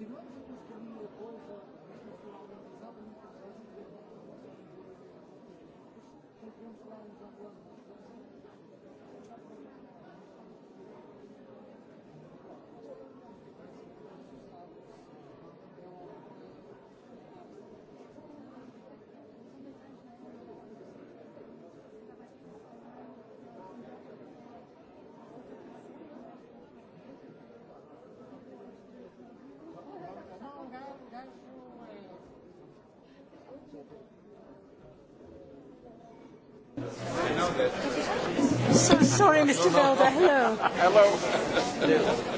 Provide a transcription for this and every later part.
Thank you. Sorry, Mr. Belder. Hello. Hello.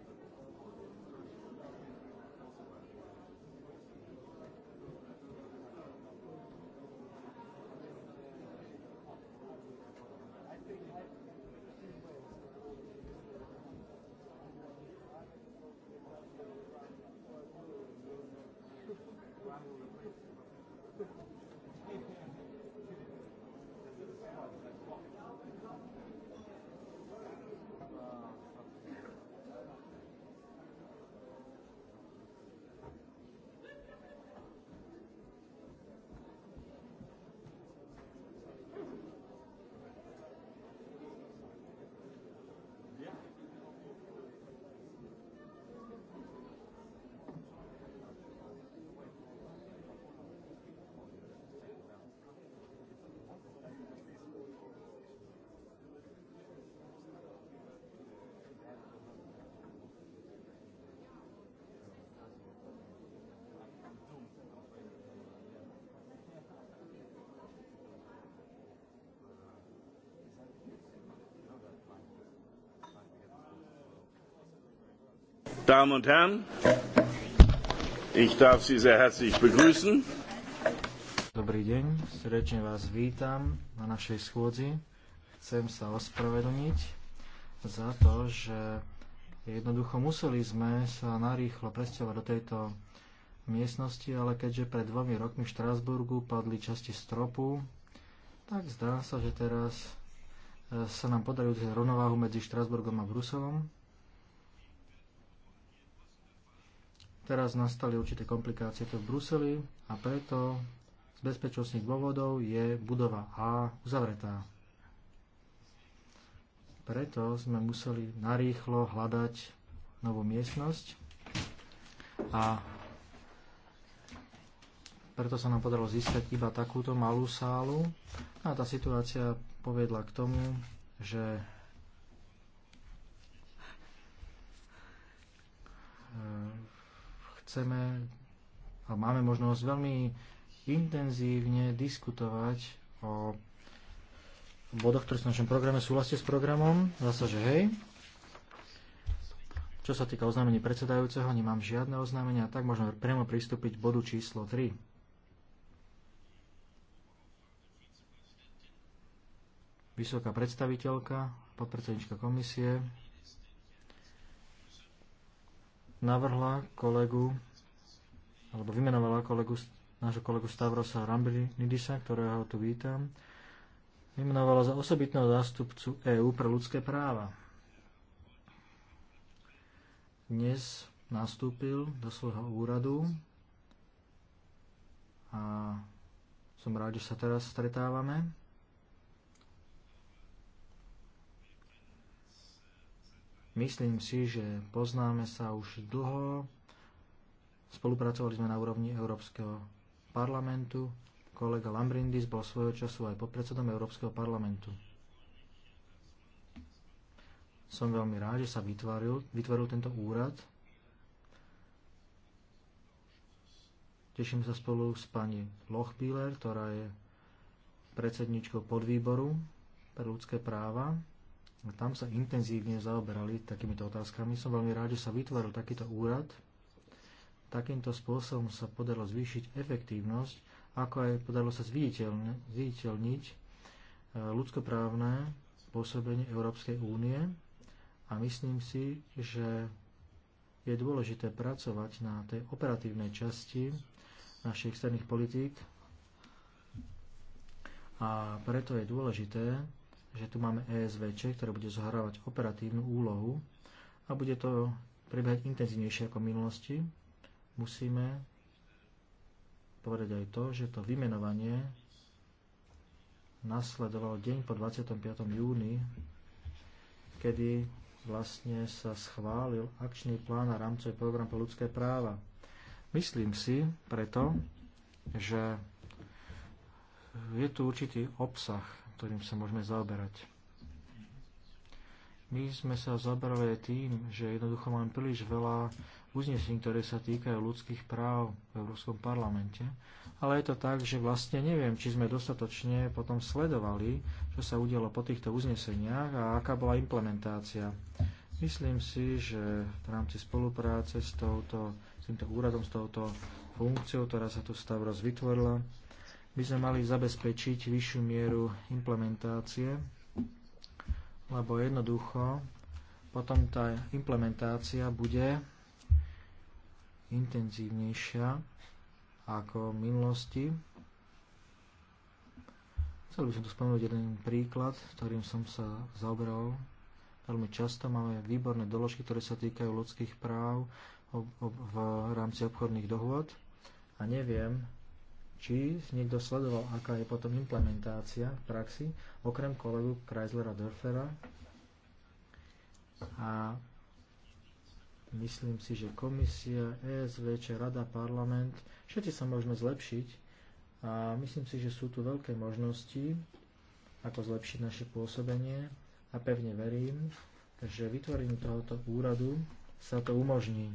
Damen und Herren, ich darf Sie sehr herzlich begrüßen. Dobrý deň, srdečne vás vítam na našej schôdzi. Chcem sa ospravedlniť za to, že jednoducho museli sme sa narýchlo presťovať do tejto miestnosti, ale keďže pred dvomi rokmi v Štrásburgu padli časti stropu, tak zdá sa, že teraz eh, sa nám podarí rovnováhu medzi Štrásburgom a Bruselom. teraz nastali určité komplikácie tu v Bruseli a preto z bezpečnostných dôvodov je budova A uzavretá. Preto sme museli narýchlo hľadať novú miestnosť a preto sa nám podarilo získať iba takúto malú sálu a tá situácia povedla k tomu, že chceme a máme možnosť veľmi intenzívne diskutovať o bodoch, ktoré sú v našom programe, súhlaste s programom, zase, že hej. Čo sa týka oznámení predsedajúceho, nemám žiadne oznámenia, tak môžeme priamo pristúpiť k bodu číslo 3. Vysoká predstaviteľka, podpredsednička komisie, navrhla kolegu, alebo vymenovala kolegu, nášho kolegu Stavrosa Nidisa, ktorého tu vítam, vymenovala za osobitného zástupcu EÚ pre ľudské práva. Dnes nastúpil do svojho úradu a som rád, že sa teraz stretávame. Myslím si, že poznáme sa už dlho, spolupracovali sme na úrovni Európskeho parlamentu, kolega Lambrindis bol svojho času aj podpredsedom Európskeho parlamentu. Som veľmi rád, že sa vytvoril, vytvoril tento úrad. Teším sa spolu s pani Lochbíler, ktorá je predsedničkou podvýboru pre ľudské práva a tam sa intenzívne zaoberali takýmito otázkami. Som veľmi rád, že sa vytvoril takýto úrad. Takýmto spôsobom sa podarilo zvýšiť efektívnosť, ako aj podarilo sa zviditeľniť e, ľudskoprávne pôsobenie Európskej únie a myslím si, že je dôležité pracovať na tej operatívnej časti našich externých politík a preto je dôležité že tu máme ESVČ, ktoré bude zohrávať operatívnu úlohu a bude to prebiehať intenzívnejšie ako v minulosti. Musíme povedať aj to, že to vymenovanie nasledovalo deň po 25. júni, kedy vlastne sa schválil akčný plán a rámcový program pre ľudské práva. Myslím si preto, že je tu určitý obsah ktorým sa môžeme zaoberať. My sme sa zaoberali aj tým, že jednoducho máme príliš veľa uznesení, ktoré sa týkajú ľudských práv v Európskom parlamente, ale je to tak, že vlastne neviem, či sme dostatočne potom sledovali, čo sa udialo po týchto uzneseniach a aká bola implementácia. Myslím si, že v rámci spolupráce s, touto, s týmto úradom, s touto funkciou, ktorá sa tu stav vytvorila, by sme mali zabezpečiť vyššiu mieru implementácie, lebo jednoducho potom tá implementácia bude intenzívnejšia ako v minulosti. Chcel by som tu spomenúť jeden príklad, ktorým som sa zaoberal veľmi často. Máme výborné doložky, ktoré sa týkajú ľudských práv v rámci obchodných dohôd a neviem, či niekto sledoval, aká je potom implementácia v praxi, okrem kolegu Chryslera Dörfera. A myslím si, že komisia, ESVČ, Rada, parlament, všetci sa môžeme zlepšiť a myslím si, že sú tu veľké možnosti, ako zlepšiť naše pôsobenie a pevne verím, že vytvorením tohoto úradu sa to umožní.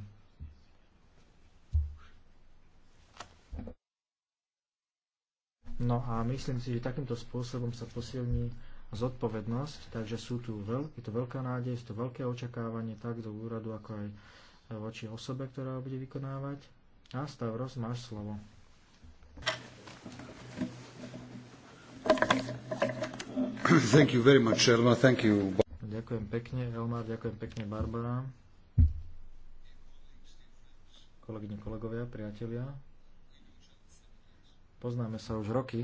No a myslím si, že takýmto spôsobom sa posilní zodpovednosť, takže sú tu veľ, je to veľká nádej, je to veľké očakávanie tak do úradu, ako aj e, voči osobe, ktorá ho bude vykonávať. A Stavros, máš slovo. Thank you very much, Elma. Thank you. Ďakujem pekne, Elmar, ďakujem pekne, Barbara. Kolegyne, kolegovia, priatelia, Poznáme sa už roky.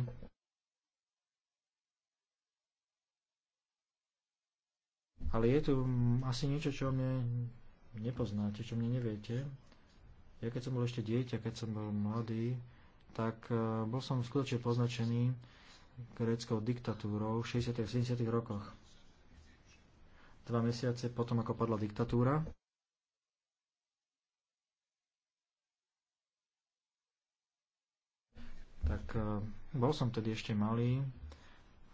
Ale je tu mm, asi niečo, čo mne nepoznáte, čo mne neviete. Ja keď som bol ešte dieťa, keď som bol mladý, tak e, bol som skutočne poznačený gréckou diktatúrou v 60. a 70. rokoch. Dva mesiace potom, ako padla diktatúra, tak e, bol som tedy ešte malý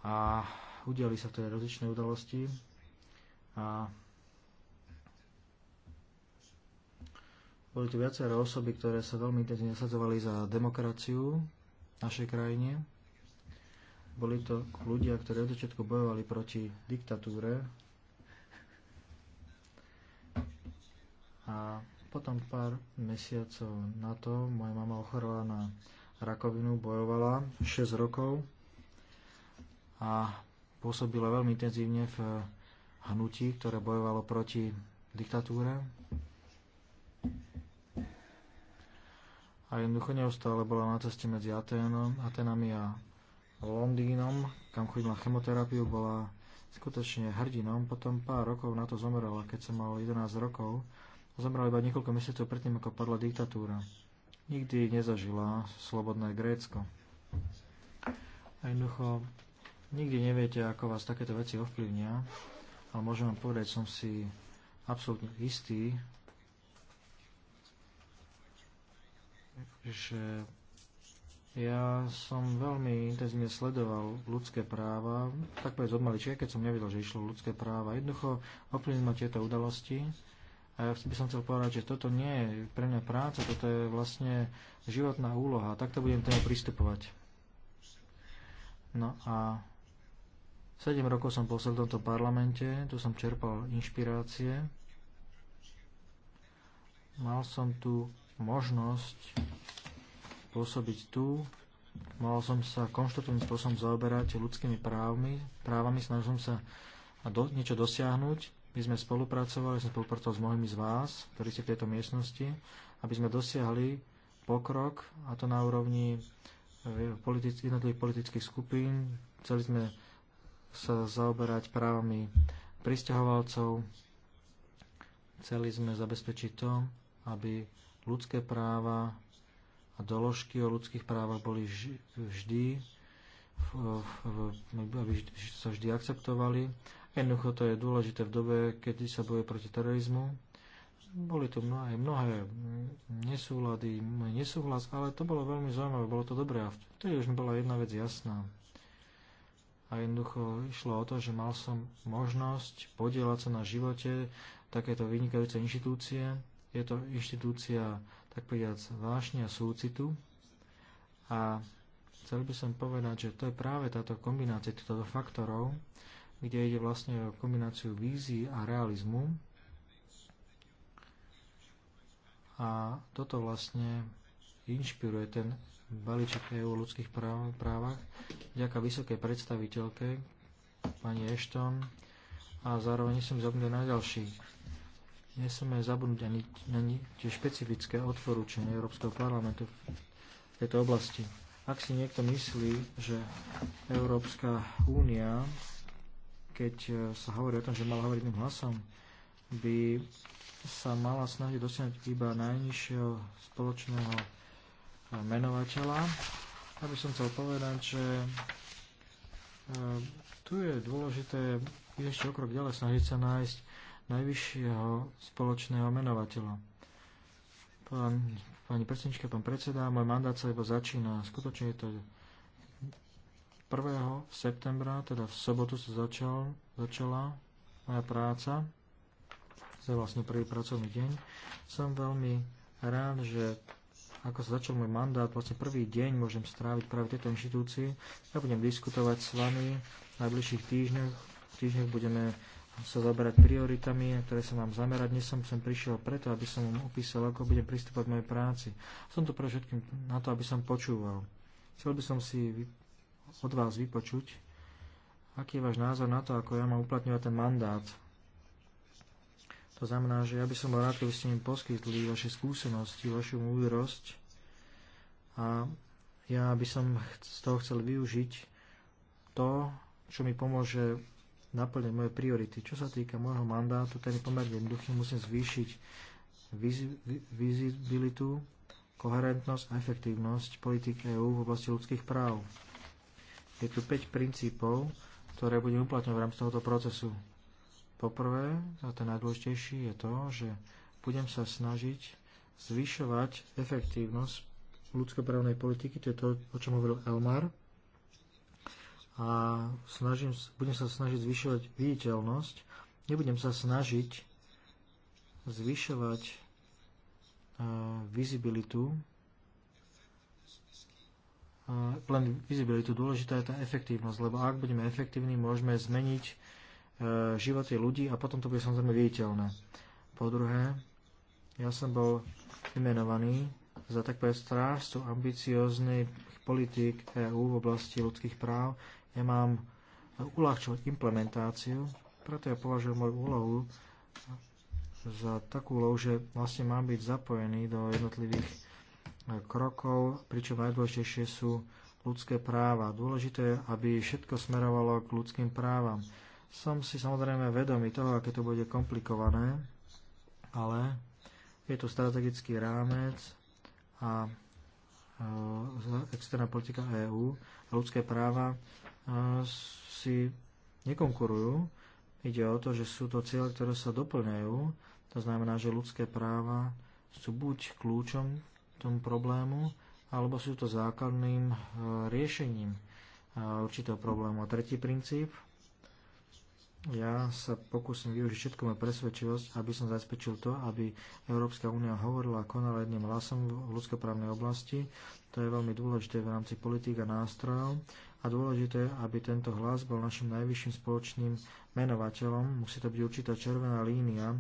a udiali sa teda rozličné udalosti a boli tu viaceré osoby, ktoré sa veľmi intenzívne zasadzovali za demokraciu v našej krajine. Boli to ľudia, ktorí od začiatku bojovali proti diktatúre a potom pár mesiacov na to moja mama ochorovala na rakovinu, bojovala 6 rokov a pôsobila veľmi intenzívne v eh, hnutí, ktoré bojovalo proti diktatúre. A jednoducho neustále bola na ceste medzi Aténom, Atenami a Londýnom, kam chodila chemoterapiu, bola skutočne hrdinom. Potom pár rokov na to zomrela, keď som mal 11 rokov. Zomrela iba niekoľko mesiacov predtým, ako padla diktatúra nikdy nezažila slobodné Grécko. A jednoducho, nikdy neviete, ako vás takéto veci ovplyvnia, ale môžem vám povedať, som si absolútne istý, že ja som veľmi intenzívne sledoval ľudské práva, tak povedz od malička, keď som nevedel, že išlo ľudské práva. Jednoducho ovplyvnili ma tieto udalosti a ja by som chcel povedať, že toto nie je pre mňa práca, toto je vlastne životná úloha. Takto budem tomu teda pristupovať. No a 7 rokov som posel v tomto parlamente, tu som čerpal inšpirácie. Mal som tu možnosť pôsobiť tu, mal som sa konštruktívnym spôsobom zaoberať ľudskými právmi, právami, snažil som sa do, niečo dosiahnuť my sme spolupracovali, som spolupracoval s mnohými z vás, ktorí ste v tejto miestnosti, aby sme dosiahli pokrok, a to na úrovni e, politick- jednotlivých politických skupín. Chceli sme sa zaoberať právami pristahovalcov, chceli sme zabezpečiť to, aby ľudské práva a doložky o ľudských právach boli vždy, aby sa vždy akceptovali Jednoducho to je dôležité v dobe, kedy sa boje proti terorizmu. Boli tu mnohé, mnohé nesúlady, nesúhlas, ale to bolo veľmi zaujímavé, bolo to dobré. A vtedy už mi bola jedna vec jasná. A jednoducho išlo o to, že mal som možnosť podielať sa na živote takéto vynikajúce inštitúcie. Je to inštitúcia, tak povediac, vášne a súcitu. A chcel by som povedať, že to je práve táto kombinácia týchto faktorov, kde ide vlastne o kombináciu vízií a realizmu. A toto vlastne inšpiruje ten balíček EU o ľudských práv, právach vďaka vysokej predstaviteľke pani Ashton a zároveň som zabudnúť na ďalších nesmieme zabudnúť ani, na tie špecifické odporúčania Európskeho parlamentu v tejto oblasti. Ak si niekto myslí, že Európska únia keď e, sa hovorí o tom, že mal hovoriť tým hlasom, by sa mala snažiť dosiahnuť iba najnižšieho spoločného e, menovateľa. Aby som chcel povedať, že e, tu je dôležité ešte o krok ďalej, snažiť sa nájsť najvyššieho spoločného menovateľa. Pán, pani predsednička, pán predseda, môj mandát sa iba začína. Skutočne je to 1. septembra, teda v sobotu sa začal, začala moja práca, to je vlastne prvý pracovný deň. Som veľmi rád, že ako sa začal môj mandát, vlastne prvý deň môžem stráviť práve tejto inštitúcii. Ja budem diskutovať s vami v najbližších týždňoch. V týždňoch budeme sa zaberať prioritami, ktoré sa mám zamerať. Dnes som sem prišiel preto, aby som vám opísal, ako budem pristúpať k mojej práci. Som tu pre všetkým na to, aby som počúval. Chcel by som si od vás vypočuť, aký je váš názor na to, ako ja mám uplatňovať ten mandát. To znamená, že ja by som bol rád, keby ste mi poskytli vaše skúsenosti, vašu múdrosť a ja by som z toho chcel využiť to, čo mi pomôže naplniť moje priority. Čo sa týka môjho mandátu, ten je pomerne jednoduchý, musím zvýšiť vizibilitu, koherentnosť a efektívnosť politik EÚ v oblasti ľudských práv. Je tu 5 princípov, ktoré budeme uplatňovať v rámci tohoto procesu. Poprvé, a ten najdôležitejší je to, že budem sa snažiť zvyšovať efektívnosť ľudskoprávnej politiky, to je to, o čom hovoril Elmar. A snažím, budem sa snažiť zvyšovať viditeľnosť, nebudem sa snažiť zvyšovať uh, vizibilitu len vizibilitu, dôležitá je tá efektívnosť, lebo ak budeme efektívni, môžeme zmeniť e, životy ľudí a potom to bude samozrejme viditeľné. Po druhé, ja som bol vymenovaný za takové strážcu ambicióznych politík EÚ v oblasti ľudských práv. Ja mám uľahčovať implementáciu, preto ja považujem moju úlohu za takú úlohu, že vlastne mám byť zapojený do jednotlivých krokov, pričom najdôležitejšie sú ľudské práva. Dôležité je, aby všetko smerovalo k ľudským právam. Som si samozrejme vedomý toho, aké to bude komplikované, ale je tu strategický rámec a e, externá politika EÚ a ľudské práva e, si nekonkurujú. Ide o to, že sú to ciele, ktoré sa doplňajú. To znamená, že ľudské práva sú buď kľúčom tomu problému, alebo sú to základným e, riešením e, určitého problému. A tretí princíp, ja sa pokúsim využiť všetku moju presvedčivosť, aby som zabezpečil to, aby Európska únia hovorila a konala jedným hlasom v ľudskoprávnej oblasti. To je veľmi dôležité v rámci politík a nástrojov. A dôležité, aby tento hlas bol našim najvyšším spoločným menovateľom. Musí to byť určitá červená línia,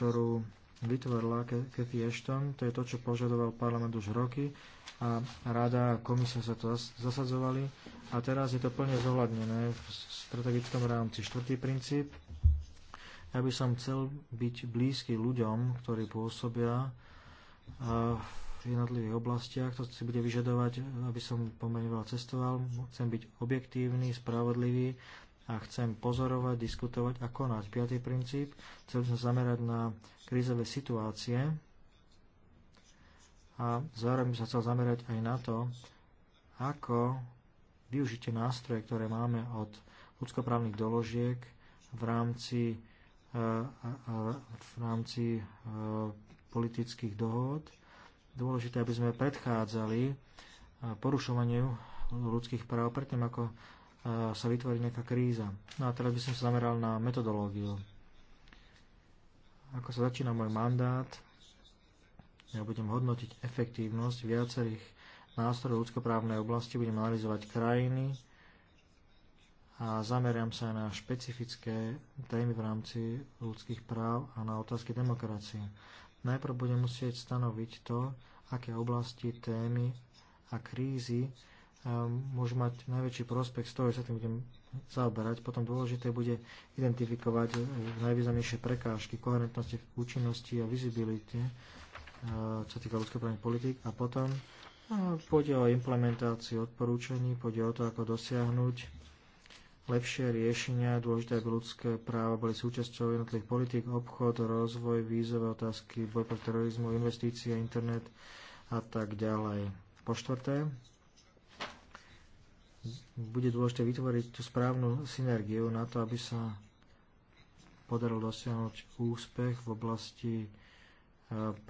ktorú vytvorila Cathy Ashton. To je to, čo požadoval parlament už roky a rada a komisia sa to zasadzovali a teraz je to plne zohľadnené v strategickom rámci. Štvrtý princíp. Ja by som chcel byť blízky ľuďom, ktorí pôsobia e, v jednotlivých oblastiach. To si bude vyžadovať, aby som pomenoval cestoval. Chcem byť objektívny, spravodlivý, a chcem pozorovať, diskutovať a konať. Piatý princíp, chcel som zamerať na krízové situácie a zároveň by som chcel zamerať aj na to, ako využite nástroje, ktoré máme od ľudskoprávnych doložiek v rámci, e, e, v rámci e, politických dohod. Dôležité, aby sme predchádzali porušovaniu ľudských práv predtým, ako sa vytvorí nejaká kríza. No a teraz by som sa zameral na metodológiu. Ako sa začína môj mandát, ja budem hodnotiť efektívnosť viacerých nástrojov ľudskoprávnej oblasti, budem analyzovať krajiny a zameriam sa aj na špecifické témy v rámci ľudských práv a na otázky demokracie. Najprv budem musieť stanoviť to, aké oblasti, témy a krízy môžu mať najväčší prospekt z toho, že sa tým budem zaoberať. Potom dôležité bude identifikovať e, najvýznamnejšie prekážky koherentnosti, účinnosti a vizibility, e, čo týka ľudskoprávnych politik. A potom e, pôjde o implementáciu odporúčaní, pôjde o to, ako dosiahnuť lepšie riešenia, dôležité, aby ľudské práva boli súčasťou jednotlivých politik, obchod, rozvoj, vízové otázky, boj proti terorizmu, investície, internet a tak ďalej. Po štvrté, bude dôležité vytvoriť tú správnu synergiu na to, aby sa podarilo dosiahnuť úspech v oblasti e,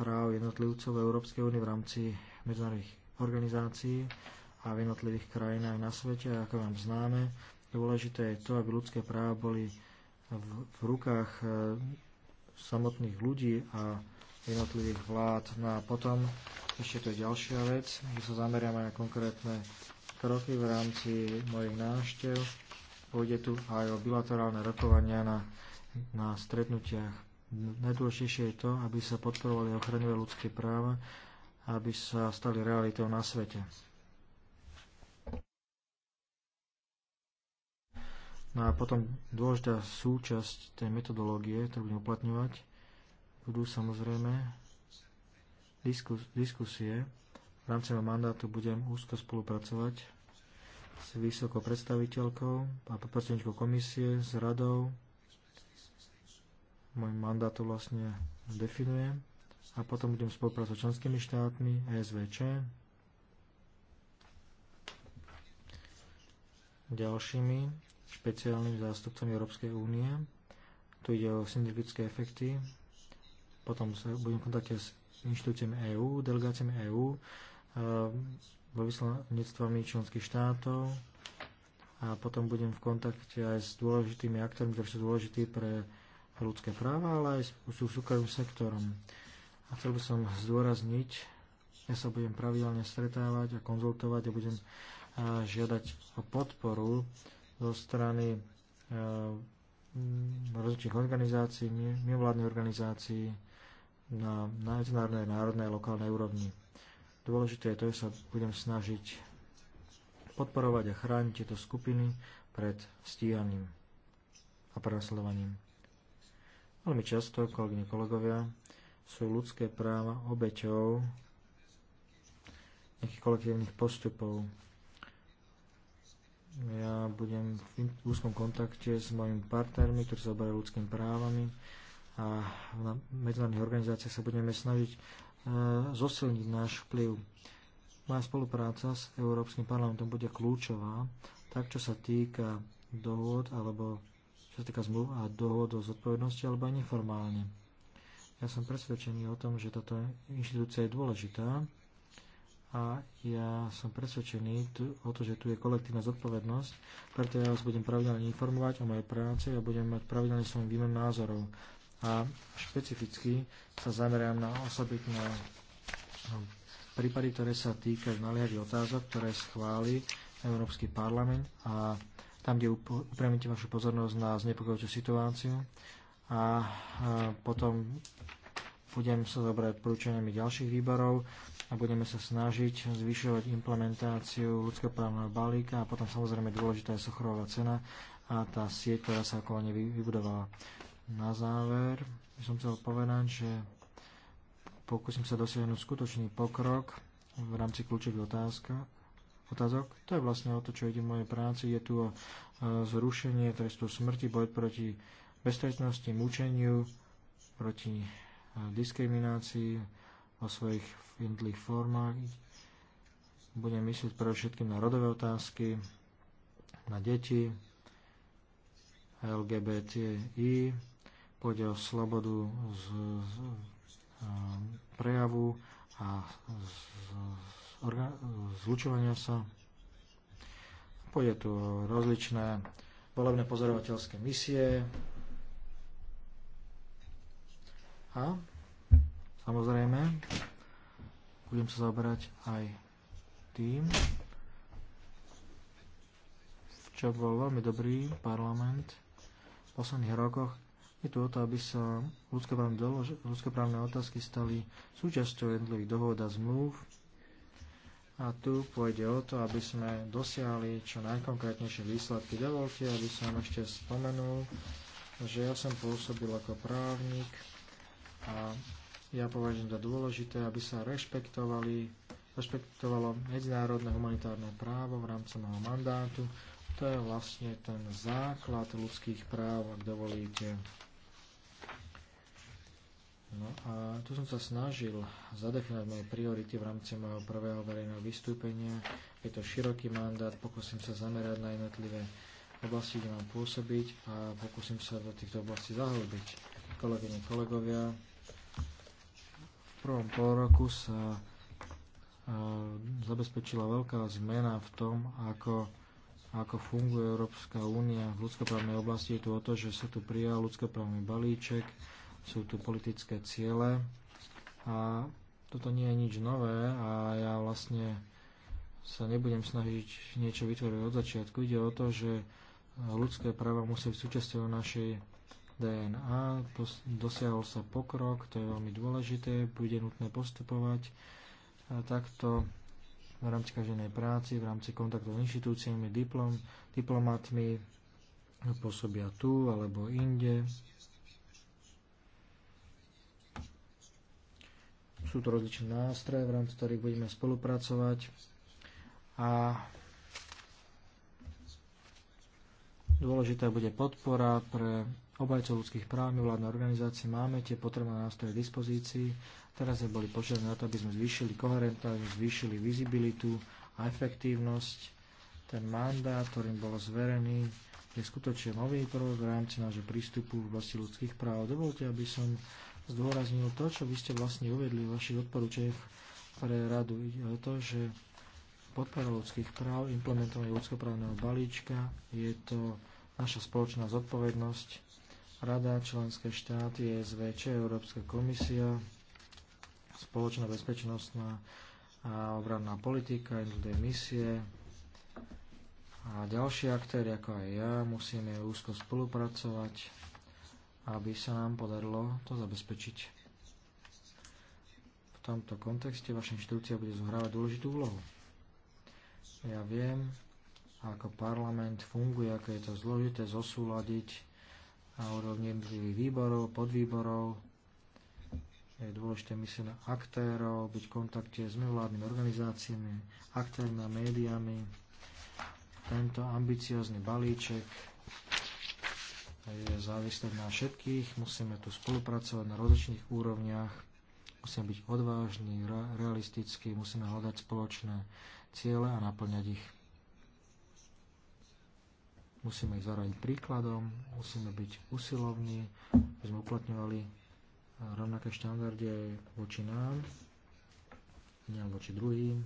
práv jednotlivcov v Európskej únie v rámci medzinárodných organizácií a v jednotlivých krajinách na svete. A ako vám známe, dôležité je to, aby ľudské práva boli v, v rukách e, samotných ľudí a jednotlivých vlád. No a potom ešte to je ďalšia vec, že sa zameriame na konkrétne kroky v rámci mojich návštev. Pôjde tu aj o bilaterálne rokovania na, na stretnutiach. Najdôležitejšie je to, aby sa podporovali ochranné ľudské práva, aby sa stali realitou na svete. No a potom dôležitá súčasť tej metodológie, ktorú budem uplatňovať, budú samozrejme diskus- diskusie v rámci môjho mandátu budem úzko spolupracovať s vysokou predstaviteľkou a podpredsedničkou komisie, s radou. Môj mandát to vlastne definuje. A potom budem spolupracovať s členskými štátmi, ESVČ, ďalšími špeciálnymi zástupcami Európskej únie. Tu ide o synergické efekty. Potom sa budem v kontakte s inštitúciami EÚ, delegáciami EÚ, Ehm, vo vyslanectvami členských štátov a potom budem v kontakte aj s dôležitými aktérmi, ktorí sú dôležití pre ľudské práva, ale aj s súkromným sektorom. A chcel by som zdôrazniť, ja sa budem pravidelne stretávať a konzultovať a budem žiadať o podporu zo strany ehm, rozličných organizácií, mimovládnych organizácií na medzinárodnej, národnej, lokálnej úrovni. Dôležité je to, že sa budem snažiť podporovať a chrániť tieto skupiny pred stíhaním a prenasledovaním. Veľmi často, kolegyne kolegovia, sú ľudské práva obeťou nejakých kolektívnych postupov. Ja budem v úzkom kontakte s mojimi partnermi, ktorí sa oberajú ľudskými právami a v medzinárodných organizáciách sa budeme snažiť zosilniť náš vplyv. Moja spolupráca s Európskym parlamentom bude kľúčová, tak čo sa týka dohod alebo čo sa týka zmluv a dohod o zodpovednosti alebo aj neformálne. Ja som presvedčený o tom, že táto inštitúcia je dôležitá a ja som presvedčený o to, že tu je kolektívna zodpovednosť, preto ja vás budem pravidelne informovať o mojej práci a budem mať pravidelne svoj výmen názorov a špecificky sa zameriam na osobitné no, prípady, ktoré sa týkajú naliehavých otázok, ktoré schváli Európsky parlament a tam, kde upriamite vašu pozornosť na znepokojujúcu situáciu a potom budem sa zabrať porúčaniami ďalších výborov a budeme sa snažiť zvyšovať implementáciu ľudskoprávneho balíka a potom samozrejme dôležitá je sochrová cena a tá sieť, ktorá sa okolo nej vybudovala. Na záver by som chcel povedať, že pokúsim sa dosiahnuť skutočný pokrok v rámci kľúčových otázka, otázok. To je vlastne o to, čo ide v mojej práci. Je tu o e, zrušenie trestu smrti, boj proti beztrestnosti, mučeniu, proti e, diskriminácii o svojich jednotlivých formách. Budem myslieť pre všetkým na rodové otázky, na deti, LGBTI, pôjde o slobodu z, z, prejavu a z, z, zlučovania sa. Pôjde tu rozličné volebné pozorovateľské misie a samozrejme budem sa zaoberať aj tým, čo bol veľmi dobrý parlament v posledných rokoch, je tu o to, aby sa ľudskoprávne, otázky stali súčasťou jednotlivých dohod a zmluv. A tu pôjde o to, aby sme dosiahli čo najkonkrétnejšie výsledky. Dovolte, aby som ešte spomenul, že ja som pôsobil ako právnik a ja považujem za dôležité, aby sa rešpektovali, rešpektovalo medzinárodné humanitárne právo v rámci môjho mandátu. To je vlastne ten základ ľudských práv, ak dovolíte. No a tu som sa snažil zadefinovať moje priority v rámci môjho prvého verejného vystúpenia. Je to široký mandát, pokúsim sa zamerať na jednotlivé oblasti, kde mám pôsobiť a pokúsim sa do týchto oblastí zahlbiť. Kolegyne, kolegovia, v prvom pol roku sa e, zabezpečila veľká zmena v tom, ako, ako funguje Európska únia v ľudskoprávnej oblasti. Je tu o to, že sa tu prijal ľudskoprávny balíček, sú tu politické ciele a toto nie je nič nové a ja vlastne sa nebudem snažiť niečo vytvoriť od začiatku. Ide o to, že ľudské práva musia byť súčasťou našej DNA, dosiahol sa pokrok, to je veľmi dôležité, bude nutné postupovať a takto v rámci každej práci, v rámci kontaktov s inštitúciami, diplom, diplomatmi, pôsobia tu alebo inde, Sú to rozličné nástroje, v rámci ktorých budeme spolupracovať. A dôležitá bude podpora pre obajcov ľudských práv, vládne organizácie. Máme tie potrebné nástroje k dispozícii. Teraz sme boli požiadani na to, aby sme zvýšili koherentnosť, zvýšili vizibilitu a efektívnosť. Ten mandát, ktorým bol zverený, je skutočne nový prvok v rámci nášho prístupu v oblasti ľudských práv. Dovolte, aby som zdôraznil to, čo by ste vlastne uvedli v vašich odporúčaniach pre radu. Ide o to, že podpora ľudských práv, implementovanie ľudskoprávneho balíčka, je to naša spoločná zodpovednosť. Rada, členské štáty, SVČ, Európska komisia, spoločná bezpečnostná a obranná politika, jednotlivé misie a ďalší aktéry, ako aj ja, musíme úzko spolupracovať aby sa nám podarilo to zabezpečiť. V tomto kontexte vaša inštitúcia bude zohrávať dôležitú úlohu. Ja viem, ako parlament funguje, ako je to zložité zosúľadiť a úrovni jednotlivých výborov, podvýborov. Je dôležité myslieť na aktérov, byť v kontakte s mimovládnymi organizáciami, aktérmi a médiami. Tento ambiciózny balíček je závislé na všetkých, musíme tu spolupracovať na rozličných úrovniach, musíme byť odvážni, realistickí, musíme hľadať spoločné ciele a naplňať ich. Musíme ich zaradiť príkladom, musíme byť usilovní, aby sme uplatňovali rovnaké štandardy aj voči nám, nielen voči druhým.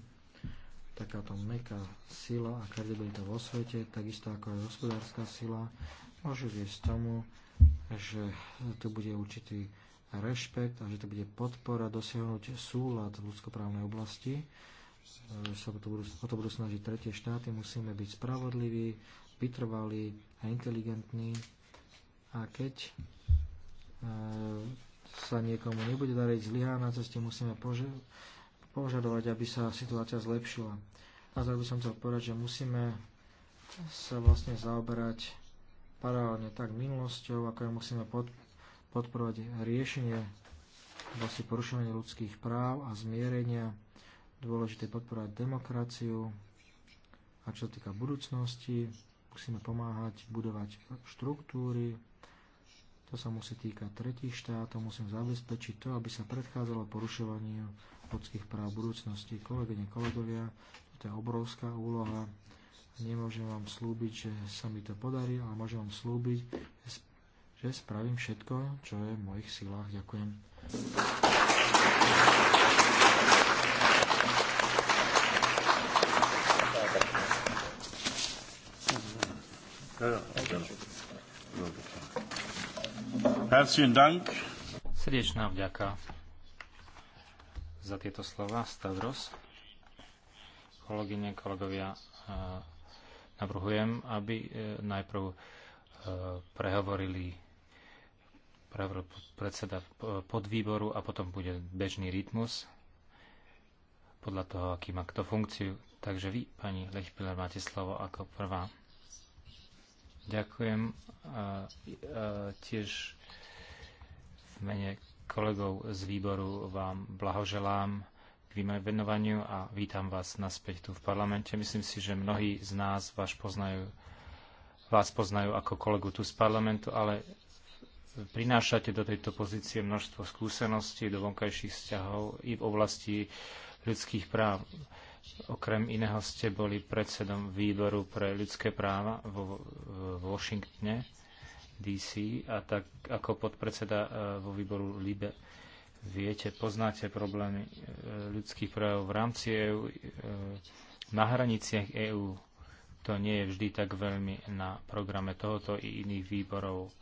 Takáto meká sila a kredibilita vo svete, takisto ako aj hospodárska sila, môžu viesť tomu, že tu bude určitý rešpekt a že to bude podpora dosiahnuť súlad v ľudskoprávnej oblasti. E, sa to budú, o to budú snažiť tretie štáty. Musíme byť spravodliví, vytrvalí a inteligentní. A keď e, sa niekomu nebude dariť zlyhá na ceste, musíme pože- požadovať, aby sa situácia zlepšila. A zároveň by som chcel povedať, že musíme sa vlastne zaoberať paralelne tak minulosťou, ako aj musíme pod, podporovať riešenie vlastne porušovania ľudských práv a zmierenia. Dôležité podporovať demokraciu a čo sa týka budúcnosti, musíme pomáhať budovať štruktúry, to sa musí týkať tretich štátov, musím zabezpečiť to, aby sa predchádzalo porušovaniu ľudských práv v budúcnosti. Kolegyne, kolegovia, to je obrovská úloha, Nemôžem vám slúbiť, že sa mi to podarí, ale môžem vám slúbiť, že spravím všetko, čo je v mojich silách. Ďakujem. Herzlichen Dank. Srdečná vďaka za tieto slova, Stavros. Kolegyne, kolegovia, Navrhujem, aby e, najprv e, prehovorili prehovoril predseda e, podvýboru a potom bude bežný rytmus podľa toho, aký má kto funkciu. Takže vy, pani Lechpiller, máte slovo ako prvá. Ďakujem a, a tiež v mene kolegov z výboru vám blahoželám k vymenovaniu a vítam vás naspäť tu v parlamente. Myslím si, že mnohí z nás vás poznajú, vás poznajú ako kolegu tu z parlamentu, ale prinášate do tejto pozície množstvo skúseností do vonkajších vzťahov i v oblasti ľudských práv. Okrem iného ste boli predsedom výboru pre ľudské práva vo, v Washingtone DC a tak ako podpredseda eh, vo výboru LIBE viete, poznáte problémy e, ľudských práv v rámci EÚ, e, na hraniciach EÚ. To nie je vždy tak veľmi na programe tohoto i iných výborov.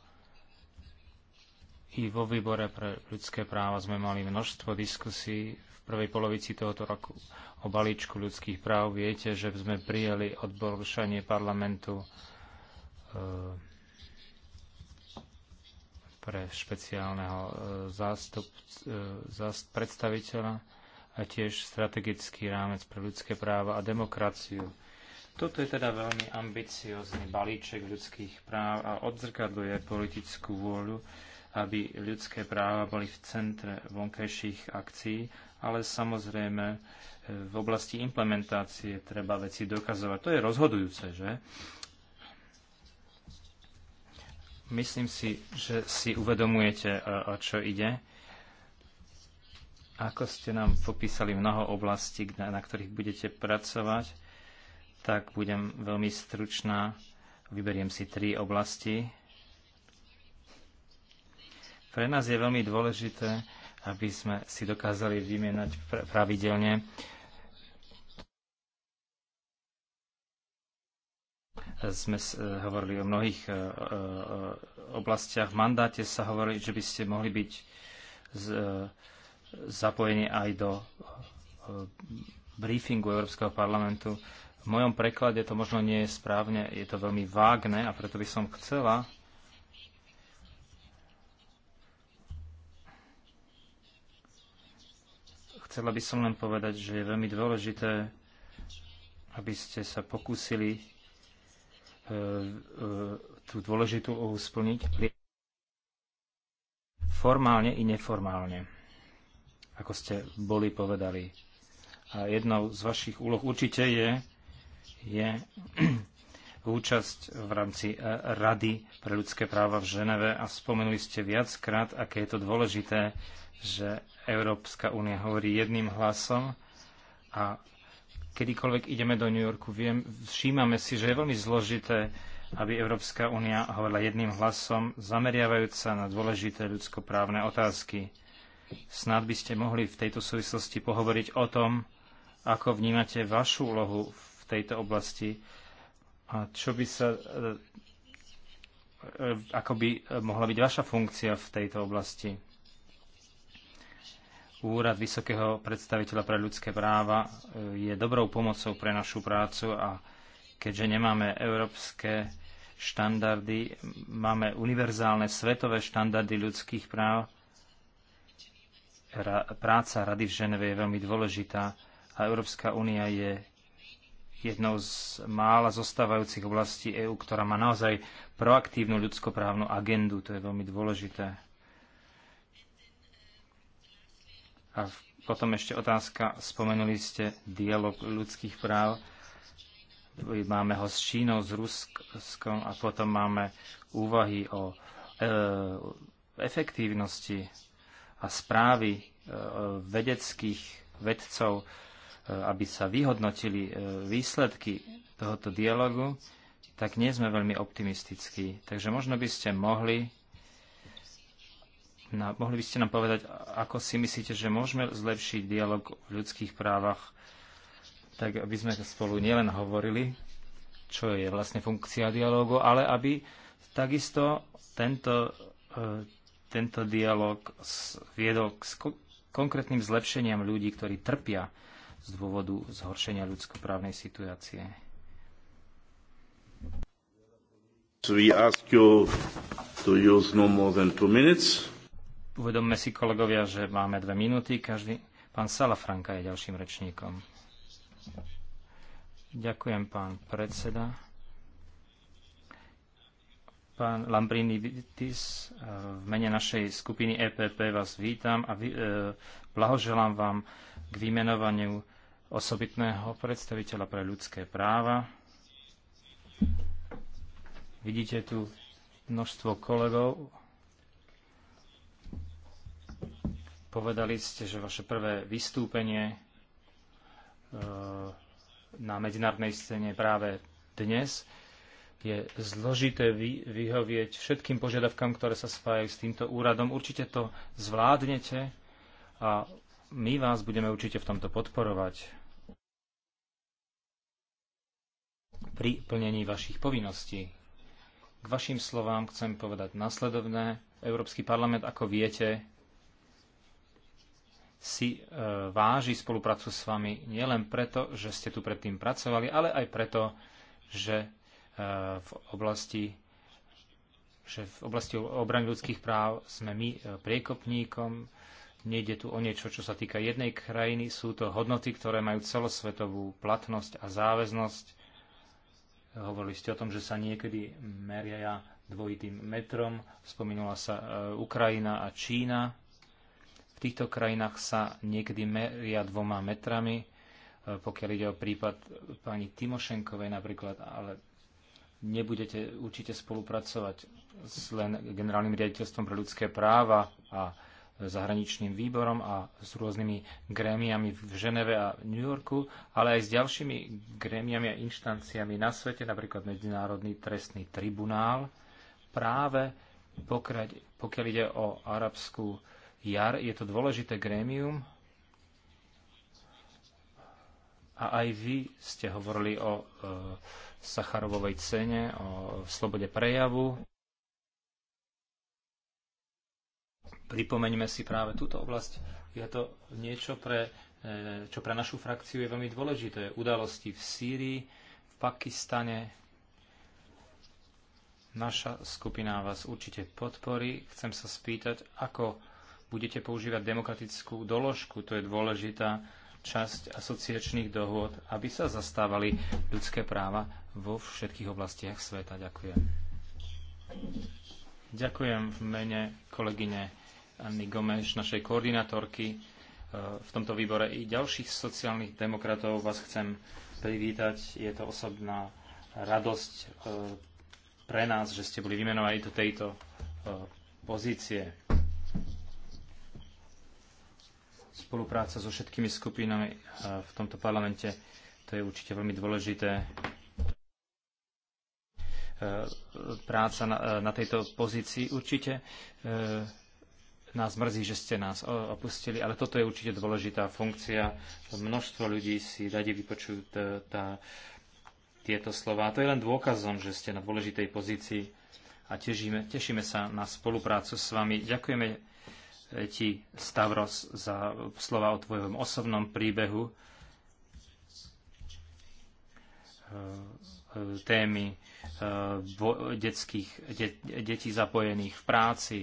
I vo výbore pre ľudské práva sme mali množstvo diskusí v prvej polovici tohoto roku o balíčku ľudských práv. Viete, že sme prijeli odborúšanie parlamentu e, pre špeciálneho e, zástup, e, zást, predstaviteľa a tiež strategický rámec pre ľudské práva a demokraciu. Toto je teda veľmi ambiciózny balíček ľudských práv a odzrkadluje politickú vôľu, aby ľudské práva boli v centre vonkajších akcií, ale samozrejme e, v oblasti implementácie treba veci dokazovať. To je rozhodujúce, že? Myslím si, že si uvedomujete, e, o čo ide. Ako ste nám popísali mnoho oblastí, na ktorých budete pracovať, tak budem veľmi stručná. Vyberiem si tri oblasti. Pre nás je veľmi dôležité, aby sme si dokázali vymenať pravidelne sme e, hovorili o mnohých e, e, oblastiach. V mandáte sa hovorí, že by ste mohli byť zapojení aj do briefingu Európskeho parlamentu. V mojom preklade to možno nie je správne, je to veľmi vágne a preto by som chcela, chcela by som len povedať, že je veľmi dôležité, aby ste sa pokúsili E, e, tú dôležitú úlohu splniť formálne i neformálne, ako ste boli povedali. A jednou z vašich úloh určite je, je účasť v rámci e, Rady pre ľudské práva v Ženeve a spomenuli ste viackrát, aké je to dôležité, že Európska únia hovorí jedným hlasom a kedykoľvek ideme do New Yorku, viem, všímame si, že je veľmi zložité, aby Európska únia hovorila jedným hlasom, zameriavajúc sa na dôležité ľudskoprávne otázky. Snad by ste mohli v tejto súvislosti pohovoriť o tom, ako vnímate vašu úlohu v tejto oblasti a čo by sa e, e, ako by mohla byť vaša funkcia v tejto oblasti. Úrad vysokého predstaviteľa pre ľudské práva e, je dobrou pomocou pre našu prácu a keďže nemáme európske štandardy, máme univerzálne svetové štandardy ľudských práv, práca Rady v Ženeve je veľmi dôležitá a Európska únia je jednou z mála zostávajúcich oblastí EÚ, ktorá má naozaj proaktívnu ľudskoprávnu agendu. To je veľmi dôležité A potom ešte otázka, spomenuli ste dialog ľudských práv. Máme ho s Čínou, s Ruskom a potom máme úvahy o e, efektívnosti a správy e, vedeckých vedcov, e, aby sa vyhodnotili e, výsledky tohoto dialogu, tak nie sme veľmi optimistickí. Takže možno by ste mohli No, mohli by ste nám povedať, ako si myslíte, že môžeme zlepšiť dialog o ľudských právach, tak aby sme spolu nielen hovorili, čo je vlastne funkcia dialogu, ale aby takisto tento, e, tento dialog viedol k konkrétnym zlepšeniam ľudí, ktorí trpia z dôvodu zhoršenia ľudskoprávnej situácie. So we ask you to use no more than two minutes. Uvedomme si, kolegovia, že máme dve minúty. Každý... Pán Salafranka je ďalším rečníkom. Ďakujem, pán predseda. Pán Lambrini Vitis, e, v mene našej skupiny EPP vás vítam a e, blahoželám vám k vymenovaniu osobitného predstaviteľa pre ľudské práva. Vidíte tu množstvo kolegov, Povedali ste, že vaše prvé vystúpenie e, na medzinárodnej scéne práve dnes je zložité vyhovieť všetkým požiadavkám, ktoré sa spájajú s týmto úradom. Určite to zvládnete a my vás budeme určite v tomto podporovať pri plnení vašich povinností. K vašim slovám chcem povedať nasledovné. Európsky parlament, ako viete, si e, váži spoluprácu s vami nielen preto, že ste tu predtým pracovali, ale aj preto, že e, v oblasti že v oblasti obrany ľudských práv sme my e, priekopníkom. Nejde tu o niečo, čo sa týka jednej krajiny. Sú to hodnoty, ktoré majú celosvetovú platnosť a záväznosť. Hovorili ste o tom, že sa niekedy meria dvojitým metrom. Spomínala sa Ukrajina a Čína v týchto krajinách sa niekedy meria dvoma metrami, e, pokiaľ ide o prípad pani Timošenkovej napríklad, ale nebudete určite spolupracovať s len generálnym riaditeľstvom pre ľudské práva a zahraničným výborom a s rôznymi grémiami v Ženeve a New Yorku, ale aj s ďalšími grémiami a inštanciami na svete, napríklad Medzinárodný trestný tribunál, práve pokiaľ, pokiaľ ide o arabskú jar. Je to dôležité grémium a aj vy ste hovorili o e, Sacharovovej cene, o slobode prejavu. Pripomeňme si práve túto oblasť. Je to niečo, pre, e, čo pre našu frakciu je veľmi dôležité. Udalosti v Sýrii, v Pakistane. Naša skupina vás určite podporí. Chcem sa spýtať, ako budete používať demokratickú doložku, to je dôležitá časť asociačných dohôd, aby sa zastávali ľudské práva vo všetkých oblastiach sveta. Ďakujem. Ďakujem v mene kolegyne Anny Gomeš, našej koordinátorky e, v tomto výbore i ďalších sociálnych demokratov vás chcem privítať. Je to osobná radosť e, pre nás, že ste boli vymenovaní do tejto e, pozície. Spolupráca so všetkými skupinami e, v tomto parlamente, to je určite veľmi dôležité. E, práca na, e, na tejto pozícii určite nás mrzí, že ste nás opustili, ale toto je určite dôležitá funkcia. Množstvo ľudí si radi vypočujú tá, tá, tieto slova. A to je len dôkazom, že ste na dôležitej pozícii a tešíme, tešíme sa na spoluprácu s vami. Ďakujeme ti, Stavros, za slova o tvojom osobnom príbehu eh, eh, témy eh, detských, det, detí zapojených v práci,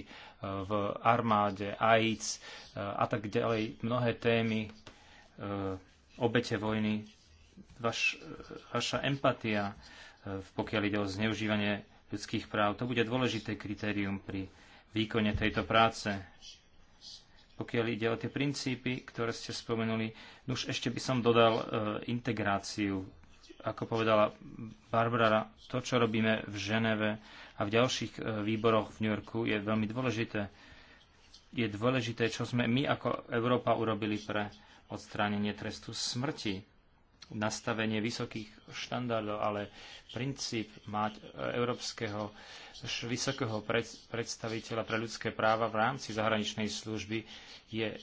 v armáde, AIDS a tak ďalej. Mnohé témy, obete vojny, vaš, vaša empatia, pokiaľ ide o zneužívanie ľudských práv, to bude dôležité kritérium pri výkone tejto práce pokiaľ ide o tie princípy, ktoré ste spomenuli. Už ešte by som dodal e, integráciu. Ako povedala Barbara, to, čo robíme v Ženeve a v ďalších e, výboroch v New Yorku, je veľmi dôležité. Je dôležité, čo sme my ako Európa urobili pre odstránenie trestu smrti nastavenie vysokých štandardov, ale princíp mať e, európskeho vysokého predstaviteľa pre ľudské práva v rámci zahraničnej služby je e,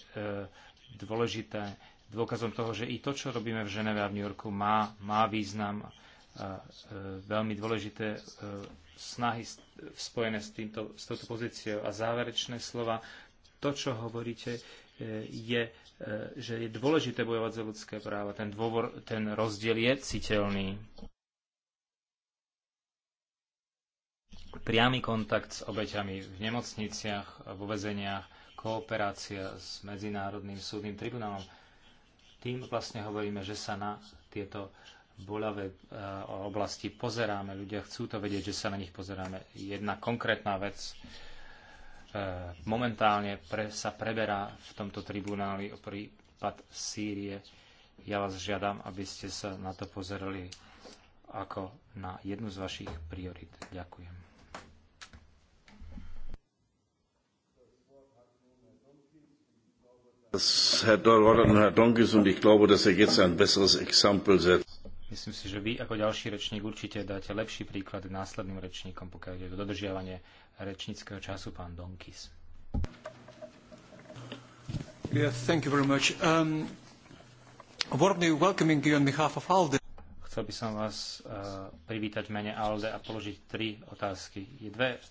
dôležité dôkazom toho, že i to, čo robíme v Ženeve a v New Yorku, má, má význam a e, veľmi dôležité snahy spojené s, týmto, s touto pozíciou. A záverečné slova, to, čo hovoríte, je, e, že je dôležité bojovať za ľudské práva. Ten, dôvor, ten rozdiel je citeľný. Priamy kontakt s obeťami v nemocniciach, vo vezeniach, kooperácia s Medzinárodným súdnym tribunálom. Tým vlastne hovoríme, že sa na tieto bolavé e, oblasti pozeráme. Ľudia chcú to vedieť, že sa na nich pozeráme. Jedna konkrétna vec, E, momentálne pre, sa preberá v tomto tribunáli o prípad Sýrie. Ja vás žiadam, aby ste sa na to pozerali ako na jednu z vašich priorit. Ďakujem. Er Myslím si, že vy ako ďalší rečník určite dáte lepší príklad následným rečníkom, pokiaľ ide o dodržiavanie rečníckého času pán Donkis. Um, Chcel by som vás uh, privítať v mene ALDE a položiť tri otázky. Je dve uh,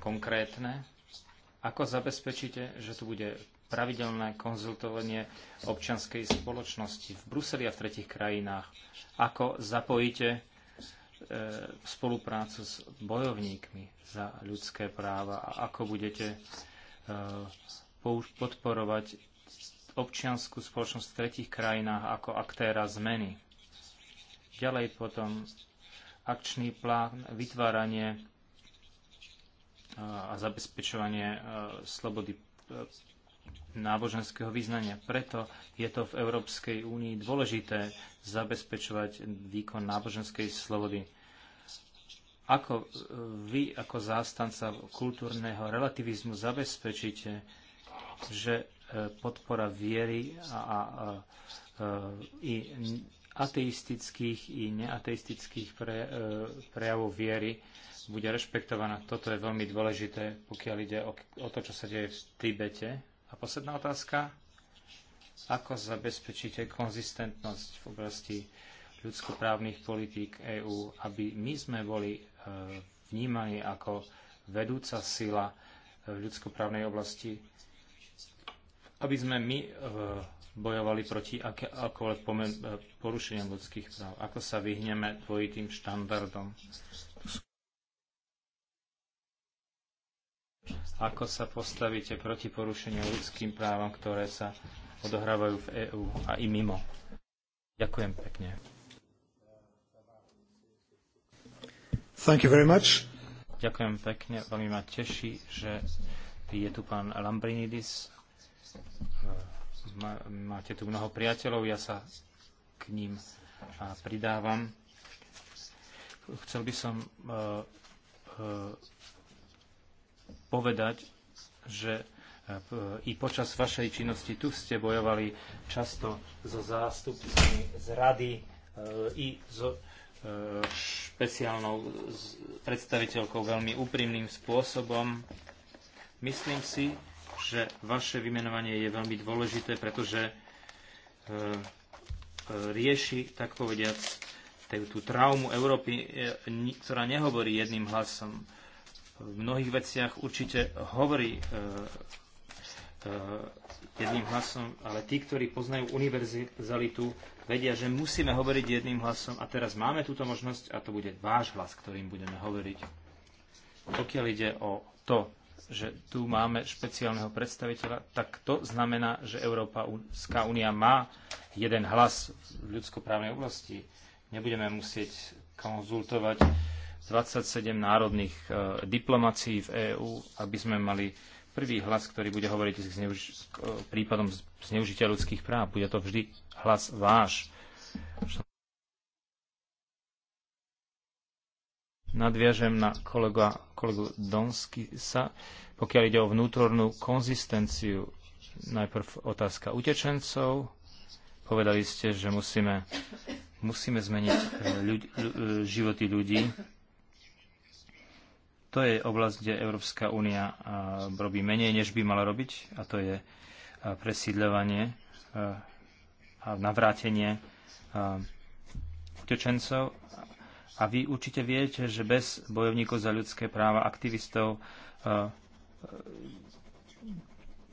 konkrétne. Ako zabezpečíte, že tu bude pravidelné konzultovanie občianskej spoločnosti v Bruseli a v tretich krajinách. Ako zapojíte E, spoluprácu s bojovníkmi za ľudské práva a ako budete e, podporovať občianskú spoločnosť v tretich krajinách ako aktéra zmeny. Ďalej potom akčný plán vytváranie e, a zabezpečovanie slobody náboženského vyznania. Preto je to v Európskej únii dôležité zabezpečovať výkon náboženskej slobody. Ako e, vy, ako zástanca kultúrneho relativizmu, zabezpečíte, že e, podpora viery a, a, a e, i ateistických i neateistických pre, prejavov viery bude rešpektovaná. Toto je veľmi dôležité, pokiaľ ide o, o to, čo sa deje v Tibete, a posledná otázka. Ako zabezpečíte konzistentnosť v oblasti ľudskoprávnych politík EÚ, aby my sme boli e, vnímaní ako vedúca sila e, v ľudskoprávnej oblasti, aby sme my e, bojovali proti akékoľvek porušeniam ľudských práv. Ako sa vyhneme dvojitým štandardom? Ako sa postavíte proti porušeniu ľudským právom, ktoré sa odohrávajú v EÚ a i mimo? Ďakujem pekne. Thank you very much. Ďakujem pekne. Veľmi ma teší, že je tu pán Lambrinidis. Máte tu mnoho priateľov, ja sa k ním pridávam. Chcel by som e, e, povedať, že e, i počas vašej činnosti tu ste bojovali často so zástupcami z rady e, i so e, špeciálnou predstaviteľkou veľmi úprimným spôsobom. Myslím si, že vaše vymenovanie je veľmi dôležité, pretože rieši, tak povediac, tú traumu Európy, ktorá nehovorí jedným hlasom v mnohých veciach určite hovorí e, e, jedným hlasom, ale tí, ktorí poznajú univerzalitu, vedia, že musíme hovoriť jedným hlasom a teraz máme túto možnosť a to bude váš hlas, ktorým budeme hovoriť. Pokiaľ ide o to, že tu máme špeciálneho predstaviteľa, tak to znamená, že Európska únia má jeden hlas v ľudskoprávnej oblasti. Nebudeme musieť konzultovať 27 národných e, diplomácií v EÚ, aby sme mali prvý hlas, ktorý bude hovoriť s e, prípadom zneužitia ľudských práv. Bude to vždy hlas váš. Nadviažem na kolega, kolegu Donsky sa, pokiaľ ide o vnútornú konzistenciu, najprv otázka utečencov. Povedali ste, že musíme, musíme zmeniť e, životy ľudí to je oblasť, kde Európska únia robí menej, než by mala robiť, a to je presídľovanie a navrátenie utečencov. A vy určite viete, že bez bojovníkov za ľudské práva, aktivistov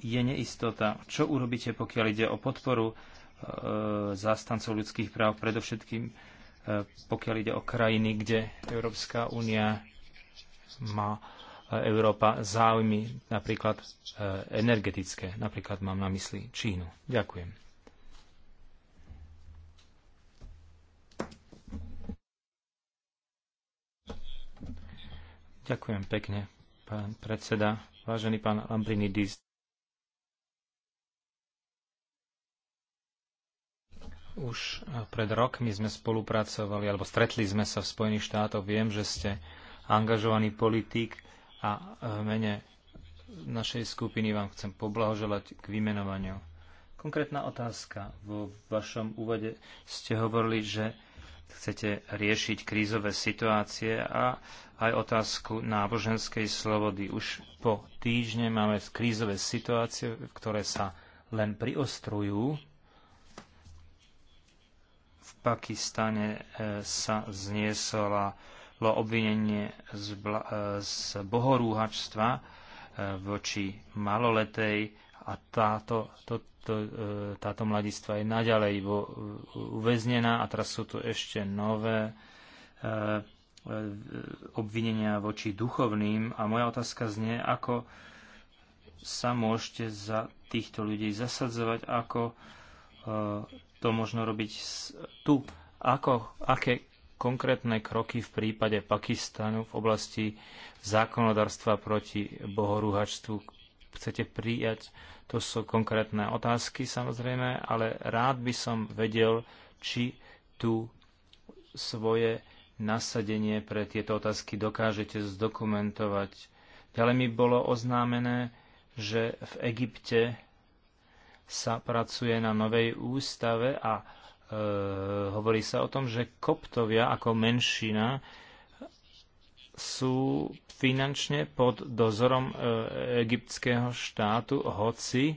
je neistota. Čo urobíte, pokiaľ ide o podporu zástancov ľudských práv, predovšetkým pokiaľ ide o krajiny, kde Európska únia má e, Európa záujmy napríklad e, energetické. Napríklad mám na mysli Čínu. Ďakujem. Ďakujem pekne, pán predseda. Vážený pán Lambrinidis, už e, pred rokmi sme spolupracovali, alebo stretli sme sa v Spojených štátoch. Viem, že ste angažovaný politik a e, v mene našej skupiny vám chcem poblahoželať k vymenovaniu. Konkrétna otázka. Vo vašom úvode ste hovorili, že chcete riešiť krízové situácie a aj otázku náboženskej slobody. Už po týždne máme krízové situácie, ktoré sa len priostrujú. V Pakistane e, sa zniesola bolo obvinenie z, e, z bohorúhačstva e, voči maloletej a táto, to, to, e, táto mladistva je naďalej uväznená a teraz sú tu ešte nové obvinenia voči duchovným a moja otázka znie, ako sa môžete za týchto ľudí zasadzovať, ako to možno robiť tu, ako, aké konkrétne kroky v prípade Pakistanu v oblasti zákonodarstva proti bohorúhačstvu chcete prijať? To sú konkrétne otázky samozrejme, ale rád by som vedel, či tu svoje nasadenie pre tieto otázky dokážete zdokumentovať. Ďalej mi bolo oznámené, že v Egypte sa pracuje na novej ústave a Eh, hovorí sa o tom, že koptovia ako menšina sú finančne pod dozorom eh, egyptského štátu, hoci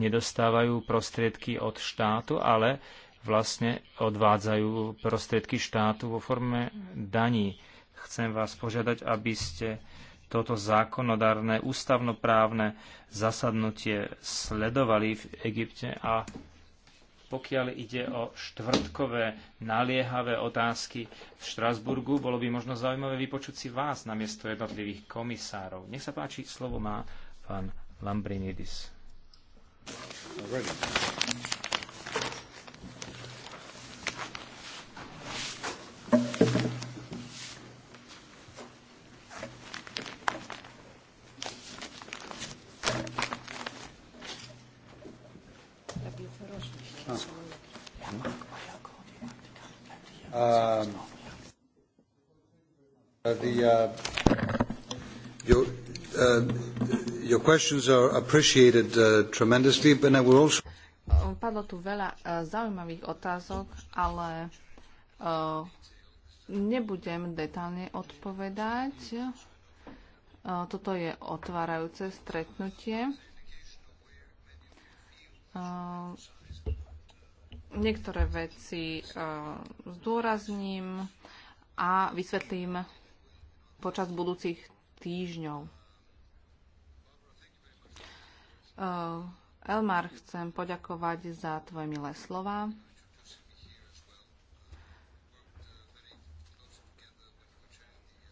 nedostávajú prostriedky od štátu, ale vlastne odvádzajú prostriedky štátu vo forme daní. Chcem vás požiadať, aby ste toto zákonodárne, ústavnoprávne zasadnutie sledovali v Egypte a pokiaľ ide o štvrtkové naliehavé otázky v Štrasburgu, bolo by možno zaujímavé vypočuť si vás na miesto jednotlivých komisárov. Nech sa páči, slovo má pán Lambrinidis. questions are appreciated uh, tremendously, but also... Uh, padlo tu veľa uh, zaujímavých otázok, ale uh, nebudem detálne odpovedať. Uh, toto je otvárajúce stretnutie. Uh, niektoré veci uh, zdôrazním a vysvetlím počas budúcich týždňov. Eh, Elmar, chcem poďakovať za tvoje milé slova.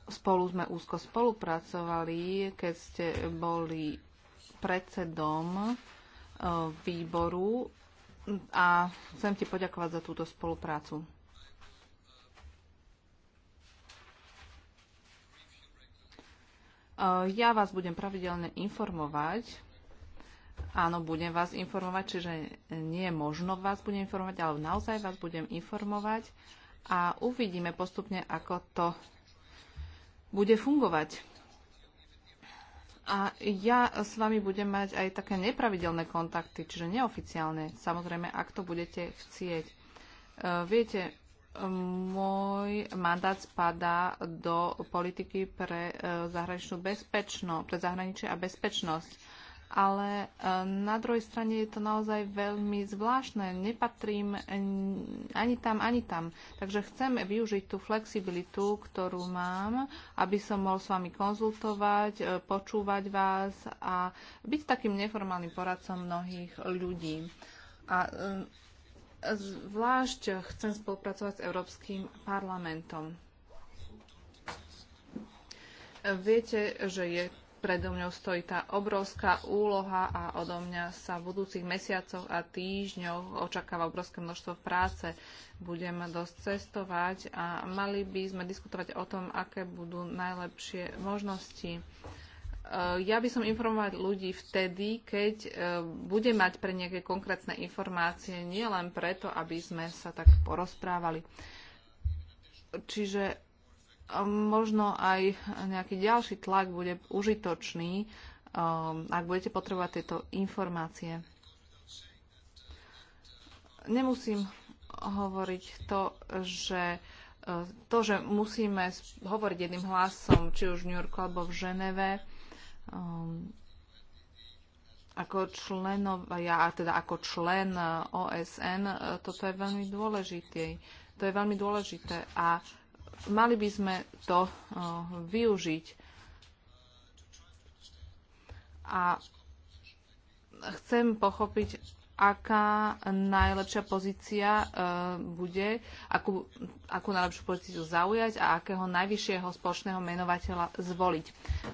Spolu sme úzko spolupracovali, keď ste boli predsedom eh, výboru a chcem ti poďakovať za túto spoluprácu. Eh, ja vás budem pravidelne informovať Áno, budem vás informovať, čiže nie je možno vás budem informovať, ale naozaj vás budem informovať a uvidíme postupne, ako to bude fungovať. A ja s vami budem mať aj také nepravidelné kontakty, čiže neoficiálne, samozrejme, ak to budete chcieť. E, viete, môj mandát spadá do politiky pre e, zahraničnú bezpečnosť, pre zahraničie a bezpečnosť ale e, na druhej strane je to naozaj veľmi zvláštne. Nepatrím ani tam, ani tam. Takže chcem využiť tú flexibilitu, ktorú mám, aby som mohol s vami konzultovať, e, počúvať vás a byť takým neformálnym poradcom mnohých ľudí. A e, zvlášť chcem spolupracovať s Európskym parlamentom. Viete, že je predo mňou stojí tá obrovská úloha a odo mňa sa v budúcich mesiacoch a týždňoch očakáva obrovské množstvo práce. Budem dosť cestovať a mali by sme diskutovať o tom, aké budú najlepšie možnosti. E, ja by som informovať ľudí vtedy, keď e, bude mať pre nejaké konkrétne informácie, nielen preto, aby sme sa tak porozprávali. Čiže možno aj nejaký ďalší tlak bude užitočný, um, ak budete potrebovať tieto informácie. Nemusím hovoriť to, že uh, to, že musíme hovoriť jedným hlasom, či už v New Yorku alebo v Ženeve, um, ako členov, ja teda ako člen uh, OSN, uh, toto je veľmi dôležité. To je veľmi dôležité a mali by sme to eh, využiť. A chcem pochopiť, aká najlepšia pozícia eh, bude, akú, akú najlepšiu pozíciu zaujať a akého najvyššieho spoločného menovateľa zvoliť.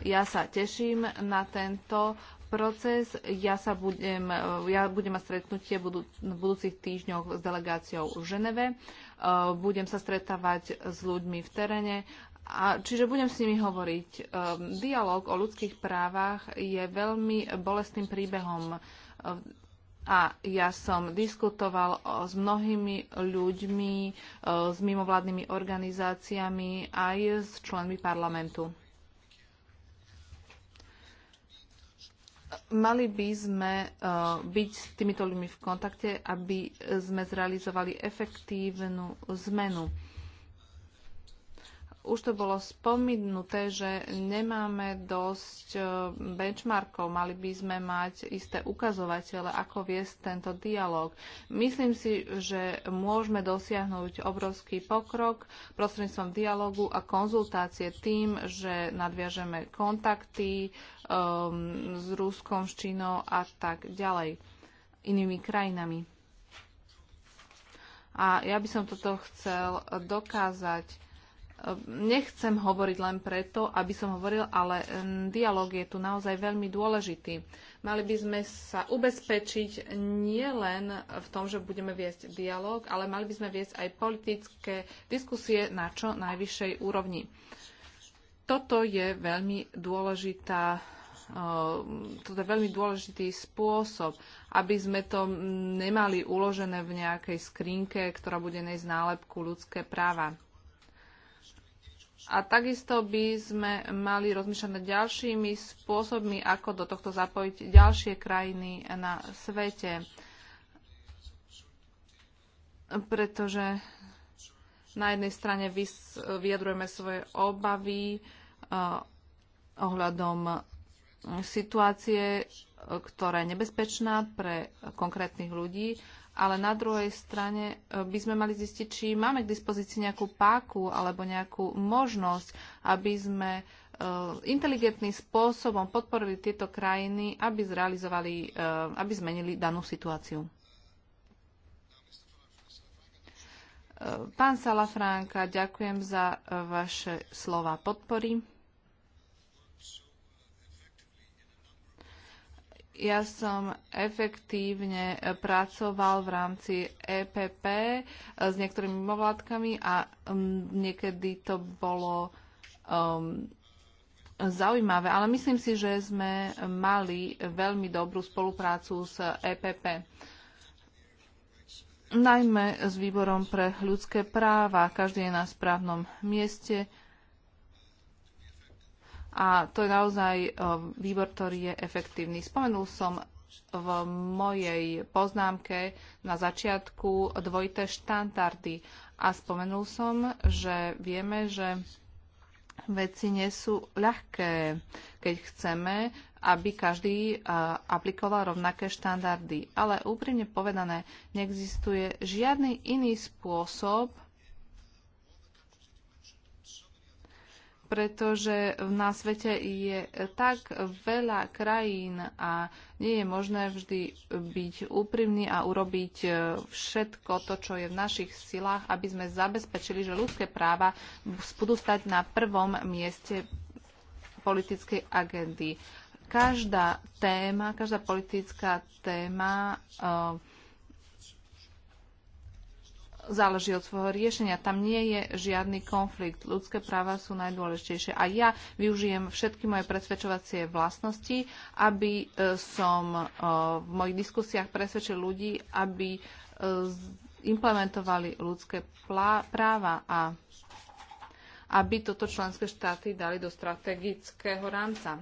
Ja sa teším na tento proces. Ja, sa budem, e, ja budem mať stretnutie budú, v budúcich týždňoch s delegáciou v Ženeve. E, budem sa stretávať s ľuďmi v teréne. A, čiže budem s nimi hovoriť. E, Dialóg o ľudských právach je veľmi bolestným príbehom. A ja som diskutoval s mnohými ľuďmi, s mimovládnymi organizáciami, aj s členmi parlamentu. Mali by sme eh, byť s týmito ľuďmi v kontakte, aby sme zrealizovali efektívnu zmenu už to bolo spomínuté, že nemáme dosť e, benchmarkov, mali by sme mať isté ukazovatele, ako viesť tento dialog. Myslím si, že môžeme dosiahnuť obrovský pokrok prostredníctvom dialogu a konzultácie tým, že nadviažeme kontakty um, s Ruskom, s Čínou a tak ďalej, inými krajinami. A ja by som toto chcel dokázať Nechcem hovoriť len preto, aby som hovoril, ale dialog je tu naozaj veľmi dôležitý. Mali by sme sa ubezpečiť nie len v tom, že budeme viesť dialog, ale mali by sme viesť aj politické diskusie na čo najvyššej úrovni. Toto je veľmi dôležitá toto je veľmi dôležitý spôsob, aby sme to nemali uložené v nejakej skrinke, ktorá bude nejsť nálepku ľudské práva. A takisto by sme mali rozmýšľať nad ďalšími spôsobmi, ako do tohto zapojiť ďalšie krajiny na svete. Pretože na jednej strane vyjadrujeme svoje obavy e, ohľadom situácie, ktorá je nebezpečná pre konkrétnych ľudí ale na druhej strane e, by sme mali zistiť, či máme k dispozícii nejakú páku alebo nejakú možnosť, aby sme e, inteligentným spôsobom podporili tieto krajiny, aby zrealizovali, e, aby zmenili danú situáciu. Pán Salafránka, ďakujem za vaše slova podpory. Ja som efektívne pracoval v rámci EPP s niektorými mimovládkami a mm, niekedy to bolo um, zaujímavé, ale myslím si, že sme mali veľmi dobrú spoluprácu s EPP najmä s výborom pre ľudské práva. Každý je na správnom mieste a to je naozaj e, výbor, ktorý je efektívny. Spomenul som v mojej poznámke na začiatku dvojité štandardy a spomenul som, že vieme, že veci nie sú ľahké, keď chceme, aby každý e, aplikoval rovnaké štandardy. Ale úprimne povedané, neexistuje žiadny iný spôsob, pretože na svete je tak veľa krajín a nie je možné vždy byť úprimný a urobiť e, všetko to, čo je v našich silách, aby sme zabezpečili, že ľudské práva budú stať na prvom mieste politickej agendy. Každá téma, každá politická téma uh, záleží od svojho riešenia. Tam nie je žiadny konflikt. Ľudské práva sú najdôležitejšie. A ja využijem všetky moje presvedčovacie vlastnosti, aby e, som e, v mojich diskusiách presvedčil ľudí, aby e, implementovali ľudské práva a aby toto členské štáty dali do strategického rámca.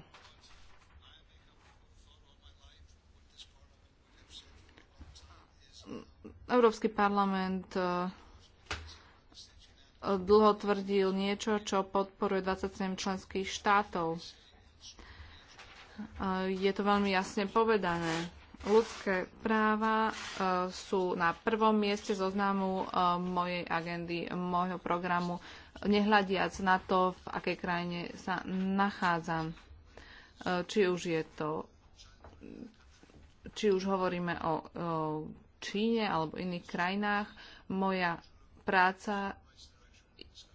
Európsky parlament e, dlho tvrdil niečo, čo podporuje 27 členských štátov. E, je to veľmi jasne povedané. Ľudské práva e, sú na prvom mieste zoznamu mojej agendy, môjho programu, nehľadiac na to, v akej krajine sa nachádzam. Či už je to, či už hovoríme o Číne alebo iných krajinách. Moja práca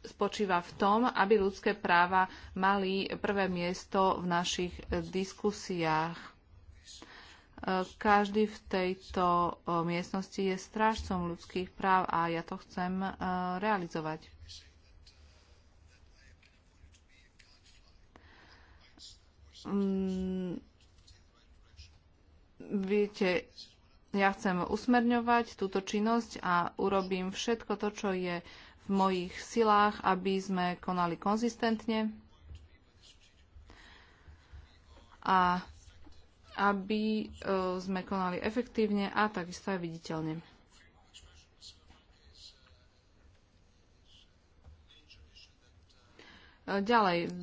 spočíva v tom, aby ľudské práva mali prvé miesto v našich diskusiách. Každý v tejto eh, miestnosti je strážcom ľudských práv a ja to chcem eh, realizovať. Mm, viete, ja chcem usmerňovať túto činnosť a urobím všetko to, čo je v mojich silách, aby sme konali konzistentne a aby e, sme konali efektívne a takisto aj viditeľne. E, ďalej,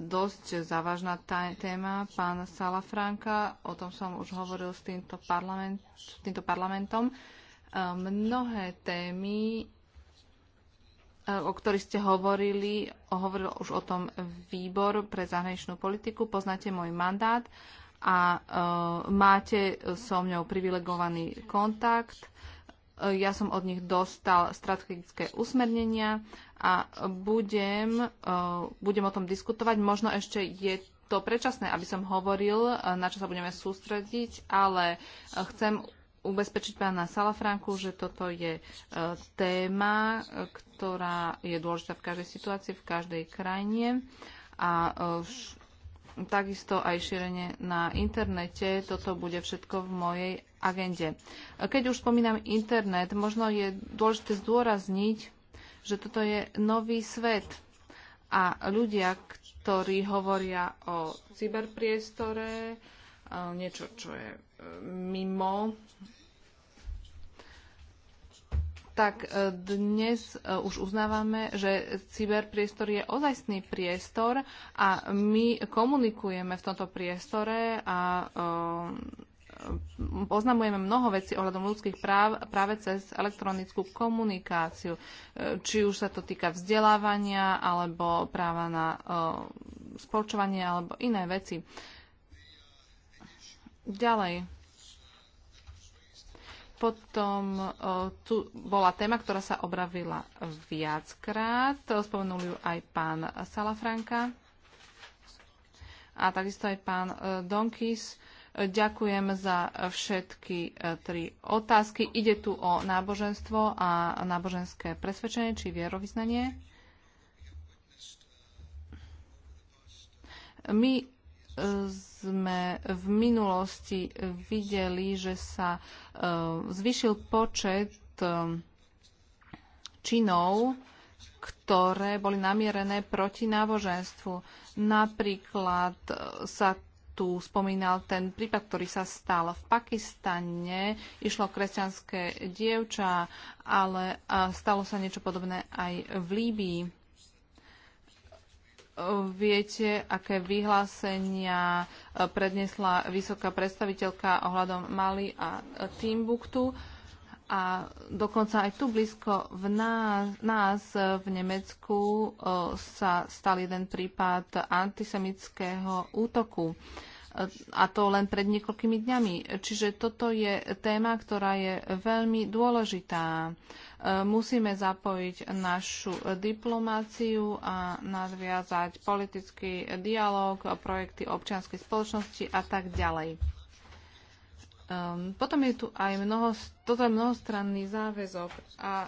dosť závažná téma. Pán Salafranka, o tom som už hovoril s týmto, parlament, s týmto parlamentom. E, mnohé témy, e, o ktorých ste hovorili, hovoril už o tom výbor pre zahraničnú politiku. Poznáte môj mandát a e, máte so mňou privilegovaný kontakt. Ja som od nich dostal strategické usmernenia a budem, e, budem o tom diskutovať. Možno ešte je to predčasné, aby som hovoril, e, na čo sa budeme sústrediť, ale e, chcem ubezpečiť pána Salafranku, že toto je téma, ktorá je dôležitá v každej situácii, v každej krajine a e, takisto aj šírenie na internete. Toto bude všetko v mojej agende. Keď už spomínam internet, možno je dôležité zdôrazniť, že toto je nový svet a ľudia, ktorí hovoria o cyberpriestore, niečo, čo je e, mimo, tak e, dnes e, už uznávame, že cyberpriestor je ozajstný priestor a my komunikujeme v tomto priestore a oznamujeme mnoho vecí ohľadom ľudských práv práve cez elektronickú komunikáciu. E, či už sa to týka vzdelávania, alebo práva na e, spolčovanie, alebo iné veci. Ďalej. Potom e, tu bola téma, ktorá sa obravila viackrát. Spomenul ju aj pán Salafranka a takisto aj pán Donkis Ďakujem za všetky eh, tri otázky. Ide tu o náboženstvo a náboženské presvedčenie či vierovýznanie. My eh, sme v minulosti videli, že sa eh, zvyšil počet činov, ktoré boli namierené proti náboženstvu. Napríklad sa tu spomínal ten prípad, ktorý sa stal v Pakistane. Išlo kresťanské dievča, ale stalo sa niečo podobné aj v Líbii. Viete, aké vyhlásenia e, prednesla vysoká predstaviteľka ohľadom Mali a Timbuktu? a dokonca aj tu blízko v nás, nás e, v Nemecku e, sa stal jeden prípad antisemického útoku a to len pred niekoľkými dňami. Čiže toto je téma, ktorá je veľmi dôležitá. E, musíme zapojiť našu diplomáciu a nadviazať politický dialog, projekty občianskej spoločnosti a tak ďalej. Ehm, potom je tu aj mnoho, toto je mnohostranný záväzok a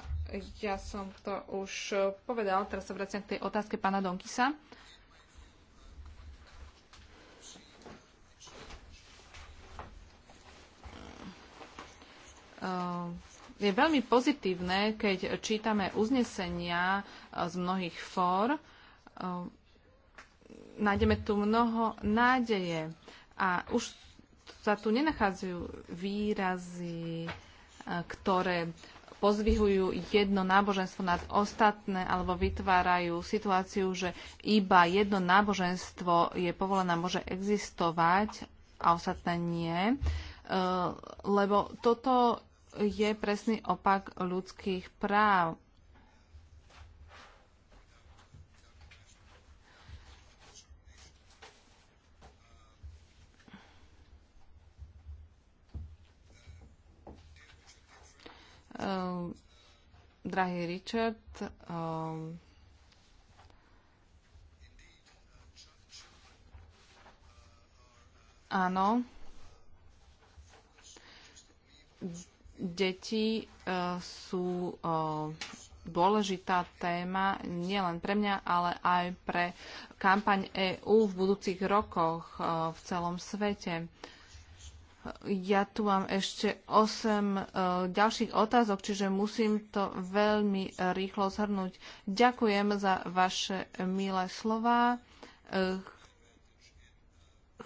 ja som to už povedala, teraz sa vraciam k tej otázke pána Donkisa. Eh, je veľmi pozitívne, keď čítame uznesenia eh, z mnohých fór. Eh, nájdeme tu mnoho nádeje a už sa tu nenachádzajú výrazy, ktoré pozvihujú jedno náboženstvo nad ostatné alebo vytvárajú situáciu, že iba jedno náboženstvo je povolené, môže existovať a ostatné nie. Lebo toto je presný opak ľudských práv. Ehm, drahý Richard, um, áno, deti e, sú e, dôležitá téma nielen pre mňa, ale aj pre kampaň EÚ v budúcich rokoch e, v celom svete. Ja tu mám ešte 8 ďalších otázok, čiže musím to veľmi rýchlo zhrnúť. Ďakujem za vaše milé slova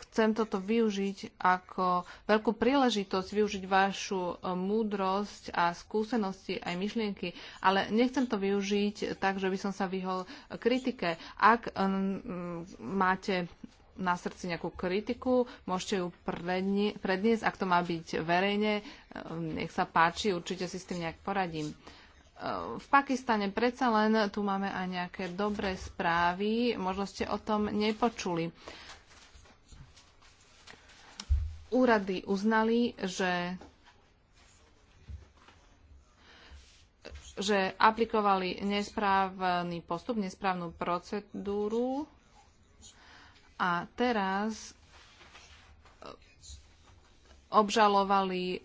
chcem toto využiť ako veľkú príležitosť, využiť vašu e, múdrosť a skúsenosti aj myšlienky, ale nechcem to využiť tak, že by som sa vyhol e, kritike. Ak e, máte na srdci nejakú kritiku, môžete ju predniesť, ak to má byť verejne, nech sa páči, určite si s tým nejak poradím v Pakistane predsa len tu máme aj nejaké dobré správy, možno ste o tom nepočuli úrady uznali, že že aplikovali nesprávny postup, nesprávnu procedúru a teraz eh, obžalovali eh,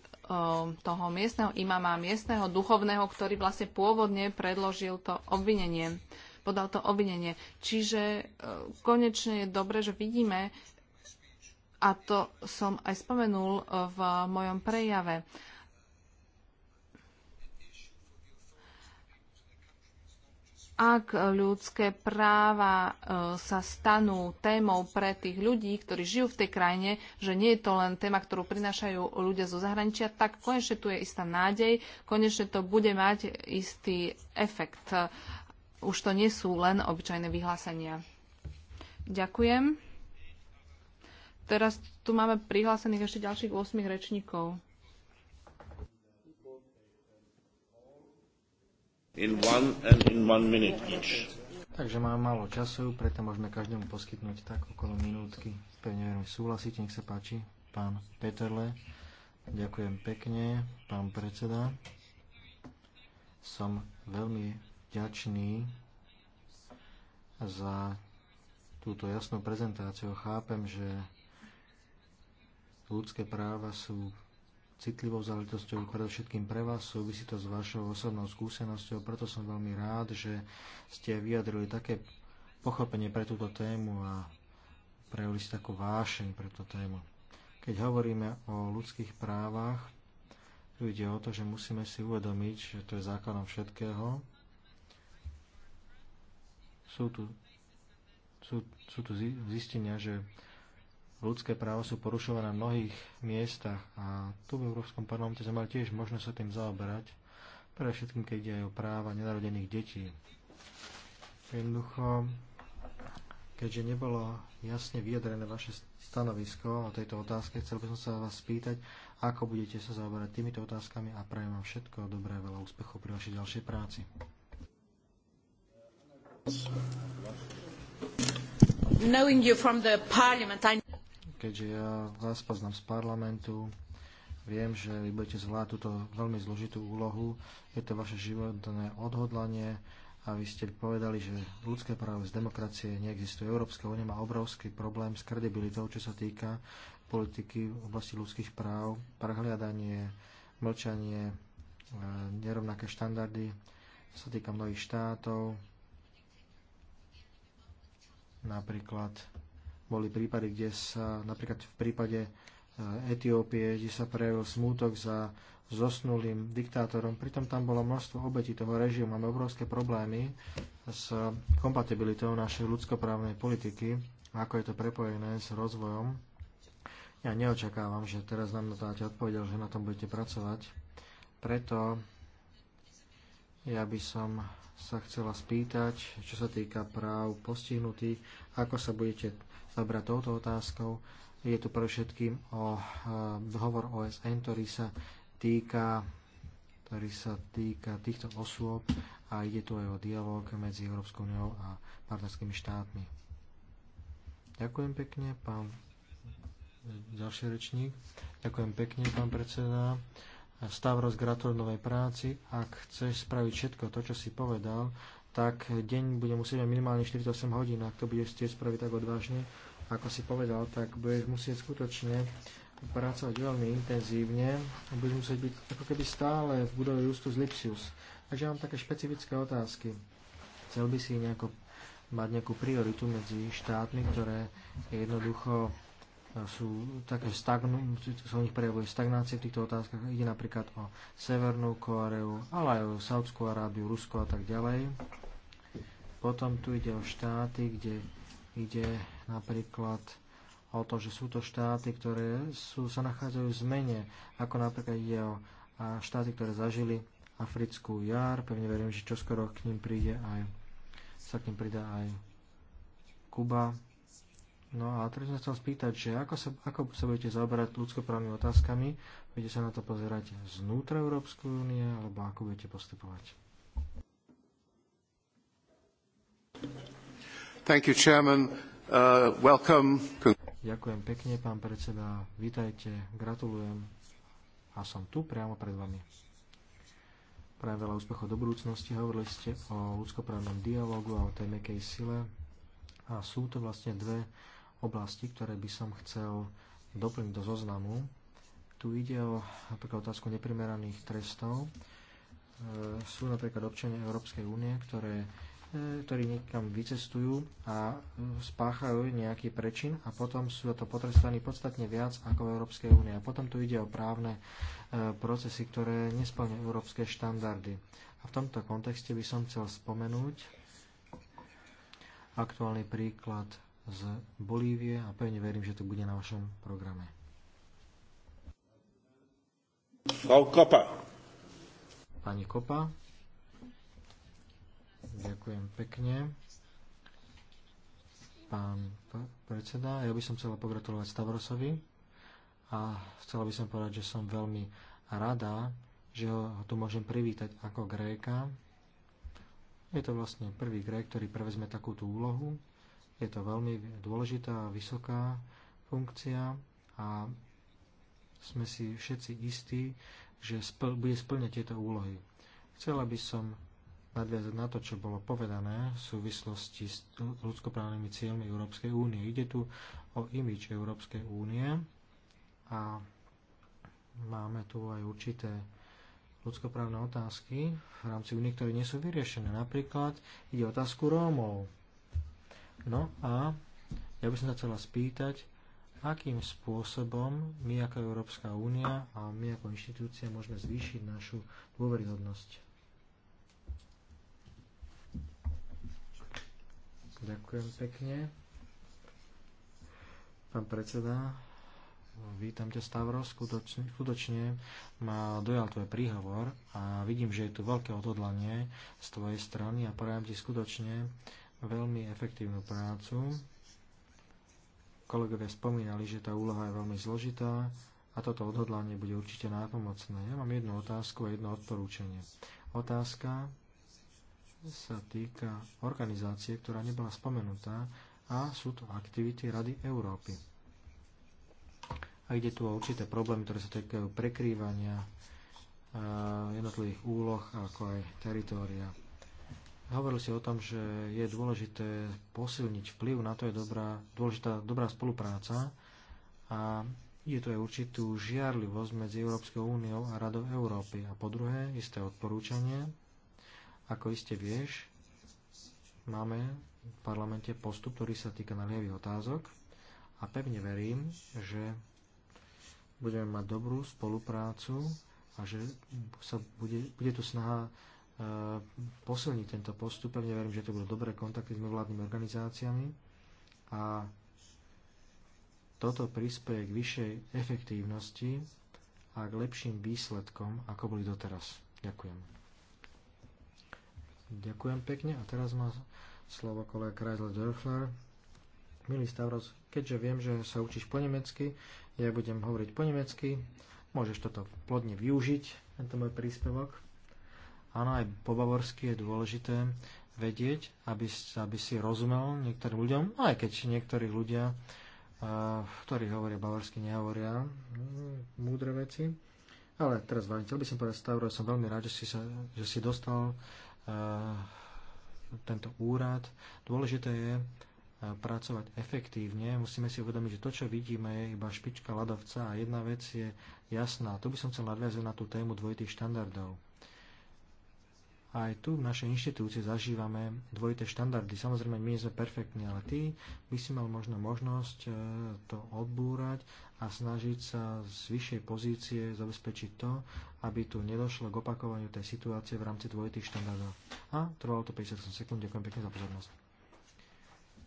toho miestneho imama, miestneho duchovného, ktorý vlastne pôvodne predložil to obvinenie podal to obvinenie. Čiže eh, konečne je dobre, že vidíme, a to som aj spomenul v mojom prejave. Ak ľudské práva e, sa stanú témou pre tých ľudí, ktorí žijú v tej krajine, že nie je to len téma, ktorú prinášajú ľudia zo zahraničia, tak konečne tu je istá nádej, konečne to bude mať istý efekt. Už to nie sú len obyčajné vyhlásenia. Ďakujem. Teraz tu máme prihlásených ešte ďalších 8 rečníkov. In one and in one minute each. Takže máme málo času, preto môžeme každému poskytnúť tak okolo minútky. Pevne verím, súhlasíte, nech sa páči. Pán Peterle, ďakujem pekne, pán predseda. Som veľmi vďačný za túto jasnú prezentáciu. Chápem, že ľudské práva sú citlivou záležitosťou predovšetkým pre vás, súvisí to s vašou osobnou skúsenosťou, preto som veľmi rád, že ste vyjadrili také pochopenie pre túto tému a prejavili ste takú vášeň pre túto tému. Keď hovoríme o ľudských právach, tu ide o to, že musíme si uvedomiť, že to je základom všetkého. Sú tu, sú, sú tu zistenia, že ľudské práva sú porušované na mnohých miestach a tu v Európskom parlamente sme mali tiež možnosť sa tým zaoberať, pre všetkým, keď ide aj o práva nenarodených detí. Jednoducho, keďže nebolo jasne vyjadrené vaše stanovisko o tejto otázke, chcel by som sa vás spýtať, ako budete sa zaoberať týmito otázkami a prajem vám všetko dobré, veľa úspechov pri vašej ďalšej práci. Knowing you from the parliament, I keďže ja vás poznám z parlamentu, viem, že vy budete zvládať túto veľmi zložitú úlohu, je to vaše životné odhodlanie a vy ste povedali, že ľudské právo z demokracie neexistuje. Európska únia má obrovský problém s kredibilitou, čo sa týka politiky v oblasti ľudských práv, prehliadanie, mlčanie, e, nerovnaké štandardy, čo sa týka mnohých štátov, napríklad boli prípady, kde sa napríklad v prípade e, Etiópie, kde sa prejavil smútok za zosnulým diktátorom. Pritom tam bolo množstvo obetí toho režimu. Máme obrovské problémy s kompatibilitou našej ľudskoprávnej politiky, ako je to prepojené s rozvojom. Ja neočakávam, že teraz nám na to dáte odpovedel, že na tom budete pracovať. Preto ja by som sa chcela spýtať, čo sa týka práv postihnutých, ako sa budete zaoberať touto otázkou. Je tu pre všetkým o e, dohovor OSN, ktorý sa týka ktorý sa týka týchto osôb a ide tu aj o dialog medzi Európskou úniou a partnerskými štátmi. Ďakujem pekne, pán ďalší rečník. Ďakujem pekne, pán predseda. Stavros, gratulujem novej práci. Ak chceš spraviť všetko to, čo si povedal, tak deň bude musieť mať minimálne 48 hodín. Ak to budeš tiež spraviť tak odvážne, ako si povedal, tak budeš musieť skutočne pracovať veľmi intenzívne a budeš musieť byť ako keby stále v budove Justus Lipsius. Takže mám také špecifické otázky. Chcel by si nejako mať nejakú prioritu medzi štátmi, ktoré jednoducho sú také, stagnú, sa o nich prejavuje stagnácie v týchto otázkach. Ide napríklad o Severnú Kóreu, ale aj o Saudskú Arábiu, Rusko a tak ďalej. Potom tu ide o štáty, kde ide napríklad o to, že sú to štáty, ktoré sú, sa nachádzajú v zmene, ako napríklad ide o štáty, ktoré zažili africkú jar. Pevne verím, že čoskoro k ním príde aj, sa k ním pridá aj Kuba, No a teraz som chcel spýtať, že ako sa, ako sa budete zaoberať ľudskoprávnymi otázkami? Budete sa na to pozerať znútra Európskej únie, alebo ako budete postupovať? Thank you, Chairman. Uh, welcome. Ďakujem pekne, pán predseda. Vítajte, gratulujem. A som tu priamo pred vami. Prajem veľa úspechov do budúcnosti. Hovorili ste o ľudskoprávnom dialogu a o tej mekej sile. A sú to vlastne dve oblasti, ktoré by som chcel doplniť do zoznamu. Tu ide o napríklad otázku neprimeraných trestov. E, sú napríklad občania Európskej únie, ktoré e, ktorí niekam vycestujú a e, spáchajú nejaký prečin a potom sú to potrestaní podstatne viac ako v Európskej únie. A potom tu ide o právne procesy, ktoré nesplňujú európske štandardy. A v tomto kontexte by som chcel spomenúť aktuálny príklad z Bolívie a pevne verím, že to bude na vašom programe. Frau Kopa. Pani Kopa. Ďakujem pekne. Pán predseda, ja by som chcela pogratulovať Stavrosovi a chcela by som povedať, že som veľmi rada, že ho tu môžem privítať ako Gréka. Je to vlastne prvý Grék, ktorý prevezme takúto úlohu je to veľmi dôležitá a vysoká funkcia a sme si všetci istí, že spl- bude splňať tieto úlohy. Chcela by som nadviazať na to, čo bolo povedané v súvislosti s ľudskoprávnymi cieľmi Európskej únie. Ide tu o imič Európskej únie a máme tu aj určité ľudskoprávne otázky v rámci únie, ktoré nie sú vyriešené. Napríklad ide otázku Rómov. No a ja by som sa chcela spýtať, akým spôsobom my ako Európska únia a my ako inštitúcia môžeme zvýšiť našu dôveryhodnosť. Ďakujem pekne. Pán predseda, vítam ťa Stavro, skutočne, skutočne ma dojal tvoj príhovor a vidím, že je tu veľké odhodlanie z tvojej strany a prajem ti skutočne veľmi efektívnu prácu. Kolegovia spomínali, že tá úloha je veľmi zložitá a toto odhodlanie bude určite nápomocné. Ja mám jednu otázku a jedno odporúčanie. Otázka sa týka organizácie, ktorá nebola spomenutá a sú to aktivity Rady Európy. A ide tu o určité problémy, ktoré sa týkajú prekrývania eh, jednotlivých úloh, ako aj teritória. Hovoril si o tom, že je dôležité posilniť vplyv, na to je dobrá, dôležitá dobrá spolupráca a je to aj určitú žiarlivosť medzi Európskou úniou a Radou Európy. A po druhé, isté odporúčanie. Ako iste vieš, máme v parlamente postup, ktorý sa týka nalievých otázok a pevne verím, že budeme mať dobrú spoluprácu a že sa bude, bude tu snaha Eh, posilniť tento postup. Pevne verím, že to budú dobré kontakty s mimovládnymi organizáciami a toto prispieje k vyššej efektívnosti a k lepším výsledkom, ako boli doteraz. Ďakujem. Ďakujem pekne a teraz má slovo kolega Kreisler Dörfler. Milý Stavros, keďže viem, že sa učíš po nemecky, ja budem hovoriť po nemecky, môžeš toto plodne využiť, tento môj príspevok. Áno, aj po bavorsky je dôležité vedieť, aby, aby si rozumel niektorým ľuďom, aj keď niektorí ľudia, eh, ktorí hovoria bavorsky, nehovoria hm, múdre veci. Ale teraz vám chcel by som povedať Stavro, som veľmi rád, že si, sa, že si dostal eh, tento úrad. Dôležité je eh, pracovať efektívne. Musíme si uvedomiť, že to, čo vidíme, je iba špička ľadovca a jedna vec je jasná. Tu by som chcel nadviazať na tú tému dvojitých štandardov aj tu v našej inštitúcii zažívame dvojité štandardy. Samozrejme, my nie sme perfektní, ale ty by si mal možno možnosť e, to odbúrať a snažiť sa z vyššej pozície zabezpečiť to, aby tu nedošlo k opakovaniu tej situácie v rámci dvojitých štandardov. A trvalo to 50 sekúnd. Ďakujem pekne za pozornosť.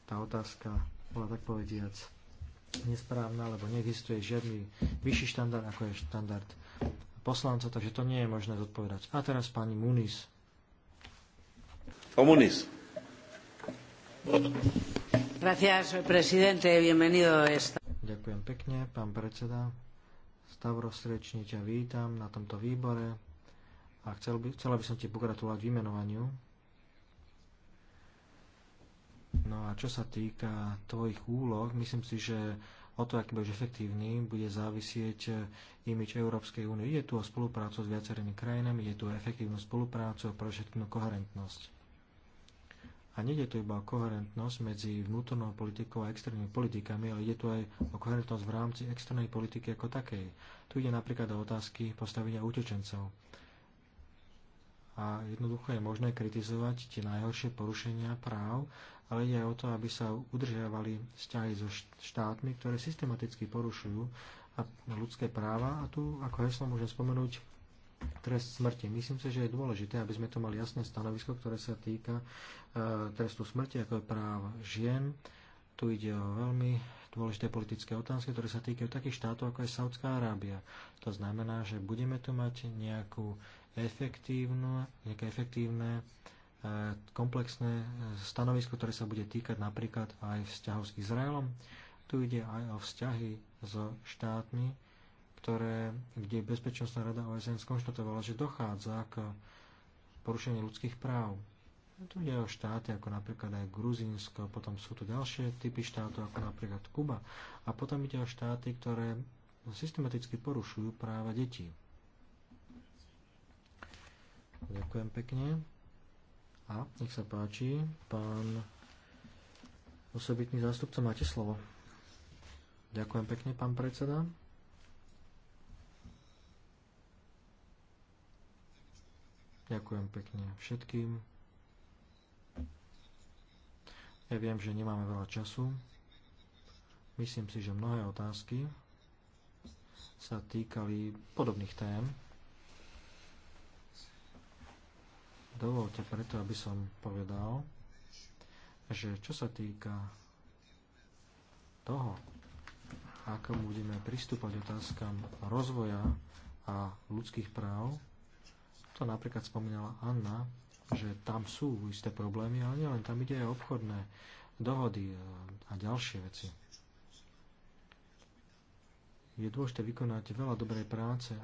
Tá otázka bola tak povediac nesprávna, lebo neexistuje žiadny vyšší štandard, ako je štandard poslanca, takže to nie je možné zodpovedať. A teraz pani Muniz señor presidente. Bienvenido. Ďakujem pekne, pán predseda. Stavros ťa vítam na tomto výbore a chcel by, chcela by som ti pogratulovať vymenovaniu. No a čo sa týka tvojich úloh, myslím si, že o to, aký budeš efektívny, bude závisieť eh, imič Európskej únie. Ide tu o spoluprácu s viacerými krajinami, ide tu o efektívnu spoluprácu a pre všetkým koherentnosť. A je tu iba o koherentnosť medzi vnútornou politikou a externými politikami, ale ide tu aj o koherentnosť v rámci externej politiky ako takej. Tu ide napríklad o otázky postavenia utečencov. A jednoducho je možné kritizovať tie najhoršie porušenia práv, ale ide aj o to, aby sa udržiavali vzťahy so štátmi, ktoré systematicky porušujú ľudské práva. A tu ako heslo môžem spomenúť trest smrti. Myslím si, že je dôležité, aby sme to mali jasné stanovisko, ktoré sa týka e, trestu smrti, ako je práv žien. Tu ide o veľmi dôležité politické otázky, ktoré sa týkajú takých štátov, ako je Saudská Arábia. To znamená, že budeme tu mať nejakú efektívnu, nejaké efektívne e, komplexné e, stanovisko, ktoré sa bude týkať napríklad aj vzťahov s Izraelom. Tu ide aj o vzťahy so štátmi, ktoré, kde Bezpečnostná rada OSN skonštatovala, že dochádza k porušeniu ľudských práv. Tu ide o štáty ako napríklad aj Gruzínsko, potom sú tu ďalšie typy štátov ako napríklad Kuba a potom ide o štáty, ktoré systematicky porušujú práva detí. Ďakujem pekne. A nech sa páči, pán osobitný zástupca, máte slovo. Ďakujem pekne, pán predseda. Ďakujem pekne všetkým. Ja viem, že nemáme veľa času. Myslím si, že mnohé otázky sa týkali podobných tém. Dovolte preto, aby som povedal, že čo sa týka toho, ako budeme pristúpať otázkam rozvoja a ľudských práv, to napríklad spomínala Anna, že tam sú isté problémy, ale nielen tam ide aj obchodné dohody e, a ďalšie veci. Je dôležité vykonať veľa dobrej práce,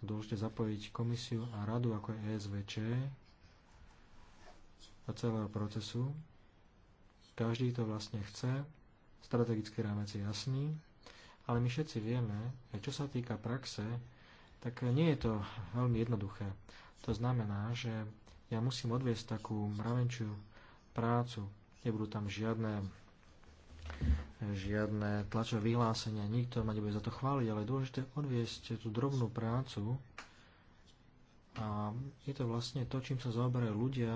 dôležité zapojiť komisiu a radu ako je ESVČ do celého procesu. Každý to vlastne chce, strategický rámec je jasný, ale my všetci vieme, že čo sa týka praxe, tak nie je to veľmi jednoduché. To znamená, že ja musím odviesť takú mravenčiu prácu. Nebudú tam žiadne, žiadne tlačové vyhlásenia, nikto ma nebude za to chváliť, ale je dôležité odviesť tú drobnú prácu a je to vlastne to, čím sa zaoberajú ľudia,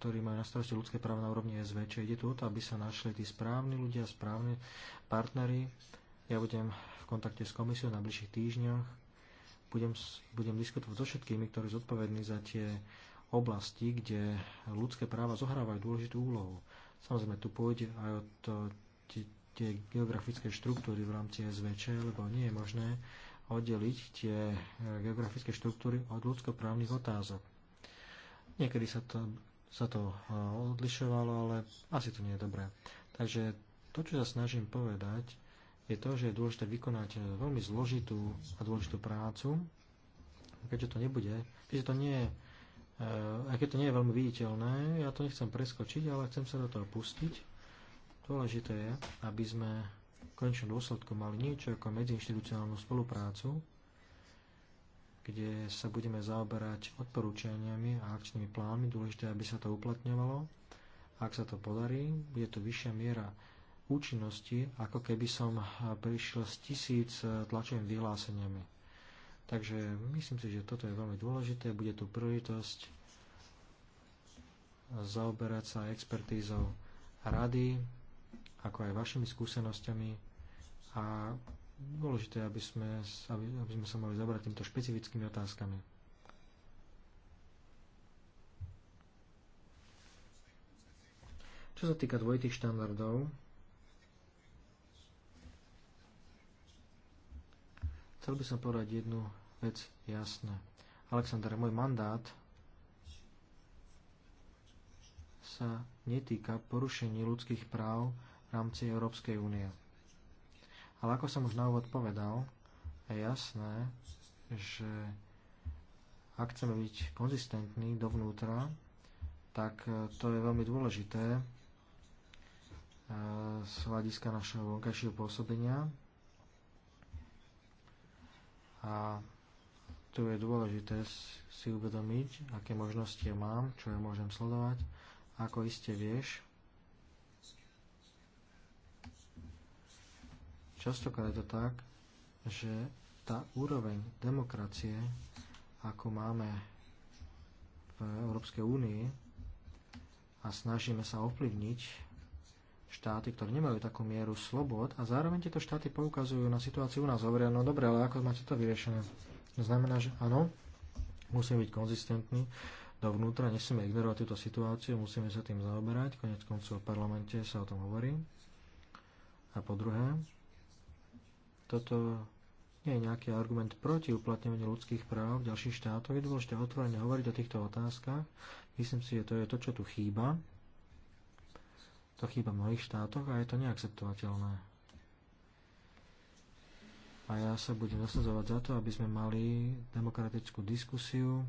ktorí majú na starosti ľudské práva na úrovni Čiže Ide tu o to, aby sa našli tí správni ľudia, správni partnery. Ja budem v kontakte s komisiou na bližších týždňoch budem, budem diskutovať so všetkými, ktorí sú zodpovední za tie oblasti, kde ľudské práva zohrávajú dôležitú úlohu. Samozrejme, tu pôjde aj o to, tie, tie geografické štruktúry v rámci SVČ, lebo nie je možné oddeliť tie eh, geografické štruktúry od ľudskoprávnych otázok. Niekedy sa to, sa to eh, odlišovalo, ale asi to nie je dobré. Takže to, čo sa snažím povedať, je to, že je dôležité vykonať e, veľmi zložitú a dôležitú prácu, keďže to nebude, keďže to nie je e, aj keď to nie je veľmi viditeľné, ja to nechcem preskočiť, ale chcem sa do toho pustiť. Dôležité je, aby sme v konečnom dôsledku mali niečo ako medziinstitucionálnu spoluprácu, kde sa budeme zaoberať odporúčaniami a akčnými plánmi. Dôležité, aby sa to uplatňovalo. Ak sa to podarí, bude tu vyššia miera účinnosti, ako keby som eh, prišiel s tisíc eh, tlačovým vyhláseniami. Takže myslím si, že toto je veľmi dôležité, bude tu prioritosť zaoberať sa expertízou rady, ako aj vašimi skúsenosťami a dôležité, aby sme, aby, aby sme sa mohli zabrať týmto špecifickými otázkami. Čo sa týka dvojitých štandardov, chcel by som povedať jednu vec jasne. Aleksandr, môj mandát sa netýka porušení ľudských práv v rámci Európskej únie. Ale ako som už na úvod povedal, je jasné, že ak chceme byť konzistentní dovnútra, tak to je veľmi dôležité eh, z hľadiska našeho vonkajšieho pôsobenia a tu je dôležité si uvedomiť, aké možnosti ja mám, čo ja môžem sledovať. Ako iste vieš, častokrát je to tak, že tá úroveň demokracie, ako máme v Európskej únii a snažíme sa ovplyvniť štáty, ktoré nemajú takú mieru slobod a zároveň tieto štáty poukazujú na situáciu u nás. Hovoria, no dobre, ale ako máte to vyriešené? To znamená, že áno, musíme byť konzistentní dovnútra, nesmieme ignorovať túto situáciu, musíme sa tým zaoberať, konec koncov v parlamente sa o tom hovorí. A po druhé, toto nie je nejaký argument proti uplatňovaniu ľudských práv v ďalších štátoch. Je dôležité otvorene hovoriť o týchto otázkach. Myslím si, že to je to, čo tu chýba to chýba v mnohých štátoch a je to neakceptovateľné. A ja sa budem zasadzovať za to, aby sme mali demokratickú diskusiu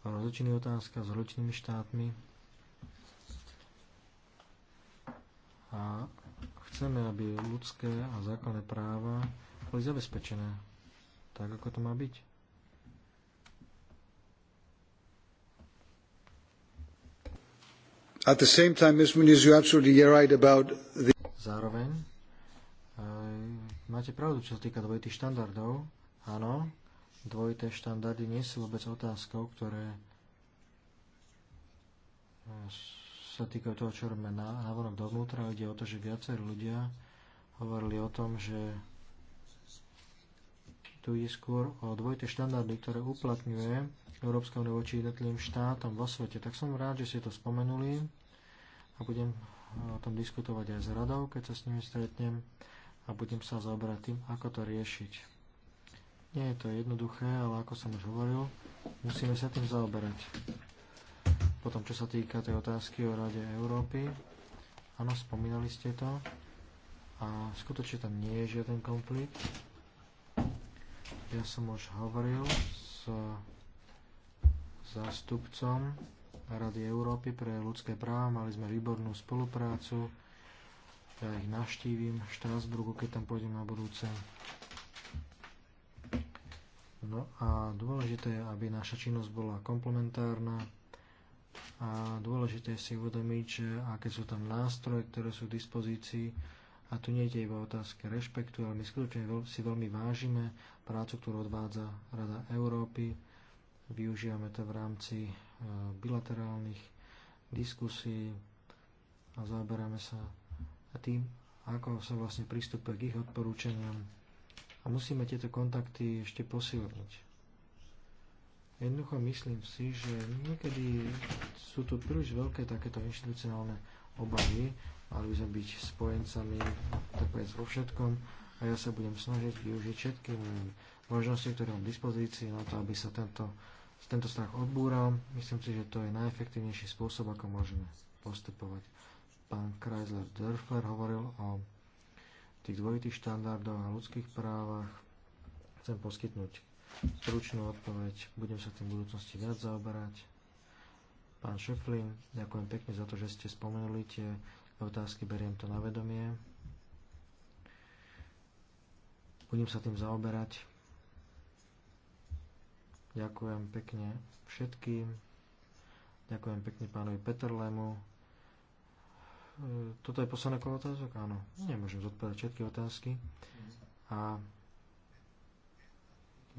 o rozličných otázkach s rozličnými štátmi. A chceme, aby ľudské a základné práva boli zabezpečené tak, ako to má byť. At the same time, Ms. Muniz, absolutely right about the... Zároveň e, máte pravdu, čo sa týka dvojitých štandardov. Áno, dvojité štandardy nie sú vôbec otázkou, ktoré e, sa týkajú toho, čo robíme na, na vonok dovnútra. Ide o to, že viacerí ľudia hovorili o tom, že tu ide skôr o dvojité štandardy, ktoré uplatňuje Európska únia voči jednotlivým štátom vo svete. Tak som rád, že ste to spomenuli a budem eh, o tom diskutovať aj s radou, keď sa s nimi stretnem a budem sa zaoberať tým, ako to riešiť. Nie je to jednoduché, ale ako som už hovoril, musíme sa tým zaoberať. Potom, čo sa týka tej otázky o Rade Európy, áno, spomínali ste to a skutočne tam nie je žiaden konflikt ja som už hovoril s zástupcom Rady Európy pre ľudské práva. Mali sme výbornú spoluprácu. Ja ich naštívim v Štrasburgu, keď tam pôjdem na budúce. No a dôležité je, aby naša činnosť bola komplementárna a dôležité je si uvedomiť, že aké sú tam nástroje, ktoré sú v dispozícii, a tu nie je iba otázka rešpektu, ale my skutočne si veľmi vážime prácu, ktorú odvádza Rada Európy. Využívame to v rámci e, bilaterálnych diskusí a zaoberáme sa tým, ako sa vlastne pristúpe k ich odporúčaniam. A musíme tieto kontakty ešte posilniť. Jednoducho myslím si, že niekedy sú tu príliš veľké takéto inštitucionálne obavy mali by sme byť spojencami tak povedať vo všetkom a ja sa budem snažiť využiť všetky možnosti, ktoré mám v dispozícii na to, aby sa tento, tento strach odbúral. Myslím si, že to je najefektívnejší spôsob, ako môžeme postupovať. Pán Chrysler Dörfler hovoril o tých dvojitých štandardoch a ľudských právach. Chcem poskytnúť stručnú odpoveď, budem sa tým v budúcnosti viac zaoberať. Pán Šeflin, ďakujem pekne za to, že ste spomenuli tie otázky, beriem to na vedomie. Budem sa tým zaoberať. Ďakujem pekne všetkým. Ďakujem pekne pánovi Petrlému. E, toto je posledné kolo otázok? Áno. Nemôžem zodpovedať všetky otázky. A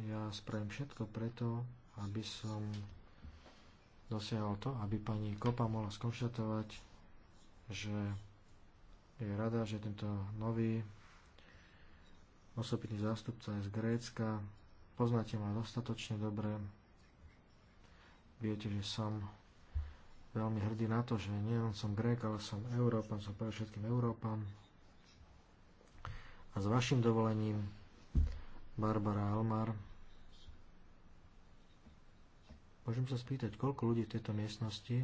ja spravím všetko preto, aby som dosiahol to, aby pani Kopa mohla skonštatovať, že je rada, že tento nový osobitný zástupca je z Grécka. Poznáte ma dostatočne dobre. Viete, že som veľmi hrdý na to, že nie len som Grék, ale som Európan, som pre všetkým Európan. A s vašim dovolením, Barbara Almar, môžem sa spýtať, koľko ľudí v tejto miestnosti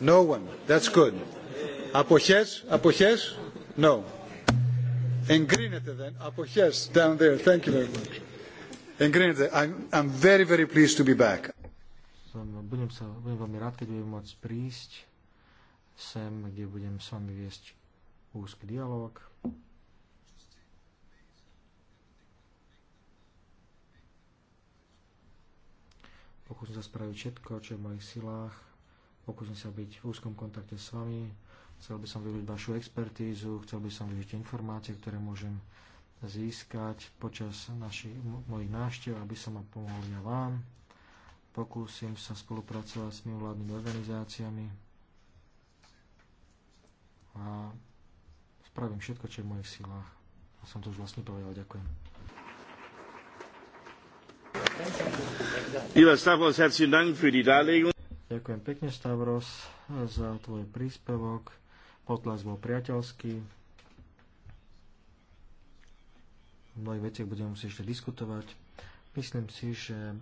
No one. That's good. Αποχές, αποχές. No. Εγκρίνεται Αποχές down there. Thank you very much. Εγκρίνεται. I'm, I'm very, very pleased to be back. budem, sa, budem veľmi rád, keď budem môcť prísť sem, kde budem s vami viesť úzky dialog. Pokúsim sa spraviť všetko, čo je v mojich silách, Pokúsim sa byť v úzkom kontakte s vami. Chcel by som využiť vašu expertízu, chcel by som využiť informácie, ktoré môžem získať počas našich, mojich návštev, aby som ma pomohol ja vám. Pokúsim sa spolupracovať s mimovládnymi organizáciami a spravím všetko, čo je v mojich silách. A som to už vlastne povedal. Ďakujem. Lieber Stavros, herzlichen Dank für die Darlegung. Ďakujem pekne, Stavros, za tvoj príspevok. Potlas bol priateľský. V mnohých veciach budeme musieť ešte diskutovať. Myslím si, že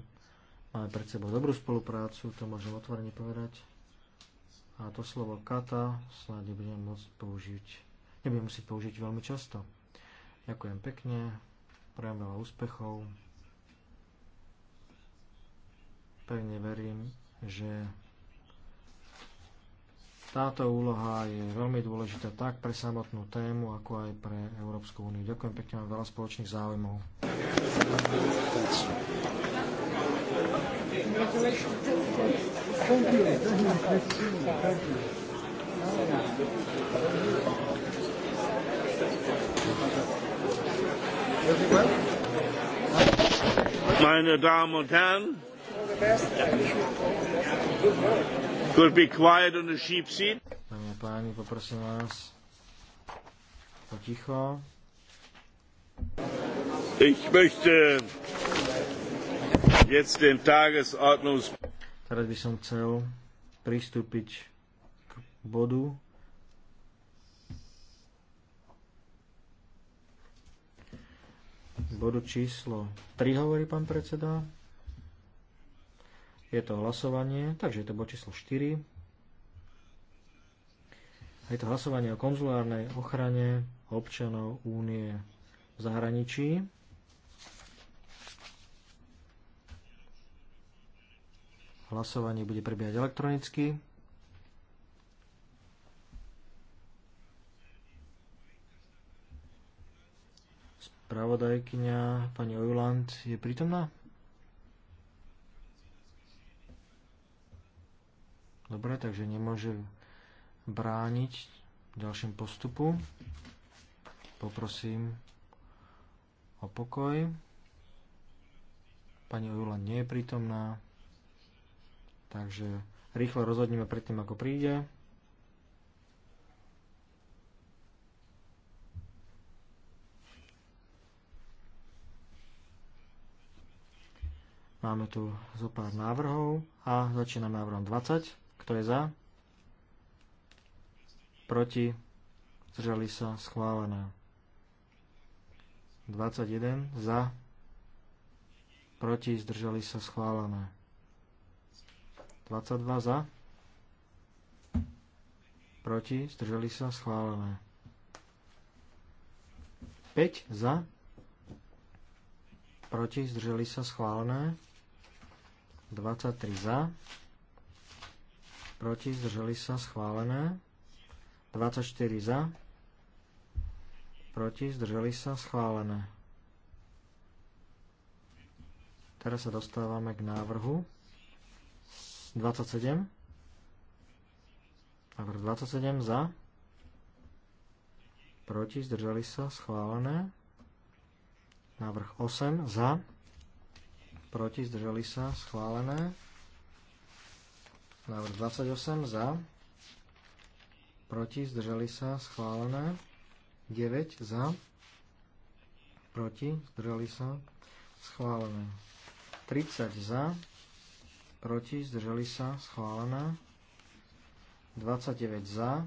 máme pred sebou dobrú spoluprácu, to môžem otvorene povedať. A to slovo kata snáď nebudem môcť použiť, nebudem musieť použiť veľmi často. Ďakujem pekne, prajem veľa úspechov. Pevne verím, že táto úloha je veľmi dôležitá tak pre samotnú tému, ako aj pre Európsku úniu. Ďakujem pekne, mám veľa spoločných záujmov. Meine Damen und Herren, Could be quiet on the sheep seat. a páni, poprosím vás ticho. Ich möchte jetzt den Tagesordnungs... Teraz by som chcel pristúpiť k bodu bodu číslo 3, hovorí pán predseda. Je to hlasovanie, takže je to bod číslo 4. Je to hlasovanie o konzulárnej ochrane občanov únie v zahraničí. Hlasovanie bude prebiehať elektronicky. Spravodajkyňa pani Ojuland je prítomná? Dobre, takže nemôže brániť ďalším postupu. Poprosím o pokoj. Pani Ojula nie je prítomná, takže rýchlo rozhodneme predtým, ako príde. Máme tu zo pár návrhov a začíname návrhom 20. Kto je za? Proti? Zdržali sa? Schválené. 21. Za? Proti? Zdržali sa? Schválené. 22. Za? Proti? Zdržali sa? Schválené. 5. Za? Proti? Zdržali sa? Schválené. 23. Za? proti, zdrželi sa, schválené. 24 za, proti, zdrželi sa, schválené. Teraz sa dostávame k návrhu 27. Návrh 27 za, proti, zdrželi sa, schválené. Návrh 8 za, proti, zdrželi sa, schválené. Návrh 28 za. Proti zdržali sa schválené. 9 za. Proti zdržali sa schválené. 30 za. Proti zdržali sa schválené. 29 za.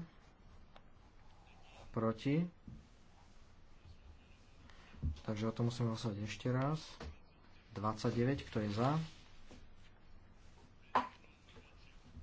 Proti. Takže o tom musíme hlasovať ešte raz. 29, kto je za?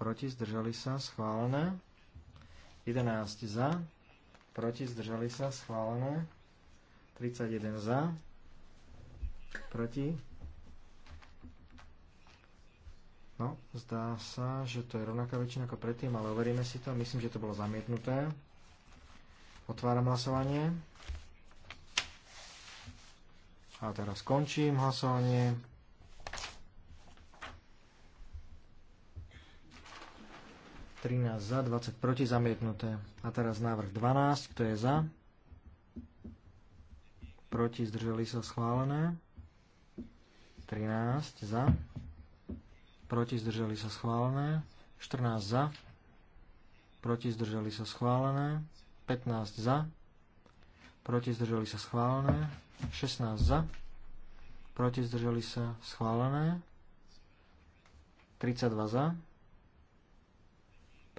proti, zdržali sa, schválené. 11 za, proti, zdržali sa, schválené. 31 za, proti. No, zdá sa, že to je rovnaká väčšina ako predtým, ale overíme si to. Myslím, že to bolo zamietnuté. Otváram hlasovanie. A teraz končím hlasovanie. 13 za, 20 proti, zamietnuté. A teraz návrh 12, kto je za? Proti, zdrželi sa, schválené. 13 za. Proti, zdrželi sa, schválené. 14 za. Proti, zdržali sa, schválené. 15 za. Proti, zdrželi sa, schválené. 16 za. Proti, zdrželi sa, schválené. 32 za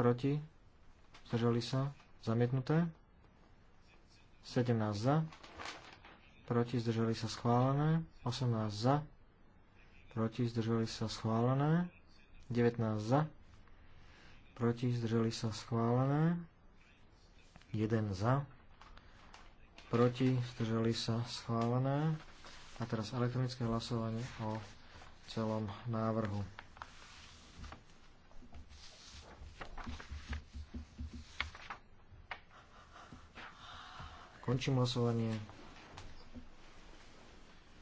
proti, zdržali sa, zamietnuté. 17 za, proti, zdržali sa, schválené. 18 za, proti, zdržali sa, schválené. 19 za, proti, zdržali sa, schválené. 1 za, proti, zdržali sa, schválené. A teraz elektronické hlasovanie o celom návrhu. Končím hlasovanie.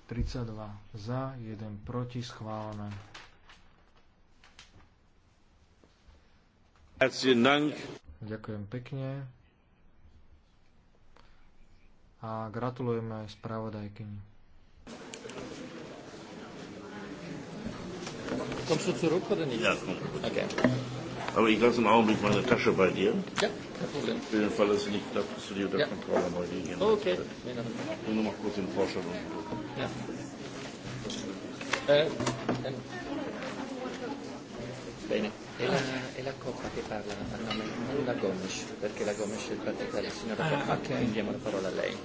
32 za, 1 proti, schválené. Ďakujem pekne. A gratulujeme spravodajkyni. Kommst du zurück oder nicht? Ja, okay. Aber ich lasse im Augenblick meine Tasche bei dir. Ja, kein Problem. Für den Fall, dass sie nicht klappt, dass du dir unter ja. Kontrolle neu liegen oh, Okay. Ich will nur mal kurz den Vorstand Ja. Äh, Bene. È e la, è e la Coppa che parla a nome, non la Gomes, perché la Gomes è il partito della signora ah, Coppa, okay. quindi diamo la parola a lei.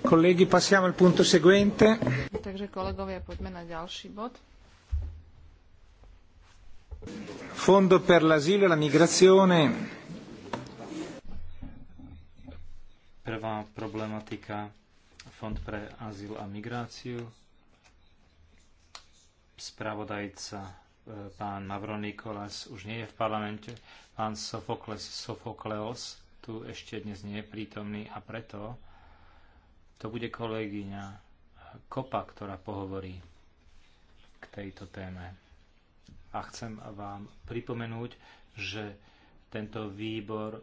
Colleghi, passiamo al punto seguente. Takže kolegovia, poďme na ďalší bod. Fondo per l'asilo e la migrazione. Prvá problematika, Fond pre azyl a migráciu. Spravodajca e, pán Mavro už nie je v parlamente. Pán Sofokles Sofokleos tu ešte dnes nie je prítomný a preto to bude kolegyňa Kopa, ktorá pohovorí k tejto téme a chcem vám pripomenúť, že tento výbor e, e,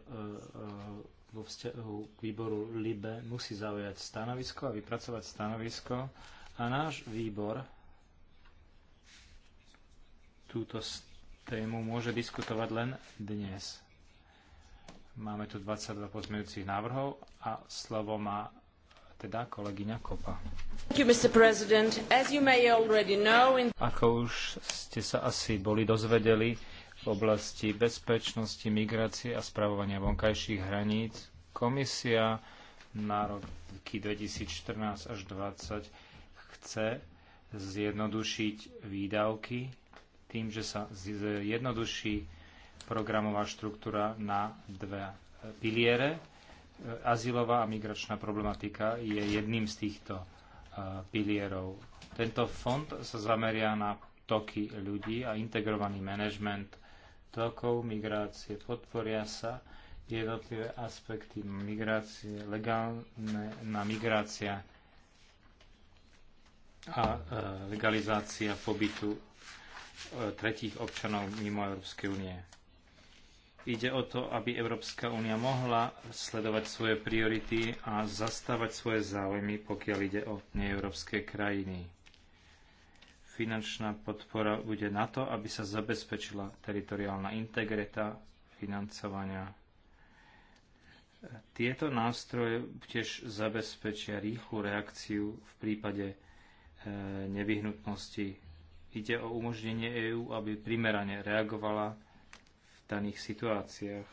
vo vzťahu k výboru LIBE musí zaujať stanovisko a vypracovať stanovisko a náš výbor túto tému môže diskutovať len dnes. Máme tu 22 pozmeňujúcich návrhov a slovo má teda kolegyňa Kopa. Ako už ste sa asi boli dozvedeli, v oblasti bezpečnosti, migrácie a spravovania vonkajších hraníc komisia na roky 2014 až 2020 chce zjednodušiť výdavky tým, že sa zjednoduší programová štruktúra na dve piliere E, azylová a migračná problematika je jedným z týchto e, pilierov. Tento fond sa zameria na toky ľudí a integrovaný manažment tokov migrácie. Podporia sa jednotlivé aspekty migrácie, na migrácia a e, legalizácia pobytu tretích občanov mimo Európskej únie. Ide o to, aby Európska únia mohla sledovať svoje priority a zastávať svoje záujmy, pokiaľ ide o neeurópske krajiny. Finančná podpora bude na to, aby sa zabezpečila teritoriálna integrita financovania. Tieto nástroje tiež zabezpečia rýchlu reakciu v prípade e, nevyhnutnosti. Ide o umožnenie EÚ, aby primerane reagovala daných situáciách.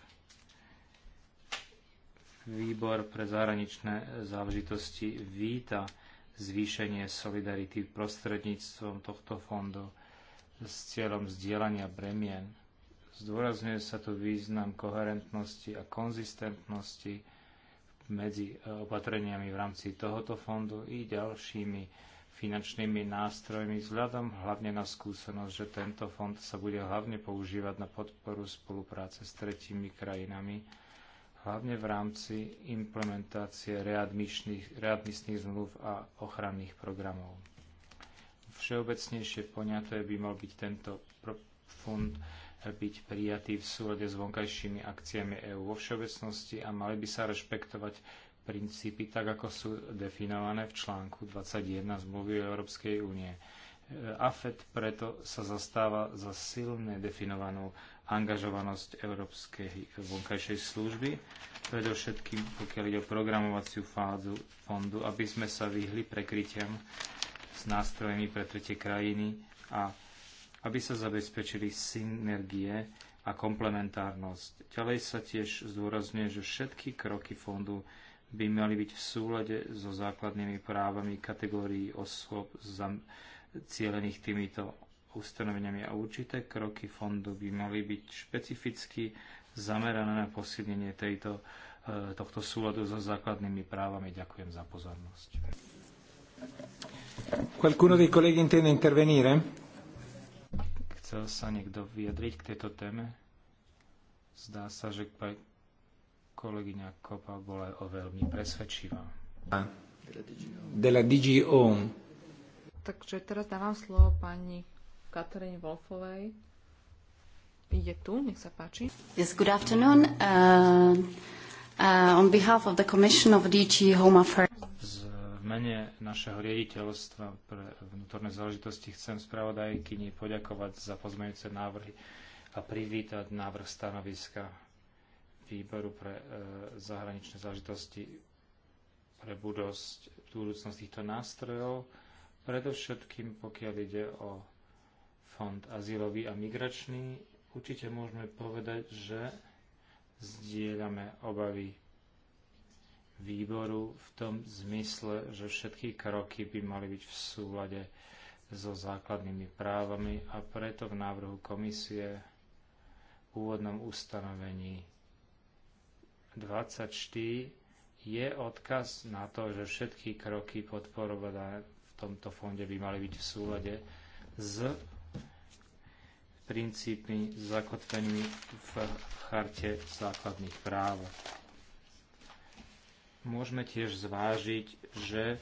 Výbor pre zahraničné záležitosti víta zvýšenie solidarity prostredníctvom tohto fondu s cieľom zdieľania bremien. Zdôrazňuje sa tu význam koherentnosti a konzistentnosti medzi opatreniami v rámci tohoto fondu i ďalšími finančnými nástrojmi vzhľadom hlavne na skúsenosť, že tento fond sa bude hlavne používať na podporu spolupráce s tretími krajinami, hlavne v rámci implementácie readmisných zmluv a ochranných programov. Všeobecnejšie poňaté by mal byť tento fond byť prijatý v súlade s vonkajšími akciami EÚ vo všeobecnosti a mali by sa rešpektovať princípy tak, ako sú definované v článku 21 zmluvy Európskej únie. AFED preto sa zastáva za silne definovanú angažovanosť Európskej vonkajšej služby, predovšetkým pokiaľ ide o programovaciu fázu fondu, aby sme sa vyhli prekrytiam s nástrojmi pre tretie krajiny a aby sa zabezpečili synergie a komplementárnosť. Ďalej sa tiež zdôrazňuje, že všetky kroky fondu by mali byť v súlade so základnými právami kategórií osôb cielených týmito ustanoveniami a určité kroky fondu by mali byť špecificky zamerané na posilnenie tejto, e, tohto súladu so základnými právami. Ďakujem za pozornosť. Qualcuno dei colleghi intende intervenire? Chcel sa niekto vyjadriť k tejto téme? Zdá sa, že Kolegyňa Kopa bola o veľmi presvedčivá. De la DGO. Takže teraz dávam slovo pani Katarine Wolfovej. Je tu, nech sa páči. Yes, good afternoon. Uh, uh, on behalf of the Commission of DG Home Affairs. Z mene našeho riaditeľstva pre vnútorné záležitosti chcem spravodajkyni poďakovať za pozmeňujúce návrhy a privítať návrh stanoviska výboru pre e, zahraničné záležitosti pre budosť, budúcnosť týchto nástrojov, predovšetkým pokiaľ ide o fond azylový a migračný, určite môžeme povedať, že zdieľame obavy výboru v tom zmysle, že všetky kroky by mali byť v súlade so základnými právami a preto v návrhu komisie v úvodnom ustanovení 24 je odkaz na to, že všetky kroky podporované v tomto fonde by mali byť v súlade s princípmi zakotvenými v charte základných práv. Môžeme tiež zvážiť, že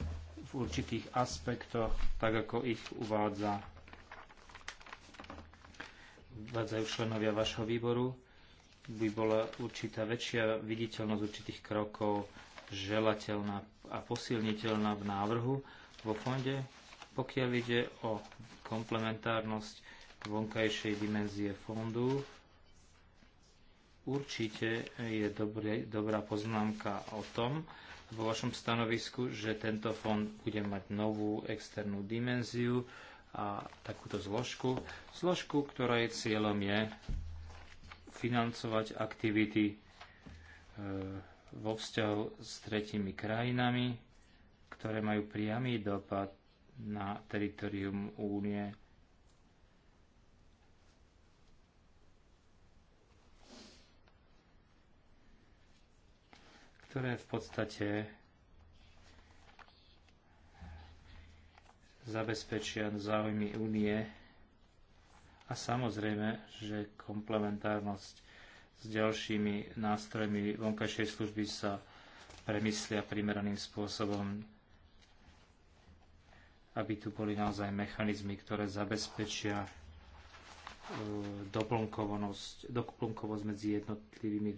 v určitých aspektoch, tak ako ich uvádza uvádzajú členovia vašho výboru, by bola určitá väčšia viditeľnosť určitých krokov želateľná a posilniteľná v návrhu vo fonde, pokiaľ ide o komplementárnosť vonkajšej dimenzie fondu. Určite je dobrý, dobrá poznámka o tom vo vašom stanovisku, že tento fond bude mať novú externú dimenziu a takúto zložku. Zložku, ktorej cieľom je financovať aktivity e, vo vzťahu s tretimi krajinami, ktoré majú priamy dopad na teritorium únie. ktoré v podstate zabezpečia záujmy únie a samozrejme, že komplementárnosť s ďalšími nástrojmi vonkajšej služby sa premyslia primeraným spôsobom, aby tu boli naozaj mechanizmy, ktoré zabezpečia e, doplnkovosť, doplnkovosť medzi jednotlivými,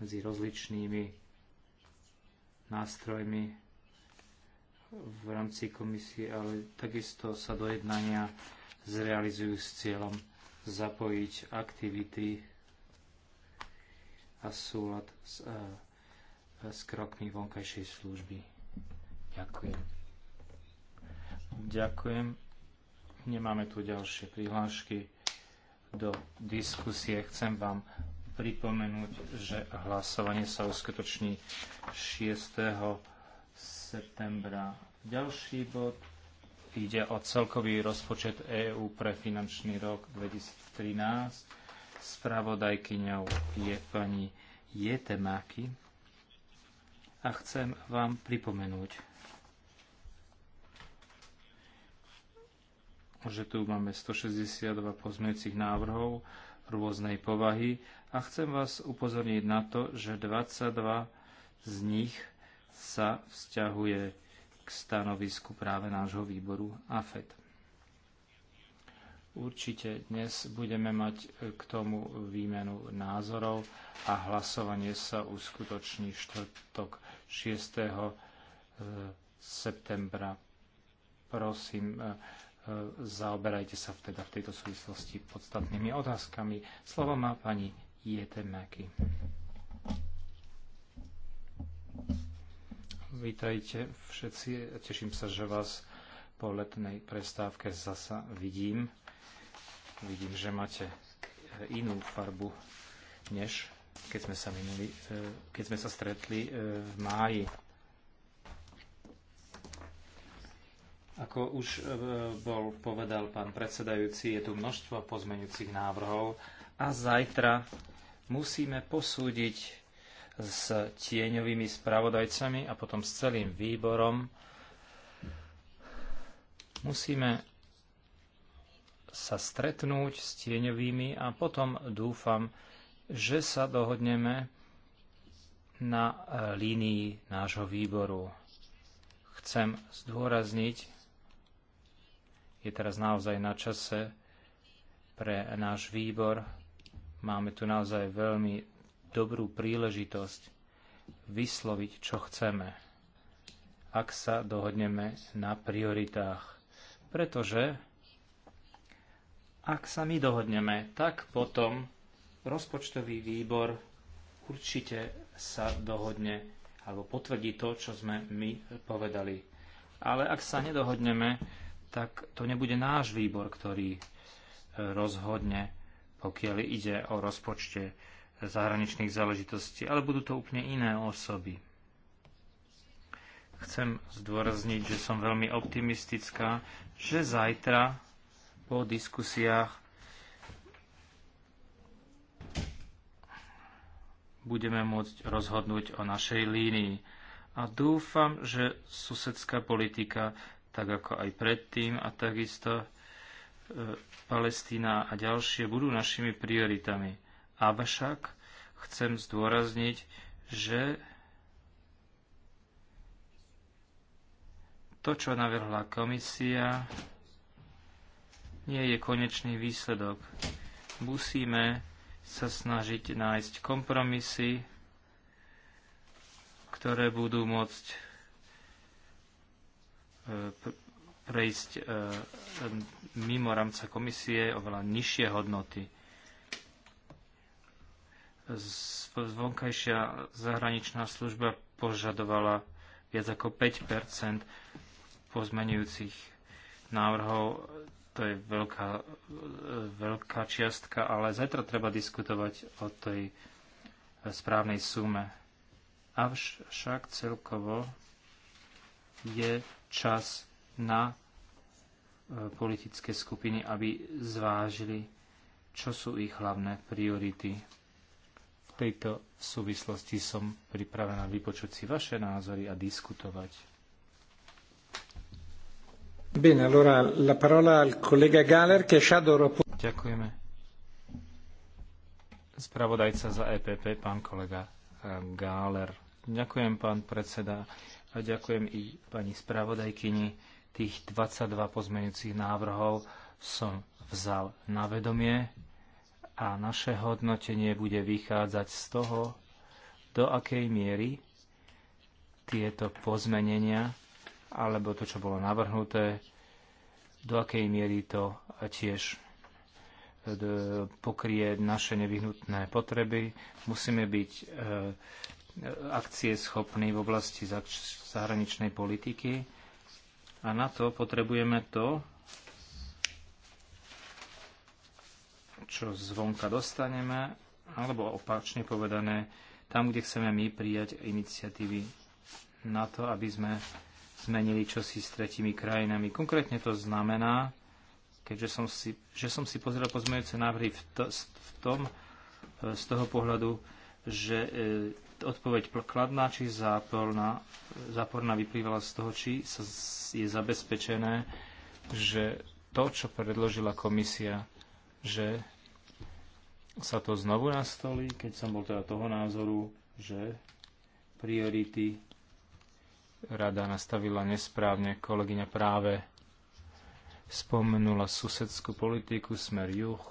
medzi rozličnými nástrojmi v rámci komisie, ale takisto sa dojednania zrealizujú s cieľom zapojiť aktivity a súlad s, e, s krokmi vonkajšej služby. Ďakujem. Ďakujem. Nemáme tu ďalšie prihlášky do diskusie. Chcem vám pripomenúť, že hlasovanie sa uskutoční 6. septembra. Ďalší bod ide o celkový rozpočet EÚ pre finančný rok 2013. Spravodajkyňou je pani Jetemáky. A chcem vám pripomenúť, že tu máme 162 pozmeňujúcich návrhov rôznej povahy a chcem vás upozorniť na to, že 22 z nich sa vzťahuje k stanovisku práve nášho výboru AFED. Určite dnes budeme mať e, k tomu výmenu názorov a hlasovanie sa uskutoční štvrtok 6. E, septembra. Prosím, e, zaoberajte sa teda v tejto súvislosti podstatnými otázkami. Slovo má pani Jete Mäki. Vítajte všetci. Teším sa, že vás po letnej prestávke zasa vidím. Vidím, že máte eh, inú farbu, než keď sme sa, minuli, eh, keď sme sa stretli eh, v máji. Ako už bol povedal pán predsedajúci, je tu množstvo pozmenujúcich návrhov a zajtra musíme posúdiť s tieňovými spravodajcami a potom s celým výborom musíme sa stretnúť s tieňovými a potom dúfam, že sa dohodneme na e, línii nášho výboru. Chcem zdôrazniť, je teraz naozaj na čase pre náš výbor. Máme tu naozaj veľmi dobrú príležitosť vysloviť, čo chceme, ak sa dohodneme na prioritách. Pretože ak sa my dohodneme, tak potom rozpočtový výbor určite sa dohodne alebo potvrdí to, čo sme my povedali. Ale ak sa nedohodneme, tak to nebude náš výbor, ktorý eh, rozhodne, pokiaľ ide o rozpočte zahraničných záležitostí, ale budú to úplne iné osoby. Chcem zdôrazniť, že som veľmi optimistická, že zajtra po diskusiách budeme môcť rozhodnúť o našej línii. A dúfam, že susedská politika, tak ako aj predtým a takisto e, Palestína a ďalšie budú našimi prioritami. Avšak chcem zdôrazniť, že to, čo navrhla komisia, nie je konečný výsledok. Musíme sa snažiť nájsť kompromisy, ktoré budú môcť e, prejsť e, mimo rámca komisie oveľa nižšie hodnoty vonkajšia zahraničná služba požadovala viac ako 5 pozmenujúcich návrhov. To je veľká, veľká čiastka, ale zajtra treba diskutovať o tej správnej sume. Avšak celkovo je čas na e, politické skupiny, aby zvážili, čo sú ich hlavné priority tejto súvislosti som pripravená vypočuť si vaše názory a diskutovať. Bene, allora la parola al collega Galler che shadow Ďakujeme. Spravodajca za EPP, pán kolega eh, Gáler. Ďakujem, pán predseda, a ďakujem i pani spravodajkyni. Tých 22 pozmeňujúcich návrhov som vzal na vedomie a naše hodnotenie bude vychádzať z toho, do akej miery tieto pozmenenia alebo to, čo bolo navrhnuté, do akej miery to tiež e, pokrie naše nevyhnutné potreby. Musíme byť e, akcie schopní v oblasti zahraničnej politiky a na to potrebujeme to, čo zvonka dostaneme, alebo opačne povedané, tam, kde chceme my prijať iniciatívy na to, aby sme zmenili čosi s tretimi krajinami. Konkrétne to znamená, keďže som si, že som si pozrel pozmejúce návrhy v, to, v tom, e, z toho pohľadu, že e, odpoveď kladná či záporná, záporná vyplývala z toho, či sa je zabezpečené, že to, čo predložila komisia, že sa to znovu nastolí, keď som bol teda toho názoru, že priority rada nastavila nesprávne. Kolegyňa práve spomenula susedskú politiku, smer juh,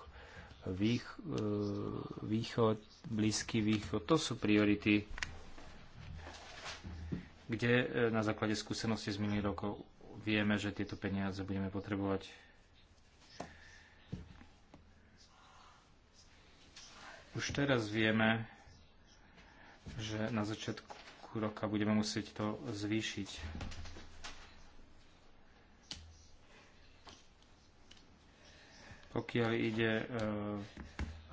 vých, e, východ, blízky východ. To sú priority, kde e, na základe skúsenosti z minulých rokov vieme, že tieto peniaze budeme potrebovať Už teraz vieme, že na začiatku roka budeme musieť to zvýšiť. Pokiaľ ide e,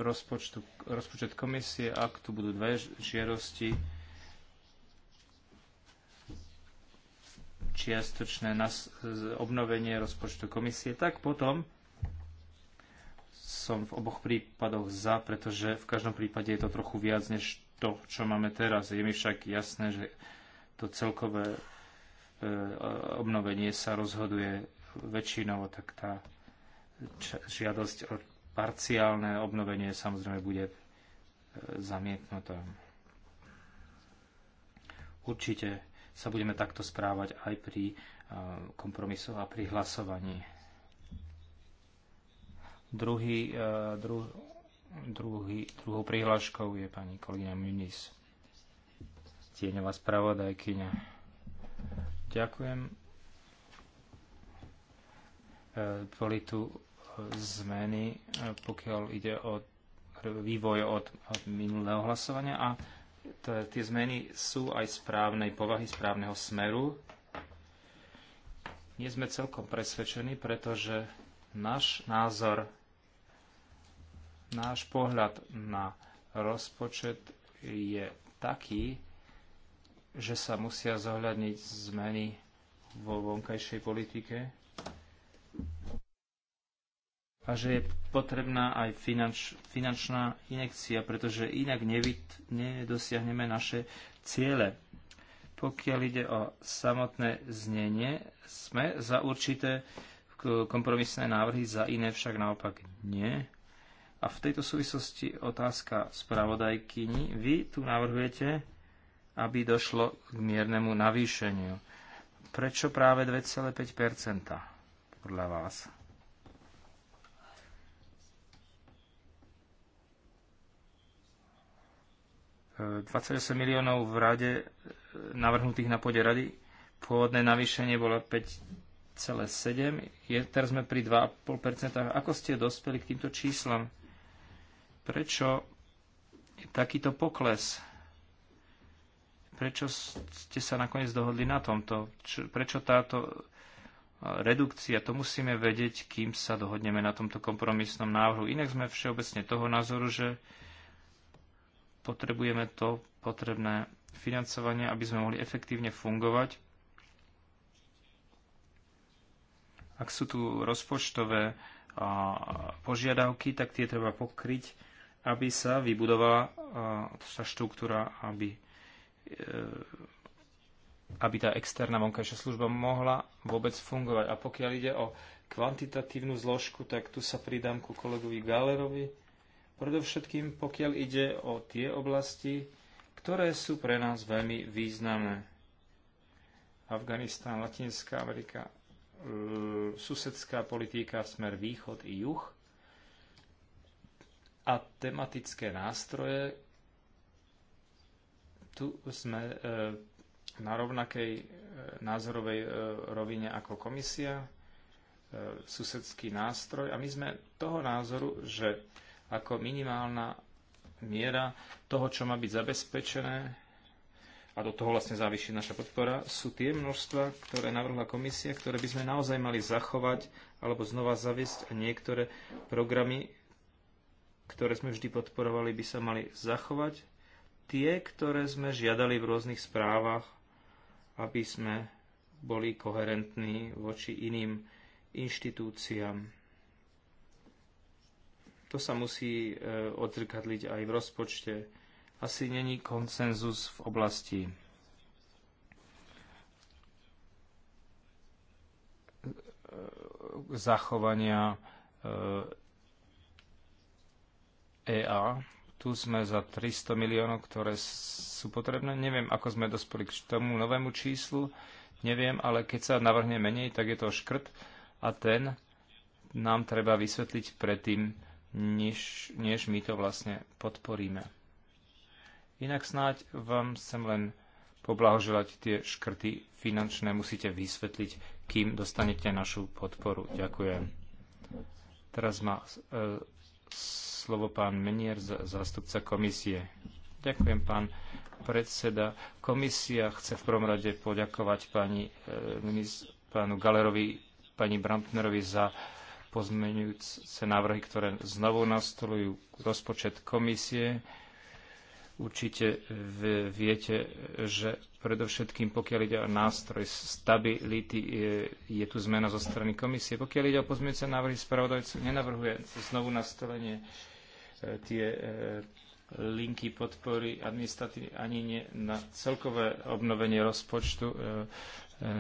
rozpočet komisie, ak tu budú dve žiarosti, čiastočné obnovenie rozpočtu komisie, tak potom som v oboch prípadoch za, pretože v každom prípade je to trochu viac než to, čo máme teraz. Je mi však jasné, že to celkové e, obnovenie sa rozhoduje väčšinou, tak tá žiadosť o parciálne obnovenie samozrejme bude e, zamietnutá. Určite sa budeme takto správať aj pri e, kompromisoch a pri hlasovaní. Druhý, e, dru, druhý, druhou prihláškou je pani kolegyňa Muniz, tieňová spravodajkyňa. Ďakujem. E, boli tu zmeny, e, pokiaľ ide o vývoj od, od minulého hlasovania a tie zmeny sú aj správnej povahy, správneho smeru. Nie sme celkom presvedčení, pretože náš názor Náš pohľad na rozpočet je taký, že sa musia zohľadniť zmeny vo vonkajšej politike a že je potrebná aj finanč, finančná inekcia, pretože inak nevyt, nedosiahneme naše ciele. Pokiaľ ide o samotné znenie, sme za určité kompromisné návrhy, za iné však naopak nie. A v tejto súvislosti otázka spravodajkyni. Vy tu navrhujete, aby došlo k miernemu navýšeniu. Prečo práve 2,5 podľa vás? E, 28 miliónov v rade e, navrhnutých na pôde rady. Pôvodné navýšenie bolo 5,7. Je, teraz sme pri 2,5%. Ako ste dospeli k týmto číslam? Prečo je takýto pokles? Prečo ste sa nakoniec dohodli na tomto? Prečo táto e, redukcia? To musíme vedieť, kým sa dohodneme na tomto kompromisnom návrhu. Inak sme všeobecne toho názoru, že potrebujeme to potrebné financovanie, aby sme mohli efektívne fungovať. Ak sú tu rozpočtové požiadavky, tak tie treba pokryť aby sa vybudovala tá štruktúra, aby, e, aby tá externá vonkajšia služba mohla vôbec fungovať. A pokiaľ ide o kvantitatívnu zložku, tak tu sa pridám ku kolegovi Galerovi. Predovšetkým, pokiaľ ide o tie oblasti, ktoré sú pre nás veľmi významné. Afganistán, Latinská Amerika, e, susedská politika, smer východ i juh – a tematické nástroje. Tu sme e, na rovnakej e, názorovej e, rovine ako komisia, susedský nástroj a my sme toho názoru, že ako minimálna miera toho, čo má byť zabezpečené, a do toho vlastne závisí naša podpora, sú tie množstva, ktoré navrhla komisia, ktoré by sme naozaj mali zachovať alebo znova zaviesť a niektoré programy ktoré sme vždy podporovali, by sa mali zachovať. Tie, ktoré sme žiadali v rôznych správach, aby sme boli koherentní voči iným inštitúciám. To sa musí e, odzrkadliť aj v rozpočte. Asi není konsenzus v oblasti zachovania e, EA. Tu sme za 300 miliónov, ktoré sú potrebné. Neviem, ako sme dospeli k tomu novému číslu, neviem, ale keď sa navrhne menej, tak je to škrt a ten nám treba vysvetliť predtým, než, než my to vlastne podporíme. Inak snáď vám chcem len poblahoželať tie škrty finančné musíte vysvetliť, kým dostanete našu podporu. Ďakujem. Teraz má e, slovo pán Menier, zástupca komisie. Ďakujem, pán predseda. Komisia chce v prvom rade poďakovať pani, e, pánu Galerovi, pani Brantnerovi za pozmenujúce návrhy, ktoré znovu nastolujú rozpočet komisie. Určite viete, že predovšetkým pokiaľ ide o nástroj stability, je, je tu zmena zo strany komisie. Pokiaľ ide o pozmeňujúce návrhy spravodajcu, nenavrhuje znovu nastolenie e, tie e, linky podpory administratívy ani nie na celkové obnovenie rozpočtu e,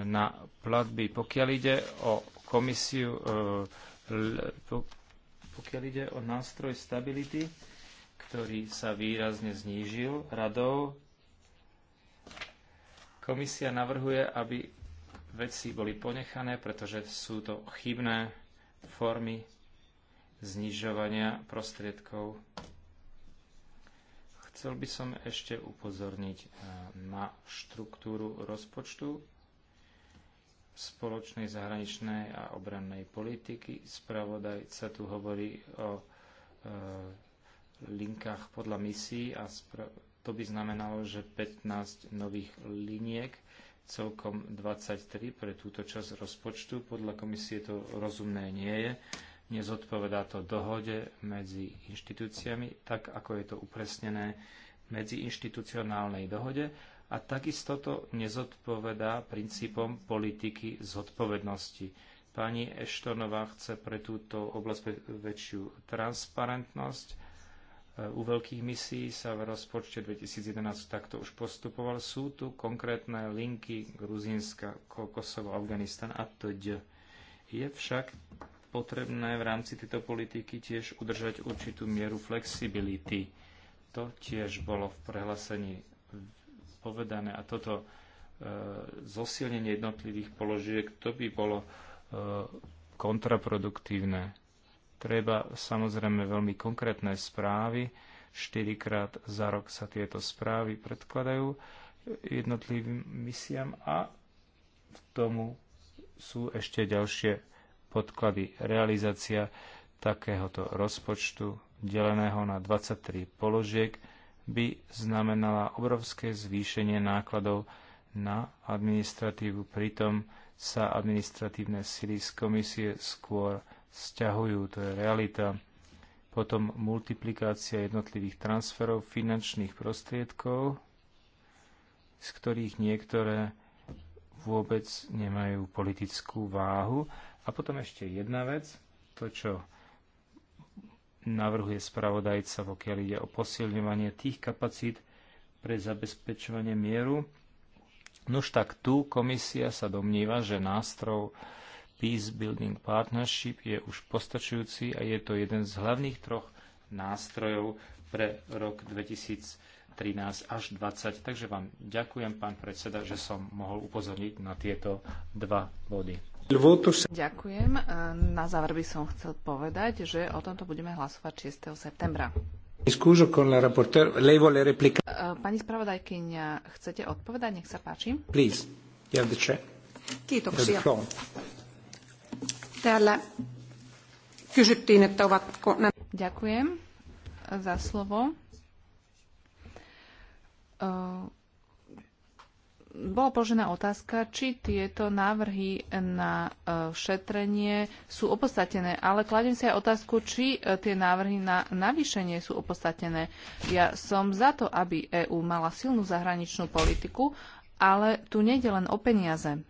na platby. Pokiaľ ide o komisiu, pokiaľ ide o nástroj stability, ktorý sa výrazne znížil radou. Komisia navrhuje, aby veci boli ponechané, pretože sú to chybné formy znižovania prostriedkov. Chcel by som ešte upozorniť eh, na štruktúru rozpočtu spoločnej zahraničnej a obrannej politiky. Spravodajca tu hovorí o e, linkách podľa misií a to by znamenalo, že 15 nových liniek, celkom 23 pre túto časť rozpočtu. Podľa komisie to rozumné nie je. Nezodpovedá to dohode medzi inštitúciami, tak ako je to upresnené medzi inštitucionálnej dohode a takisto to nezodpovedá princípom politiky zodpovednosti. Pani Eštonová chce pre túto oblasť väčšiu transparentnosť, E, u veľkých misií sa v rozpočte 2011 takto už postupoval. Sú tu konkrétne linky Gruzínska, Kosovo, Afganistan a toď. Je však potrebné v rámci tejto politiky tiež udržať určitú mieru flexibility. To tiež bolo v prehlásení povedané a toto e, zosilnenie jednotlivých položiek, to by bolo e, kontraproduktívne Treba samozrejme veľmi konkrétne správy. Štyrikrát za rok sa tieto správy predkladajú jednotlivým misiám a k tomu sú ešte ďalšie podklady. Realizácia takéhoto rozpočtu deleného na 23 položiek by znamenala obrovské zvýšenie nákladov na administratívu, pritom sa administratívne sily z komisie skôr sťahujú, to je realita. Potom multiplikácia jednotlivých transferov finančných prostriedkov, z ktorých niektoré vôbec nemajú politickú váhu. A potom ešte jedna vec, to čo navrhuje spravodajca, pokiaľ ide o posilňovanie tých kapacít pre zabezpečovanie mieru. Nož tak tu komisia sa domníva, že nástroj Peace Building Partnership je už postačujúci a je to jeden z hlavných troch nástrojov pre rok 2013 až 2020. Takže vám ďakujem, pán predseda, že som mohol upozorniť na tieto dva body. Ďakujem. E, na záver by som chcel povedať, že o tomto budeme hlasovať 6. septembra. E, pani spravodajkyňa, chcete odpovedať? Nech sa páči. Please, you have the chair. Ďakujem za slovo. Bola položená otázka, či tieto návrhy na šetrenie sú opodstatené, ale kladem si aj otázku, či tie návrhy na navýšenie sú opodstatené. Ja som za to, aby EÚ mala silnú zahraničnú politiku, ale tu nejde len o peniaze.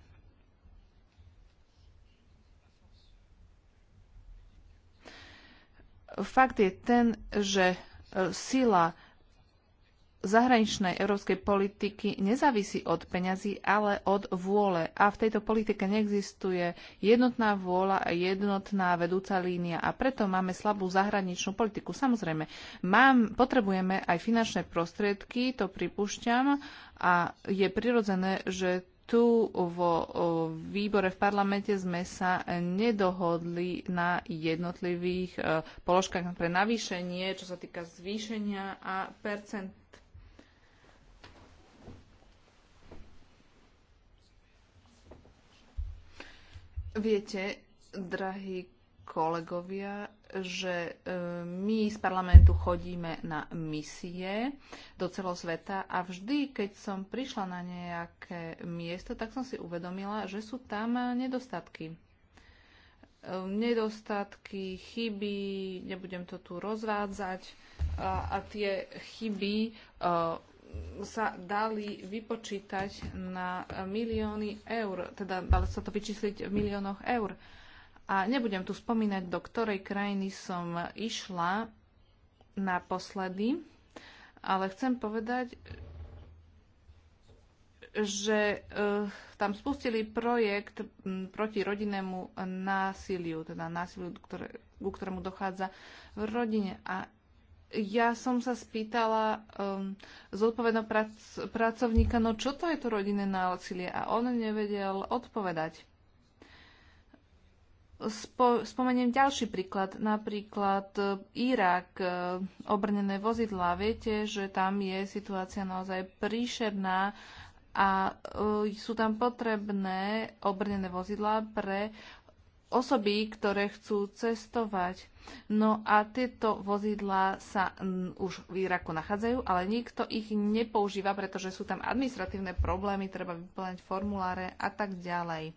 Fakt je ten, že e, sila zahraničnej európskej politiky nezávisí od peňazí, ale od vôle. A v tejto politike neexistuje jednotná vôľa a jednotná vedúca línia. A preto máme slabú zahraničnú politiku. Samozrejme, mám, potrebujeme aj finančné prostriedky, to pripúšťam. A je prirodzené, že tu vo výbore v parlamente sme sa nedohodli na jednotlivých e, položkách pre navýšenie, čo sa týka zvýšenia a percent. Viete, drahí kolegovia, že e, my z parlamentu chodíme na misie do celého sveta a vždy, keď som prišla na nejaké miesto, tak som si uvedomila, že sú tam nedostatky. E, nedostatky, chyby, nebudem to tu rozvádzať, a, a tie chyby e, sa dali vypočítať na milióny eur, teda dali sa to vyčísliť v miliónoch eur. A nebudem tu spomínať, do ktorej krajiny som išla naposledy, ale chcem povedať, že uh, tam spustili projekt hm, proti rodinnému násiliu, teda násiliu, ktoré, ku ktorému dochádza v rodine. A ja som sa spýtala um, zodpovedného prac, pracovníka, no čo to je to rodinné násilie? A on nevedel odpovedať. Spo, spomeniem ďalší príklad, napríklad e, Irak, e, obrnené vozidlá. Viete, že tam je situácia naozaj príšerná a e, sú tam potrebné obrnené vozidlá pre osoby, ktoré chcú cestovať. No a tieto vozidlá sa už v Iraku nachádzajú, ale nikto ich nepoužíva, pretože sú tam administratívne problémy, treba vyplňať formuláre a tak ďalej.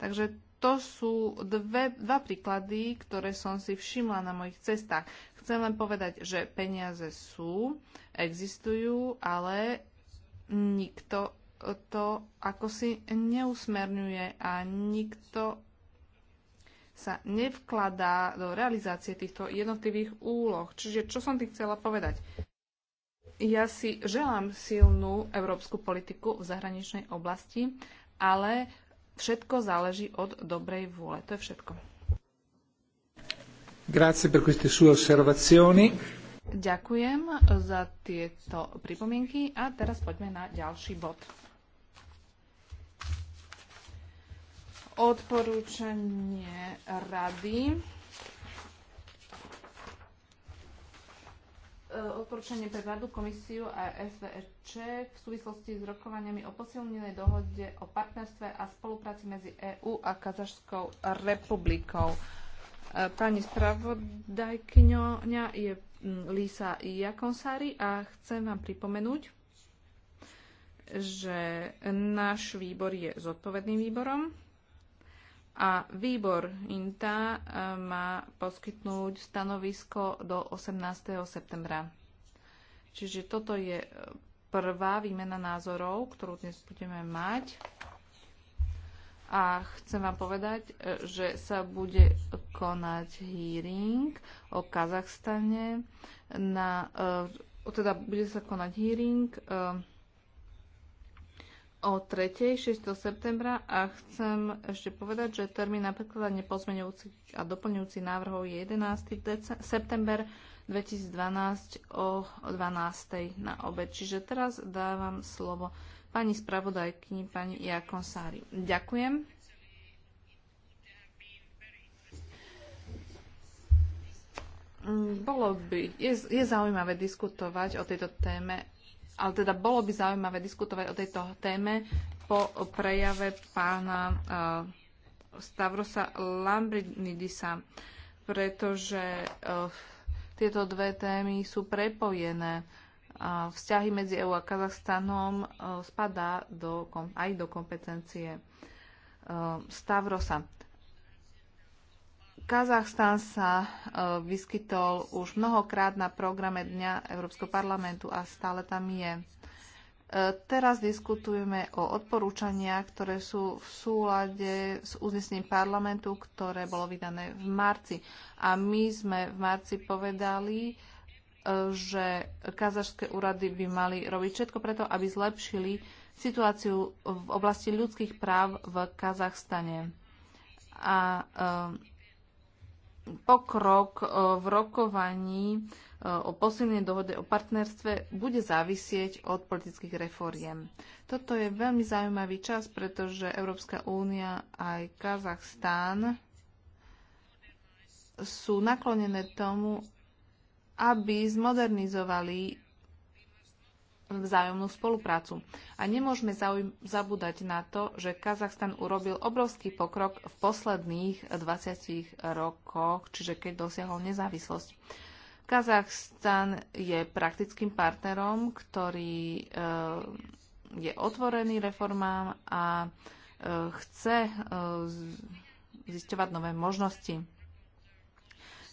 Takže to sú dve, dva príklady, ktoré som si všimla na mojich cestách. Chcem len povedať, že peniaze sú, existujú, ale nikto to ako si neusmerňuje a nikto sa nevkladá do realizácie týchto jednotlivých úloh. Čiže čo som ti chcela povedať? Ja si želám silnú európsku politiku v zahraničnej oblasti, ale všetko záleží od dobrej vôle. To je všetko. Grazie per queste sue osservazioni. Ďakujem za tieto pripomienky a teraz poďme na ďalší bod. Odporúčanie rady Eh, odporúčanie pre Radu, Komisiu a SVČ v súvislosti s rokovaniami o posilnenej dohode o partnerstve a spolupráci medzi EÚ a Kazašskou republikou. Eh, pani spravodajkňoňa je mm, Lisa Jakonsári a chcem vám pripomenúť, že náš výbor je zodpovedným výborom a výbor INTA e, má poskytnúť stanovisko do 18. septembra. Čiže toto je e, prvá výmena názorov, ktorú dnes budeme mať. A chcem vám povedať, e, že sa bude konať hearing o Kazachstane. Na, teda bude sa konať hearing o 3. 6. septembra a chcem ešte povedať, že termín na predkladanie pozmeňujúcich a doplňujúcich návrhov je 11. september 2012 o 12. na obed. Čiže teraz dávam slovo pani spravodajkyni, pani Jakonsári. Ďakujem. Mm, bolo by, je, je zaujímavé diskutovať o tejto téme ale teda bolo by zaujímavé diskutovať o tejto téme po prejave pána eh, Stavrosa Lambrinidisa, pretože eh, tieto dve témy sú prepojené. Vzťahy medzi EU a Kazachstanom eh, spadá do, aj do kompetencie Stavrosa. Kazachstan sa e, vyskytol už mnohokrát na programe Dňa Európskeho parlamentu a stále tam je. E, teraz diskutujeme o odporúčaniach, ktoré sú v súlade s uznesením parlamentu, ktoré bolo vydané v marci. A my sme v marci povedali, e, že kazašské úrady by mali robiť všetko preto, aby zlepšili situáciu v oblasti ľudských práv v Kazachstane. A um, pokrok e, v rokovaní e, o posilnej dohode o partnerstve bude závisieť od politických reforiem. Toto je veľmi zaujímavý čas, pretože Európska únia aj Kazachstán sú naklonené tomu, aby zmodernizovali vzájomnú spoluprácu. A nemôžeme zabúdať na to, že Kazachstan urobil obrovský pokrok v posledných 20 rokoch, čiže keď dosiahol nezávislosť. Kazachstan je praktickým partnerom, ktorý e, je otvorený reformám a e, chce e, zisťovať nové možnosti.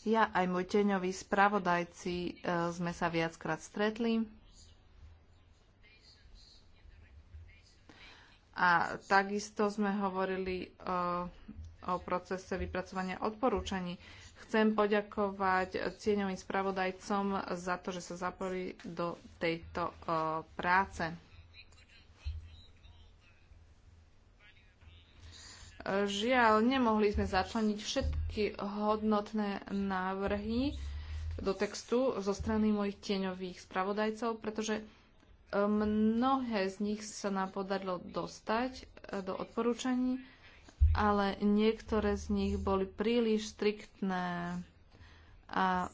Ja aj môj teňový spravodajci sme sa viackrát stretli A takisto sme hovorili o, eh, o procese vypracovania odporúčaní. Chcem poďakovať cieňovým spravodajcom za to, že sa zapojili do tejto o, eh, práce. Žiaľ, nemohli sme začleniť všetky hodnotné návrhy do textu zo strany mojich tieňových spravodajcov, pretože Mnohé z nich sa nám podarilo dostať e, do odporúčaní, ale niektoré z nich boli príliš striktné a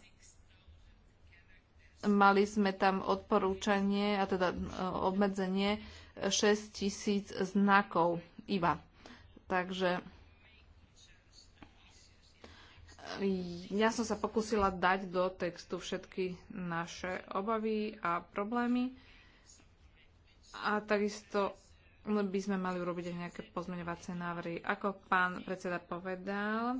mali sme tam odporúčanie, a teda e, obmedzenie 6 e, tisíc znakov iba. Takže ja som sa pokúsila dať do textu všetky naše obavy a problémy a takisto by sme mali urobiť aj nejaké pozmeňovacie návrhy. Ako pán predseda povedal, e,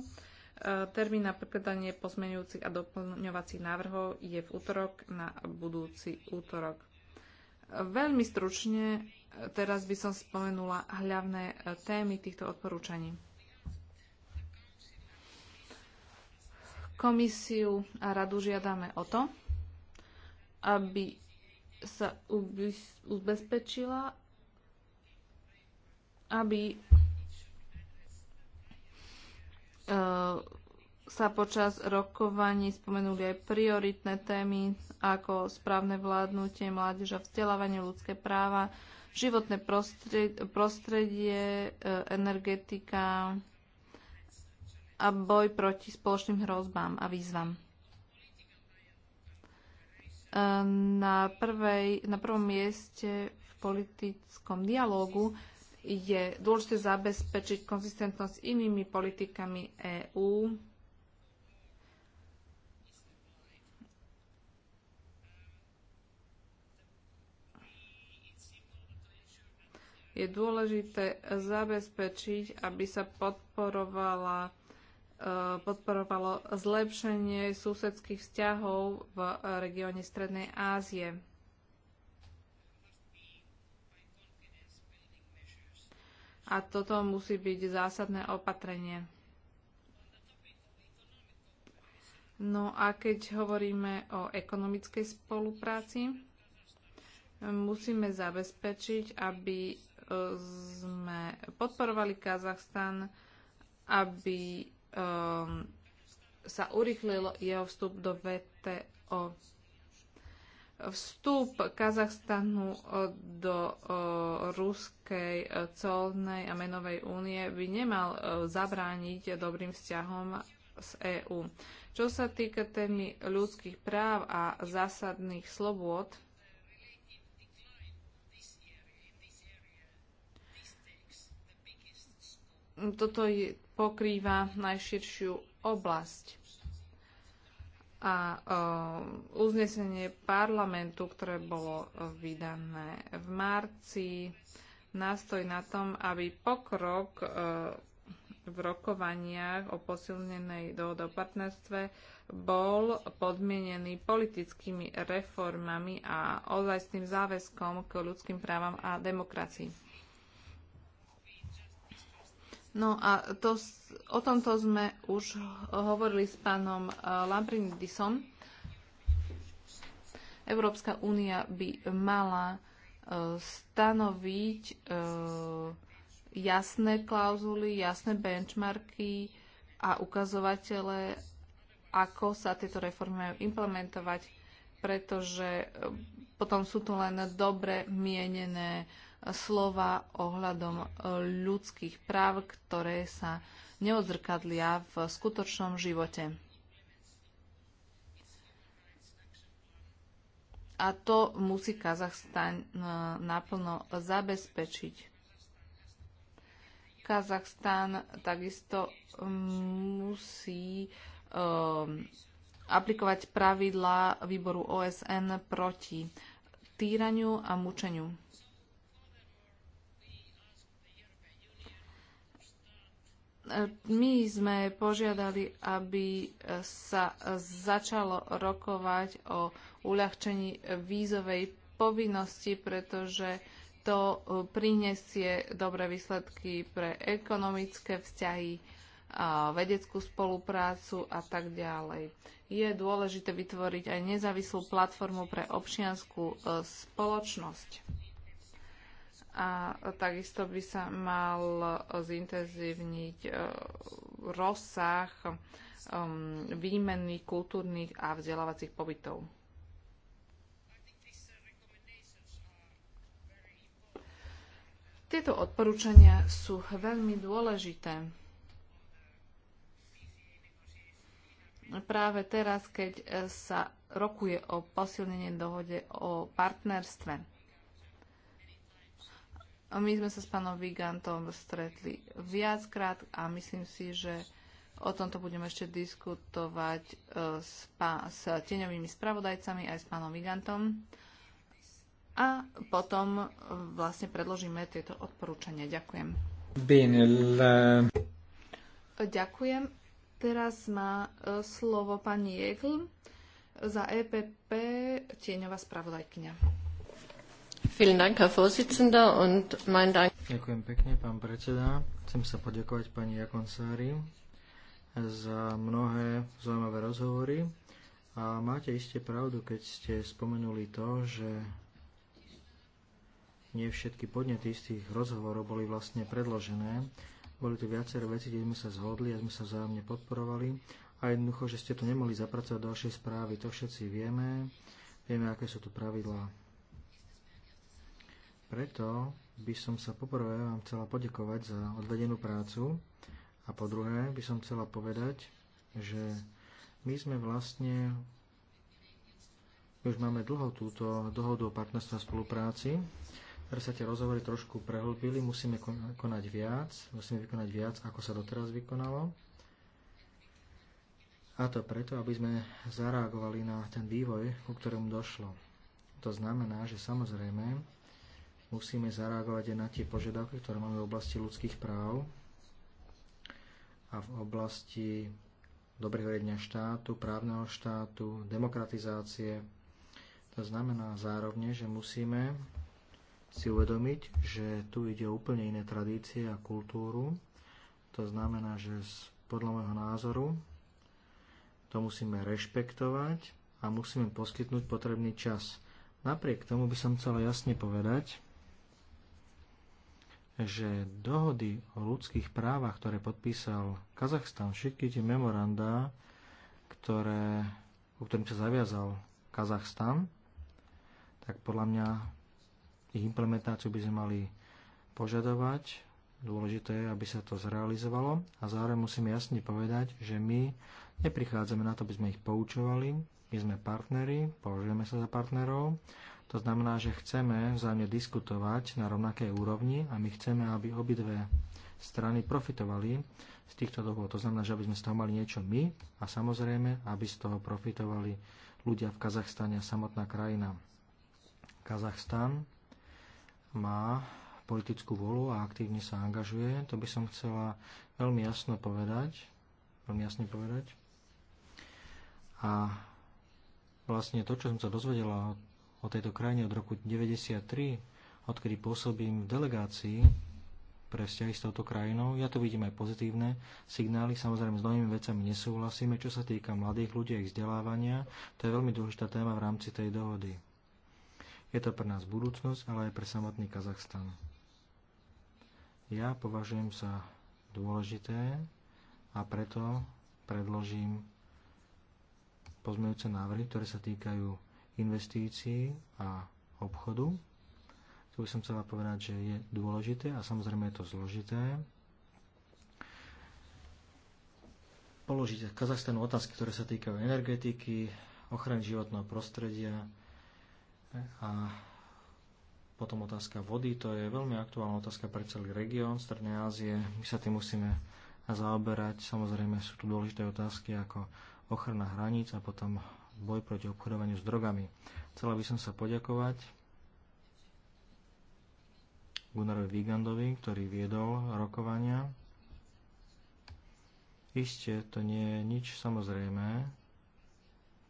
termín na prekladanie pozmeňujúcich a doplňovacích návrhov je v útorok na budúci útorok. Veľmi stručne e, teraz by som spomenula hlavné e, témy týchto odporúčaní. Komisiu a radu žiadame o to, aby sa ubezpečila, aby e, sa počas rokovaní spomenuli aj prioritné témy ako správne vládnutie, mládež a vzdelávanie, ľudské práva, životné prostredie, e, energetika a boj proti spoločným hrozbám a výzvam na, prvej, na prvom mieste v politickom dialógu je dôležité zabezpečiť konzistentnosť s inými politikami EÚ. Je dôležité zabezpečiť, aby sa podporovala Eh, podporovalo zlepšenie susedských vzťahov v regióne Strednej Ázie. A toto musí byť zásadné opatrenie. No a keď hovoríme o ekonomickej spolupráci, musíme zabezpečiť, aby eh, sme podporovali Kazachstan, aby um, sa urychlil jeho vstup do VTO. Vstup Kazachstanu e, do uh, Ruskej e, colnej a menovej únie by nemal uh, zabrániť dobrým vzťahom z EÚ. Čo sa týka témy ľudských práv a zásadných slobôd, toto je pokrýva najširšiu oblasť. A e, uznesenie parlamentu, ktoré bolo vydané v marci, nástoj na tom, aby pokrok e, v rokovaniach o posilnenej dohode o partnerstve bol podmienený politickými reformami a ozajstným záväzkom k ľudským právam a demokracii. No a to, o tomto sme už hovorili s pánom eh, Lambrindisom. Európska únia by mala eh, stanoviť eh, jasné klauzuly, jasné benchmarky a ukazovatele, ako sa tieto reformy majú implementovať, pretože potom sú tu len dobre mienené slova ohľadom e, ľudských práv, ktoré sa neodzrkadlia v skutočnom živote. A to musí Kazachstan e, naplno zabezpečiť. Kazachstan takisto musí um, aplikovať pravidlá výboru OSN proti týraniu a mučeniu. my sme požiadali, aby sa začalo rokovať o uľahčení vízovej povinnosti, pretože to prinesie dobré výsledky pre ekonomické vzťahy, vedeckú spoluprácu a tak ďalej. Je dôležité vytvoriť aj nezávislú platformu pre občianskú e, spoločnosť a takisto by sa mal zintenzívniť e, rozsah e, výmenných kultúrnych a vzdelávacích pobytov. Tieto odporúčania sú veľmi dôležité. Práve teraz, keď sa rokuje o posilnenie dohode o partnerstve. My sme sa s pánom Vigantom stretli viackrát a myslím si, že o tomto budeme ešte diskutovať e, s, pá, s tieňovými spravodajcami aj s pánom Vigantom. A potom vlastne predložíme tieto odporúčania. Ďakujem. Binel. Ďakujem. Teraz má e, slovo pani Jekl za EPP tieňová spravodajkyňa. Ďakujem pekne, pán predseda. Chcem sa poďakovať pani Jakonsári za mnohé zaujímavé rozhovory. A máte iste pravdu, keď ste spomenuli to, že nie všetky podnety z tých rozhovorov boli vlastne predložené. Boli tu viaceré veci, kde sme sa zhodli a sme sa vzájomne podporovali. A jednoducho, že ste to nemohli zapracovať do vašej správy, to všetci vieme. Vieme, aké sú tu pravidlá preto by som sa poprvé vám chcela poďakovať za odvedenú prácu a po druhé by som chcela povedať, že my sme vlastne už máme dlho túto dohodu o partnerstve a spolupráci. Teraz sa tie rozhovory trošku prehlbili, musíme konať viac, musíme vykonať viac, ako sa doteraz vykonalo. A to preto, aby sme zareagovali na ten vývoj, ku ktorému došlo. To znamená, že samozrejme musíme zareagovať aj na tie požiadavky, ktoré máme v oblasti ľudských práv a v oblasti dobrého riadenia štátu, právneho štátu, demokratizácie. To znamená zároveň, že musíme si uvedomiť, že tu ide o úplne iné tradície a kultúru. To znamená, že podľa môjho názoru to musíme rešpektovať a musíme poskytnúť potrebný čas. Napriek tomu by som chcel jasne povedať, že dohody o ľudských právach, ktoré podpísal Kazachstan, všetky tie memorandá, ktoré, o ktorým sa zaviazal Kazachstan, tak podľa mňa ich implementáciu by sme mali požadovať. Dôležité je, aby sa to zrealizovalo a zároveň musím jasne povedať, že my neprichádzame na to, aby sme ich poučovali, my sme partneri, považujeme sa za partnerov to znamená, že chceme vzájomne diskutovať na rovnakej úrovni a my chceme, aby obidve strany profitovali z týchto dohôd. To znamená, že aby sme z toho mali niečo my a samozrejme, aby z toho profitovali ľudia v Kazachstane a samotná krajina. Kazachstan má politickú volu a aktívne sa angažuje. To by som chcela veľmi jasno povedať. Veľmi jasne povedať. A vlastne to, čo som sa dozvedela od o tejto krajine od roku 1993, odkedy pôsobím v delegácii pre vzťahy s touto krajinou. Ja tu vidím aj pozitívne signály, samozrejme s mnohými vecami nesúhlasíme, čo sa týka mladých ľudí a ich vzdelávania. To je veľmi dôležitá téma v rámci tej dohody. Je to pre nás budúcnosť, ale aj pre samotný Kazachstan. Ja považujem sa dôležité a preto predložím pozmeňujúce návrhy, ktoré sa týkajú investícií a obchodu. Tu by som chcela povedať, že je dôležité a samozrejme je to zložité. Položiť Kazachstanu otázky, ktoré sa týkajú energetiky, ochrany životného prostredia a potom otázka vody, to je veľmi aktuálna otázka pre celý región Strednej Ázie. My sa tým musíme zaoberať. Samozrejme sú tu dôležité otázky ako ochrana hraníc a potom boj proti obchodovaniu s drogami. Chcela by som sa poďakovať Gunarovi Vigandovi, ktorý viedol rokovania. Isté, to nie je nič samozrejme,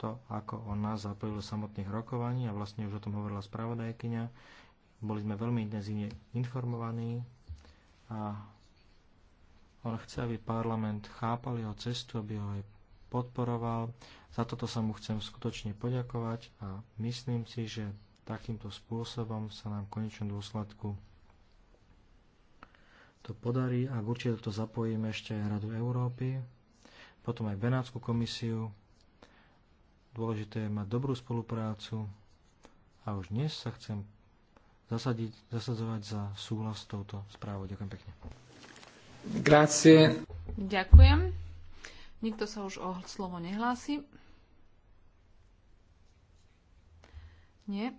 to, ako on nás zapojil do samotných rokovaní a vlastne už o tom hovorila spravodajkyňa. Boli sme veľmi intenzívne informovaní a on chce, aby parlament chápal jeho cestu, aby ho aj podporoval. Za toto sa mu chcem skutočne poďakovať a myslím si, že takýmto spôsobom sa nám v konečnom dôsledku to podarí, ak určite to zapojíme ešte aj Radu Európy, potom aj Benátsku komisiu. Dôležité je mať dobrú spoluprácu a už dnes sa chcem zasadiť, zasadzovať za súhlas s touto správou. Ďakujem pekne. Grazie. Ďakujem. Nikto sa už o slovo nehlási. Nie.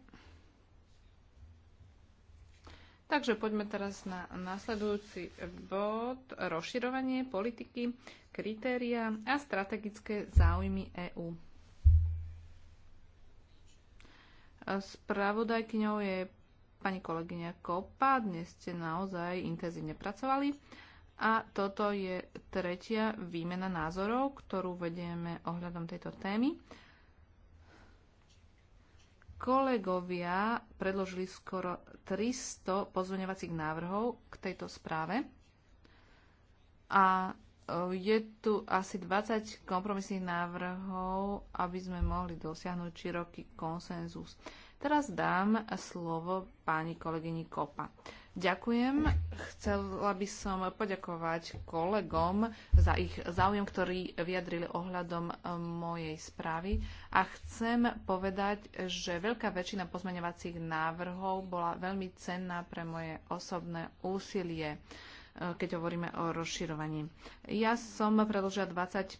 Takže poďme teraz na nasledujúci bod. Rozširovanie politiky, kritéria a strategické záujmy EÚ. Spravodajkyňou je pani kolegyňa Kopa. Dnes ste naozaj intenzívne pracovali. A toto je tretia výmena názorov, ktorú vedieme ohľadom tejto témy. Kolegovia predložili skoro 300 pozvoňovacích návrhov k tejto správe a e, je tu asi 20 kompromisných návrhov, aby sme mohli dosiahnuť široký konsenzus. Teraz dám slovo pani kolegyni Kopa. Ďakujem. Chcela by som poďakovať kolegom za ich záujem, ktorý vyjadrili ohľadom e, mojej správy. A chcem povedať, že veľká väčšina pozmeňovacích návrhov bola veľmi cenná pre moje osobné úsilie e, keď hovoríme o rozširovaní. Ja som predložila 20 e,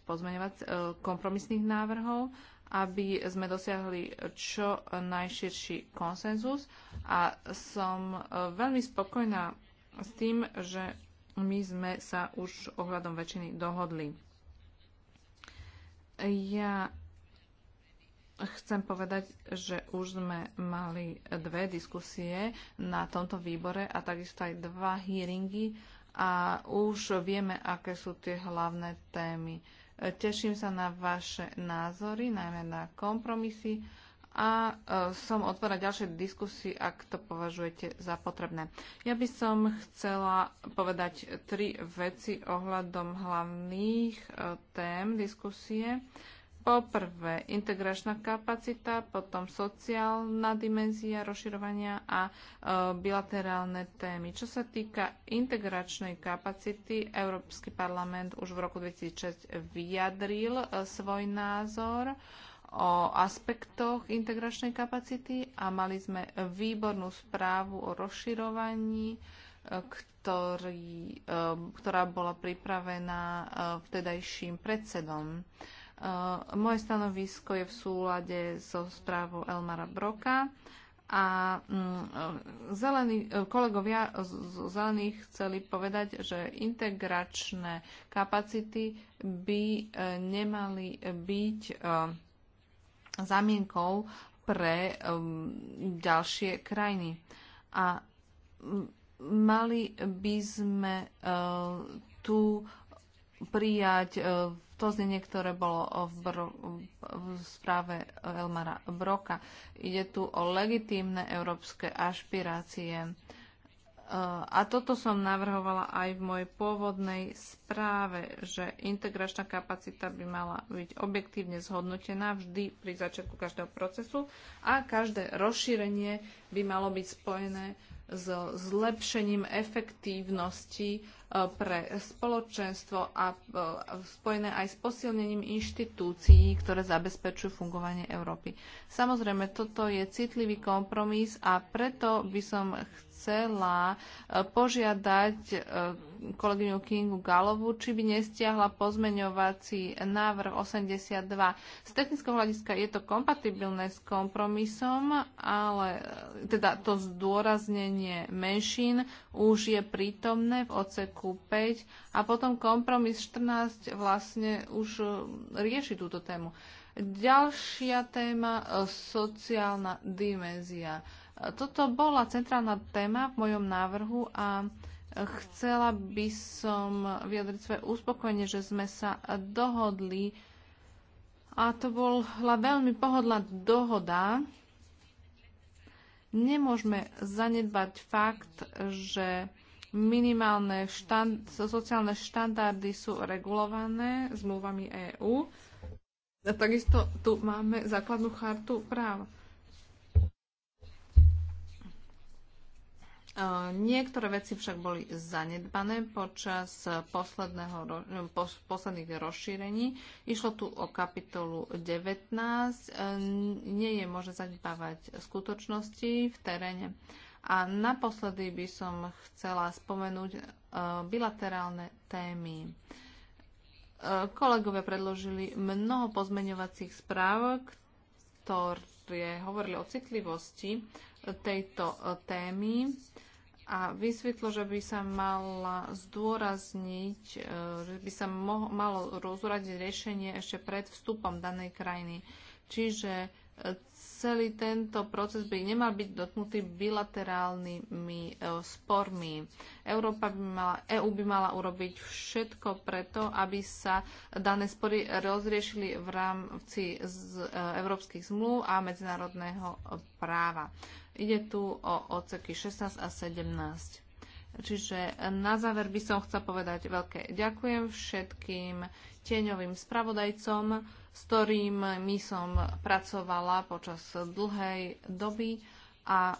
kompromisných návrhov aby sme dosiahli čo najširší konsenzus a som e, veľmi spokojná s tým, že my sme sa už ohľadom väčšiny dohodli. Ja chcem povedať, že už sme mali dve diskusie na tomto výbore a takisto aj dva hearingy a už vieme, aké sú tie hlavné témy. Teším sa na vaše názory, najmä na kompromisy a e, som otvorená ďalšie diskusie, ak to považujete za potrebné. Ja by som chcela povedať tri veci ohľadom hlavných e, tém diskusie. Poprvé, integračná kapacita, potom sociálna dimenzia rozširovania a e, bilaterálne témy. Čo sa týka integračnej kapacity, Európsky parlament už v roku 2006 vyjadril e, svoj názor o aspektoch integračnej kapacity a mali sme výbornú správu o rozširovaní, e, ktorý, e, ktorá bola pripravená e, vtedajším predsedom. Eh, moje stanovisko je v súlade so správou Elmara Broka a mm, zelení, eh, kolegovia z zelených chceli povedať, že integračné kapacity by eh, nemali byť zamienkou pre ďalšie krajiny. A mm, mali by sme tu prijať to znenie, ktoré bolo v, bro, v správe Elmara Broka. Ide tu o legitímne európske ašpirácie. E, a toto som navrhovala aj v mojej pôvodnej správe, že integračná kapacita by mala byť objektívne zhodnotená vždy pri začiatku každého procesu a každé rozšírenie by malo byť spojené s zlepšením efektívnosti e, pre spoločenstvo a e, spojené aj s posilnením inštitúcií, ktoré zabezpečujú fungovanie Európy. Samozrejme, toto je citlivý kompromis a preto by som chcela chcela eh, požiadať eh, kolegyňu Kingu Galovu, či by nestiahla pozmeňovací návrh 82. Z technického hľadiska je to kompatibilné s kompromisom, ale eh, teda to zdôraznenie menšín už je prítomné v oceku 5 a potom kompromis 14 vlastne už rieši túto tému. Ďalšia téma, sociálna dimenzia. Toto bola centrálna téma v mojom návrhu a chcela by som vyjadriť svoje uspokojenie, že sme sa dohodli a to bola veľmi pohodlná dohoda. Nemôžeme zanedbať fakt, že minimálne štand, sociálne štandardy sú regulované zmluvami EÚ. takisto tu máme základnú chartu práv. Niektoré veci však boli zanedbané počas no, posledných rozšírení. Išlo tu o kapitolu 19. Nie je možné zanedbávať skutočnosti v teréne. A naposledy by som chcela spomenúť bilaterálne témy. Kolegovia predložili mnoho pozmeňovacích správ, ktoré hovorili o citlivosti tejto e, témy a vysvetlo, že by sa mala zdôrazniť, e, že by sa malo rozradiť riešenie ešte pred vstupom danej krajiny. Čiže celý tento proces by nemal byť dotknutý bilaterálnymi e, spormi. Európa by mala, EU by mala urobiť všetko preto, aby sa dané spory rozriešili v rámci z e, európskych zmluv a medzinárodného práva. Ide tu o odseky 16 a 17. Čiže na záver by som chcela povedať veľké ďakujem všetkým tieňovým spravodajcom, s ktorými som pracovala počas dlhej doby a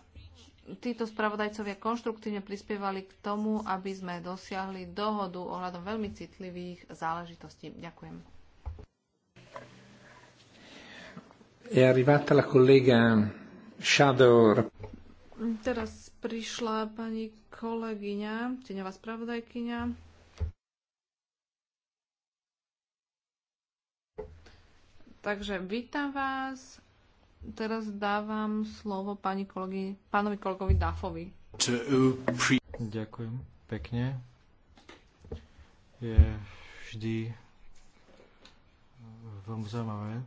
títo spravodajcovia konštruktívne prispievali k tomu, aby sme dosiahli dohodu ohľadom veľmi citlivých záležitostí. Ďakujem. arrivata la collega Shadow. Teraz prišla pani kolegyňa, teňová spravodajkyňa. Takže vítam vás. Teraz dávam slovo pani kolegy, pánovi kolegovi Dafovi. Uh, Ďakujem pekne. Je vždy uh, veľmi zaujímavé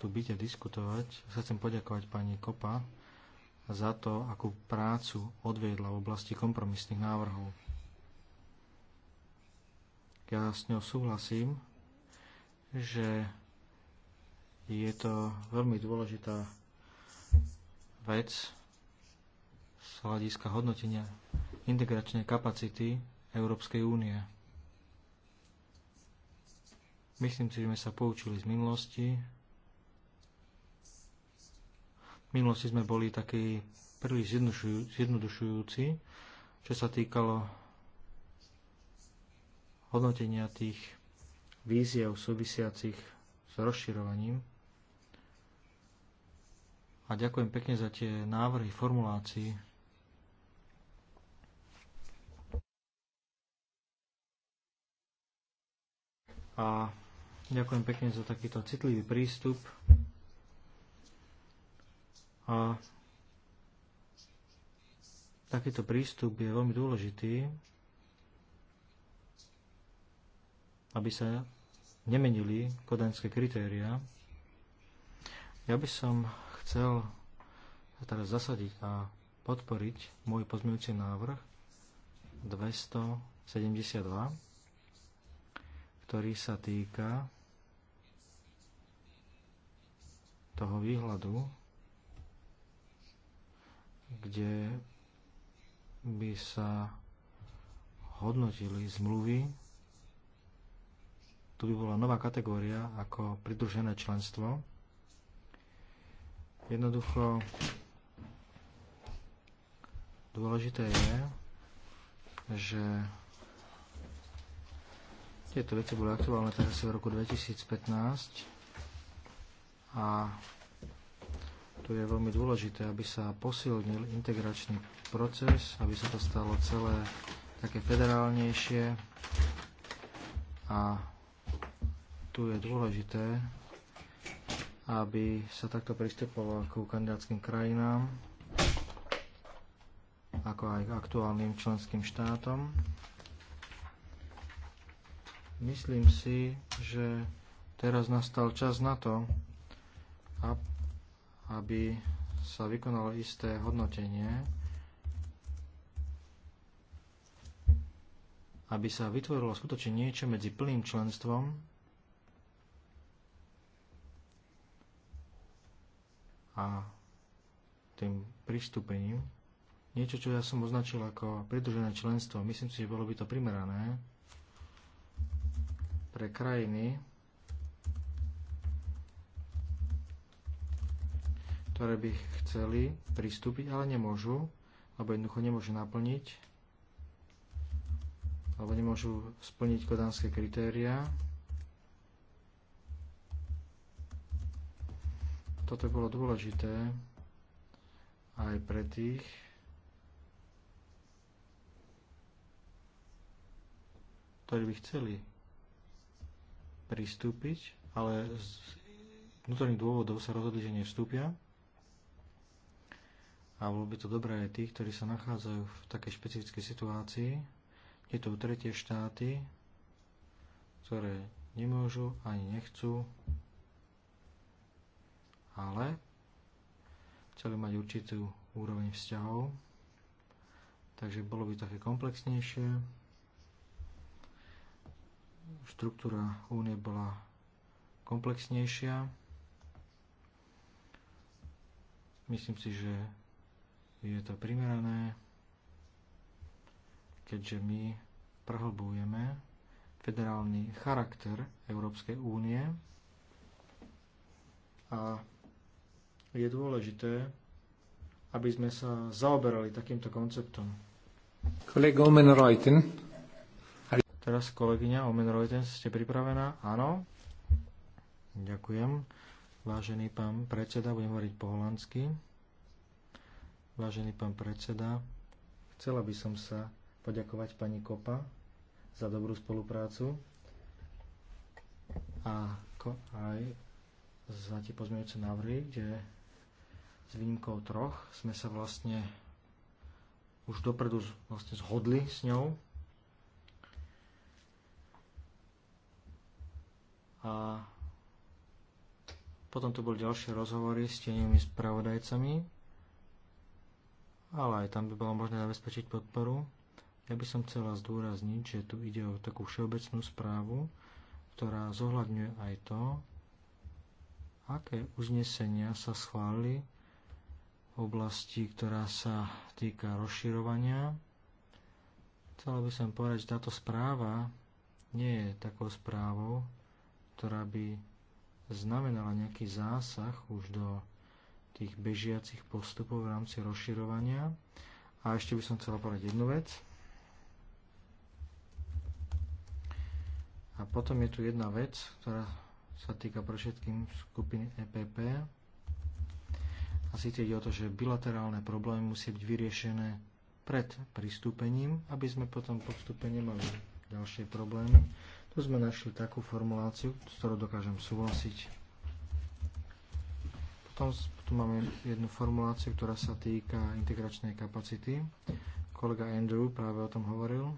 tu byť a diskutovať. Chcem poďakovať pani Kopa za to, akú prácu odviedla v oblasti kompromisných návrhov. Ja s ňou súhlasím, že je to veľmi dôležitá vec z hľadiska hodnotenia integračnej kapacity Európskej únie. Myslím si, že sme sa poučili z minulosti, v minulosti sme boli takí príliš zjednodušujúci, čo sa týkalo hodnotenia tých víziev súvisiacich s rozširovaním. A ďakujem pekne za tie návrhy formulácií. A ďakujem pekne za takýto citlivý prístup a takýto prístup je veľmi dôležitý, aby sa nemenili kodaňské kritéria. Ja by som chcel teraz zasadiť a podporiť môj pozmeňujúci návrh 272, ktorý sa týka toho výhľadu kde by sa hodnotili zmluvy. Tu by bola nová kategória ako pridružené členstvo. Jednoducho dôležité je, že tieto veci boli aktuálne teraz v roku 2015 a štátu je veľmi dôležité, aby sa posilnil integračný proces, aby sa to stalo celé také federálnejšie a tu je dôležité, aby sa takto pristupovalo ku kandidátským krajinám, ako aj k aktuálnym členským štátom. Myslím si, že teraz nastal čas na to, aby sa vykonalo isté hodnotenie, aby sa vytvorilo skutočne niečo medzi plným členstvom a tým pristúpením. Niečo, čo ja som označil ako pridružené členstvo. Myslím si, že bolo by to primerané pre krajiny, ktoré by chceli pristúpiť, ale nemôžu, alebo jednoducho nemôžu naplniť, alebo nemôžu splniť kodanské kritéria. Toto bolo dôležité aj pre tých, ktorí by chceli pristúpiť, ale z vnútorných dôvodov sa rozhodli, že nevstúpia a bolo by to dobré aj tých, ktorí sa nachádzajú v takej špecifickej situácii. Je to tretie štáty, ktoré nemôžu ani nechcú, ale chceli mať určitú úroveň vzťahov, takže bolo by také komplexnejšie. Štruktúra únie bola komplexnejšia. Myslím si, že je to primerané, keďže my prehlbujeme federálny charakter Európskej únie a je dôležité, aby sme sa zaoberali takýmto konceptom. Kolega Omen Reuten. Teraz kolegyňa Omen Reuten, ste pripravená? Áno. Ďakujem. Vážený pán predseda, budem hovoriť po holandsky. Vážený pán predseda, chcela by som sa poďakovať pani Kopa za dobrú spoluprácu a aj za tie pozmeňujúce návrhy, kde s výnimkou troch sme sa vlastne už dopredu vlastne zhodli s ňou. A potom tu boli ďalšie rozhovory s tenými spravodajcami ale aj tam by bolo možné zabezpečiť podporu. Ja by som chcela zdôrazniť, že tu ide o takú všeobecnú správu, ktorá zohľadňuje aj to, aké uznesenia sa schválili v oblasti, ktorá sa týka rozširovania. Chcela by som povedať, že táto správa nie je takou správou, ktorá by znamenala nejaký zásah už do tých bežiacich postupov v rámci rozširovania. A ešte by som chcel povedať jednu vec. A potom je tu jedna vec, ktorá sa týka pre všetkým skupiny EPP. A síce ide o to, že bilaterálne problémy musia byť vyriešené pred pristúpením, aby sme potom po vstupe nemali ďalšie problémy. Tu sme našli takú formuláciu, s ktorou dokážem súhlasiť. Potom tu máme jednu formuláciu, ktorá sa týka integračnej kapacity. Kolega Andrew práve o tom hovoril.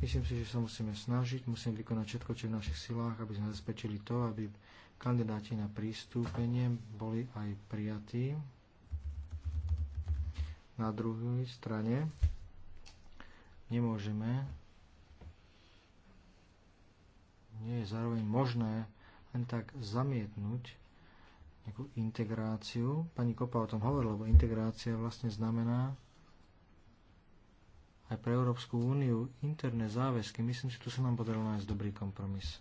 Myslím si, že sa musíme snažiť, musíme vykonať všetko, čo je v našich silách, aby sme zabezpečili to, aby kandidáti na prístúpenie boli aj prijatí. Na druhej strane nemôžeme, nie je zároveň možné len tak zamietnúť nejakú integráciu. Pani Kopa o tom hovorila, lebo integrácia vlastne znamená aj pre Európsku úniu interné záväzky. Myslím že tu sa nám podarilo nájsť dobrý kompromis.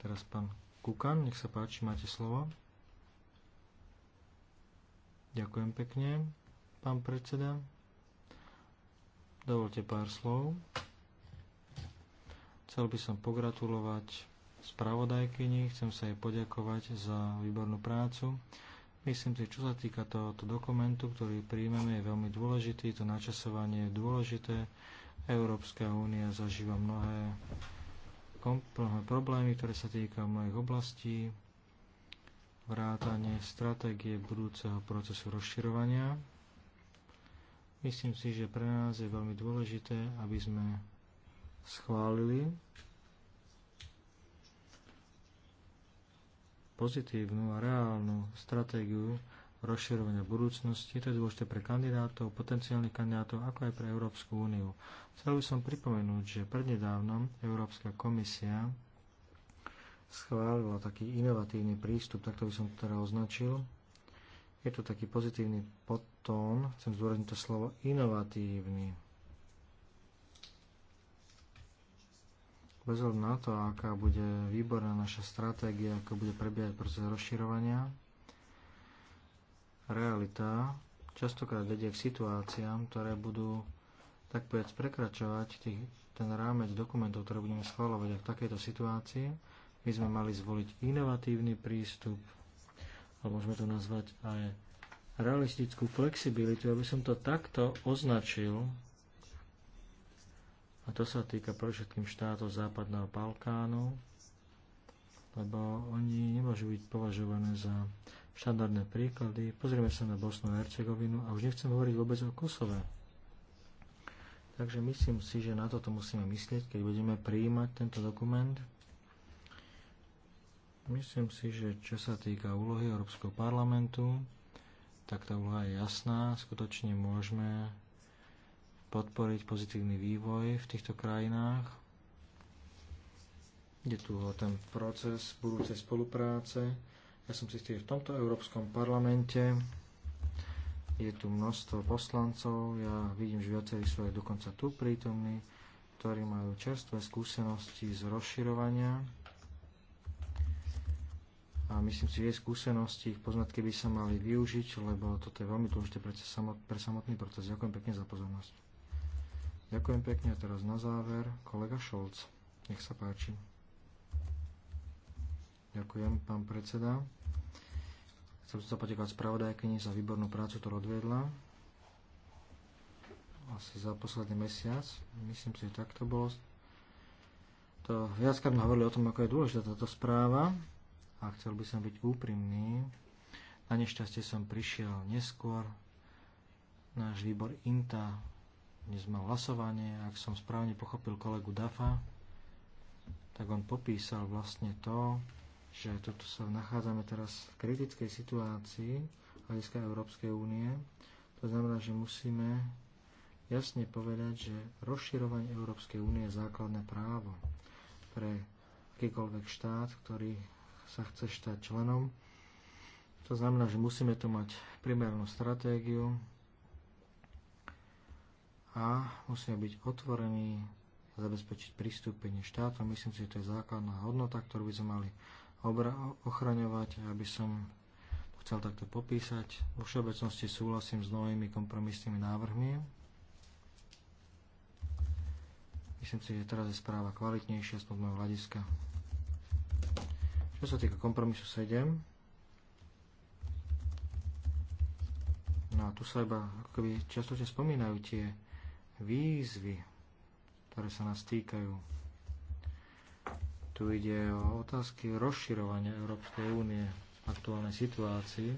Teraz pán Kukan, nech sa páči, máte slovo. Ďakujem pekne, pán predseda. Dovolte pár slov. Chcel by som pogratulovať spravodajkyni, chcem sa jej poďakovať za výbornú prácu. Myslím si, čo sa týka tohoto dokumentu, ktorý príjmeme, je veľmi dôležitý, to načasovanie je dôležité. Európska únia zažíva mnohé, mnohé problémy, ktoré sa týkajú mnohých oblastí, vrátanie stratégie budúceho procesu rozširovania. Myslím si, že pre nás je veľmi dôležité, aby sme schválili pozitívnu a reálnu stratégiu rozširovania budúcnosti. To je dôležité pre kandidátov, potenciálnych kandidátov, ako aj pre Európsku úniu. Chcel by som pripomenúť, že prednedávnom Európska komisia schválila taký inovatívny prístup, takto by som to teda označil. Je to taký pozitívny potón, chcem zdôrazniť to slovo inovatívny. Bez ohľadu na to, aká bude výborná naša stratégia, ako bude prebiehať proces rozširovania, realita častokrát vedie k situáciám, ktoré budú tak povedať prekračovať tých, ten rámec dokumentov, ktoré budeme schvalovať. A v takejto situácii my sme mali zvoliť inovatívny prístup, alebo môžeme to nazvať aj realistickú flexibilitu, aby som to takto označil, a to sa týka pre všetkým štátov Západného Balkánu, lebo oni nemôžu byť považované za štandardné príklady. Pozrieme sa na Bosnu a Hercegovinu a už nechcem hovoriť vôbec o Kosove. Takže myslím si, že na toto musíme myslieť, keď budeme prijímať tento dokument. Myslím si, že čo sa týka úlohy Európskeho parlamentu, tak tá úloha je jasná. Skutočne môžeme podporiť pozitívny vývoj v týchto krajinách. Je tu o ten proces budúcej spolupráce. Ja som si v tomto Európskom parlamente je tu množstvo poslancov, ja vidím, že viacerí sú aj dokonca tu prítomní, ktorí majú čerstvé skúsenosti z rozširovania a myslím si, že jej skúsenosti, ich poznatky by sa mali využiť, lebo toto je veľmi dôležité pre, samotný proces. Ďakujem pekne za pozornosť. Ďakujem pekne a teraz na záver kolega Šolc. Nech sa páči. Ďakujem, pán predseda. Chcem sa poďakovať spravodajkyni za výbornú prácu, ktorú odvedla. Asi za posledný mesiac. Myslím si, že tak to bolo. To viackrát sme hovorili o tom, ako je dôležitá táto správa a chcel by som byť úprimný. Na nešťastie som prišiel neskôr. Náš výbor INTA dnes mal hlasovanie, ak som správne pochopil kolegu Dafa, tak on popísal vlastne to, že toto sa nachádzame teraz v kritickej situácii hľadiska Európskej únie. To znamená, že musíme jasne povedať, že rozširovanie Európskej únie je základné právo pre akýkoľvek štát, ktorý sa chce štať členom. To znamená, že musíme tu mať primernú stratégiu, a musia byť otvorení a zabezpečiť pristúpenie štátu. Myslím si, že to je základná hodnota, ktorú by sme mali ochraňovať. aby som chcel takto popísať. V všeobecnosti súhlasím s novými kompromisnými návrhmi. Myslím si, že teraz je správa kvalitnejšia z môjho hľadiska. Čo sa týka kompromisu 7, no a tu sa iba keby častočne spomínajú tie výzvy, ktoré sa nás týkajú. Tu ide o otázky rozširovania Európskej únie v aktuálnej situácii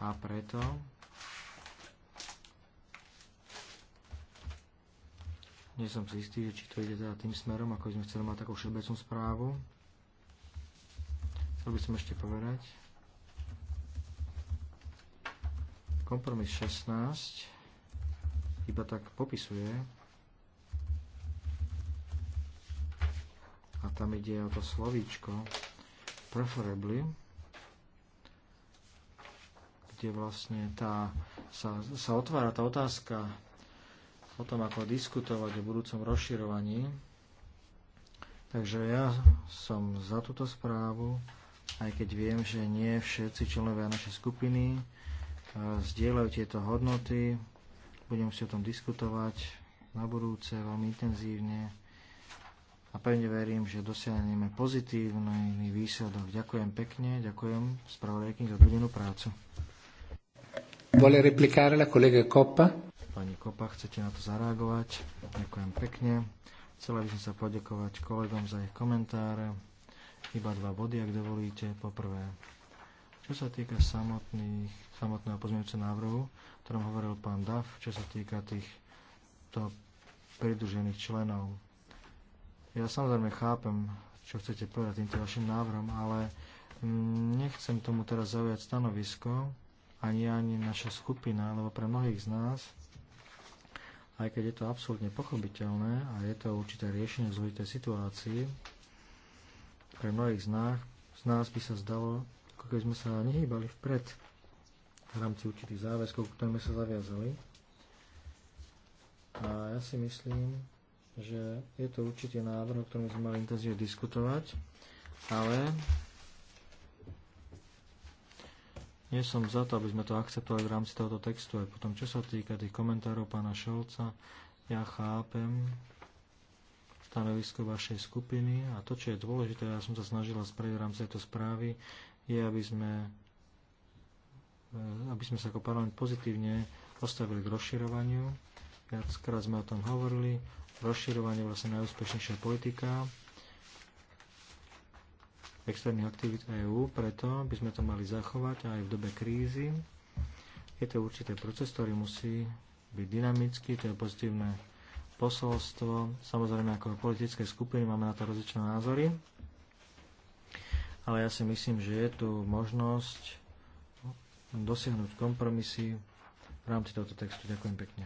a preto nie som si istý, či to ide teda tým smerom, ako sme chceli mať takú všeobecnú správu. Chcel by som ešte povedať. Kompromis 16 iba tak popisuje. A tam ide o to slovíčko preferably, kde vlastne tá, sa, sa otvára tá otázka o tom, ako diskutovať o budúcom rozširovaní. Takže ja som za túto správu, aj keď viem, že nie všetci členovia našej skupiny eh, zdieľajú tieto hodnoty, budeme si o tom diskutovať na budúce veľmi intenzívne a pevne verím, že dosiahneme pozitívny výsledok. Ďakujem pekne, ďakujem spravodajkým za odvedenú prácu. Vole replikáre la kolega Kopa? Pani Kopa, chcete na to zareagovať? Ďakujem pekne. Chcela by som sa poďakovať kolegom za ich komentáre. Iba dva body, ak dovolíte. Poprvé, čo sa týka samotných, samotného pozmeňujúceho návrhu, ktorom hovoril pán Dav, čo sa týka týchto pridružených členov. Ja samozrejme chápem, čo chcete povedať týmto vašim návrhom, ale nechcem tomu teraz zaujať stanovisko, ani ani naša skupina, lebo pre mnohých z nás, aj keď je to absolútne pochopiteľné a je to určité riešenie zložitej situácii, pre mnohých z nás, z nás by sa zdalo, ako keby sme sa nehýbali vpred v rámci určitých záväzkov, sme sa zaviazali. A ja si myslím, že je to určite návrh, o ktorom sme mali intenzívne diskutovať, ale nie som za to, aby sme to akceptovali v rámci tohoto textu. Aj potom, čo sa týka tých komentárov pána Šolca, ja chápem stanovisko vašej skupiny a to, čo je dôležité, ja som sa snažila spraviť v rámci tejto správy, je, aby sme E, aby sme sa ako parlament pozitívne postavili k rozširovaniu. Viackrát sme o tom hovorili. Rozširovanie je vlastne najúspešnejšia politika externých aktivít EÚ, preto by sme to mali zachovať aj v dobe krízy. Je to určitý proces, ktorý musí byť dynamický, to je pozitívne posolstvo. Samozrejme, ako politické skupiny máme na to rozličné názory, ale ja si myslím, že je tu možnosť dosiahnuť kompromisy v rámci tohto textu. Ďakujem pekne.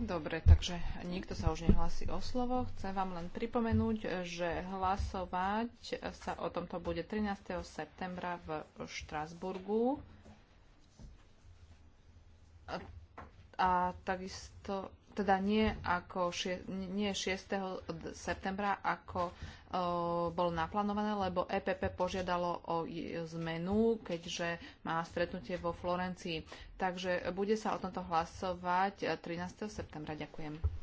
Dobre, takže nikto sa už nehlási o slovo. Chcem vám len pripomenúť, že hlasovať sa o tomto bude 13. septembra v Štrasburgu. A, a takisto teda nie, ako šie, nie 6. septembra, ako e, bolo naplánované, lebo EPP požiadalo o zmenu, keďže má stretnutie vo Florencii. Takže bude sa o tomto hlasovať 13. E, septembra. Ďakujem.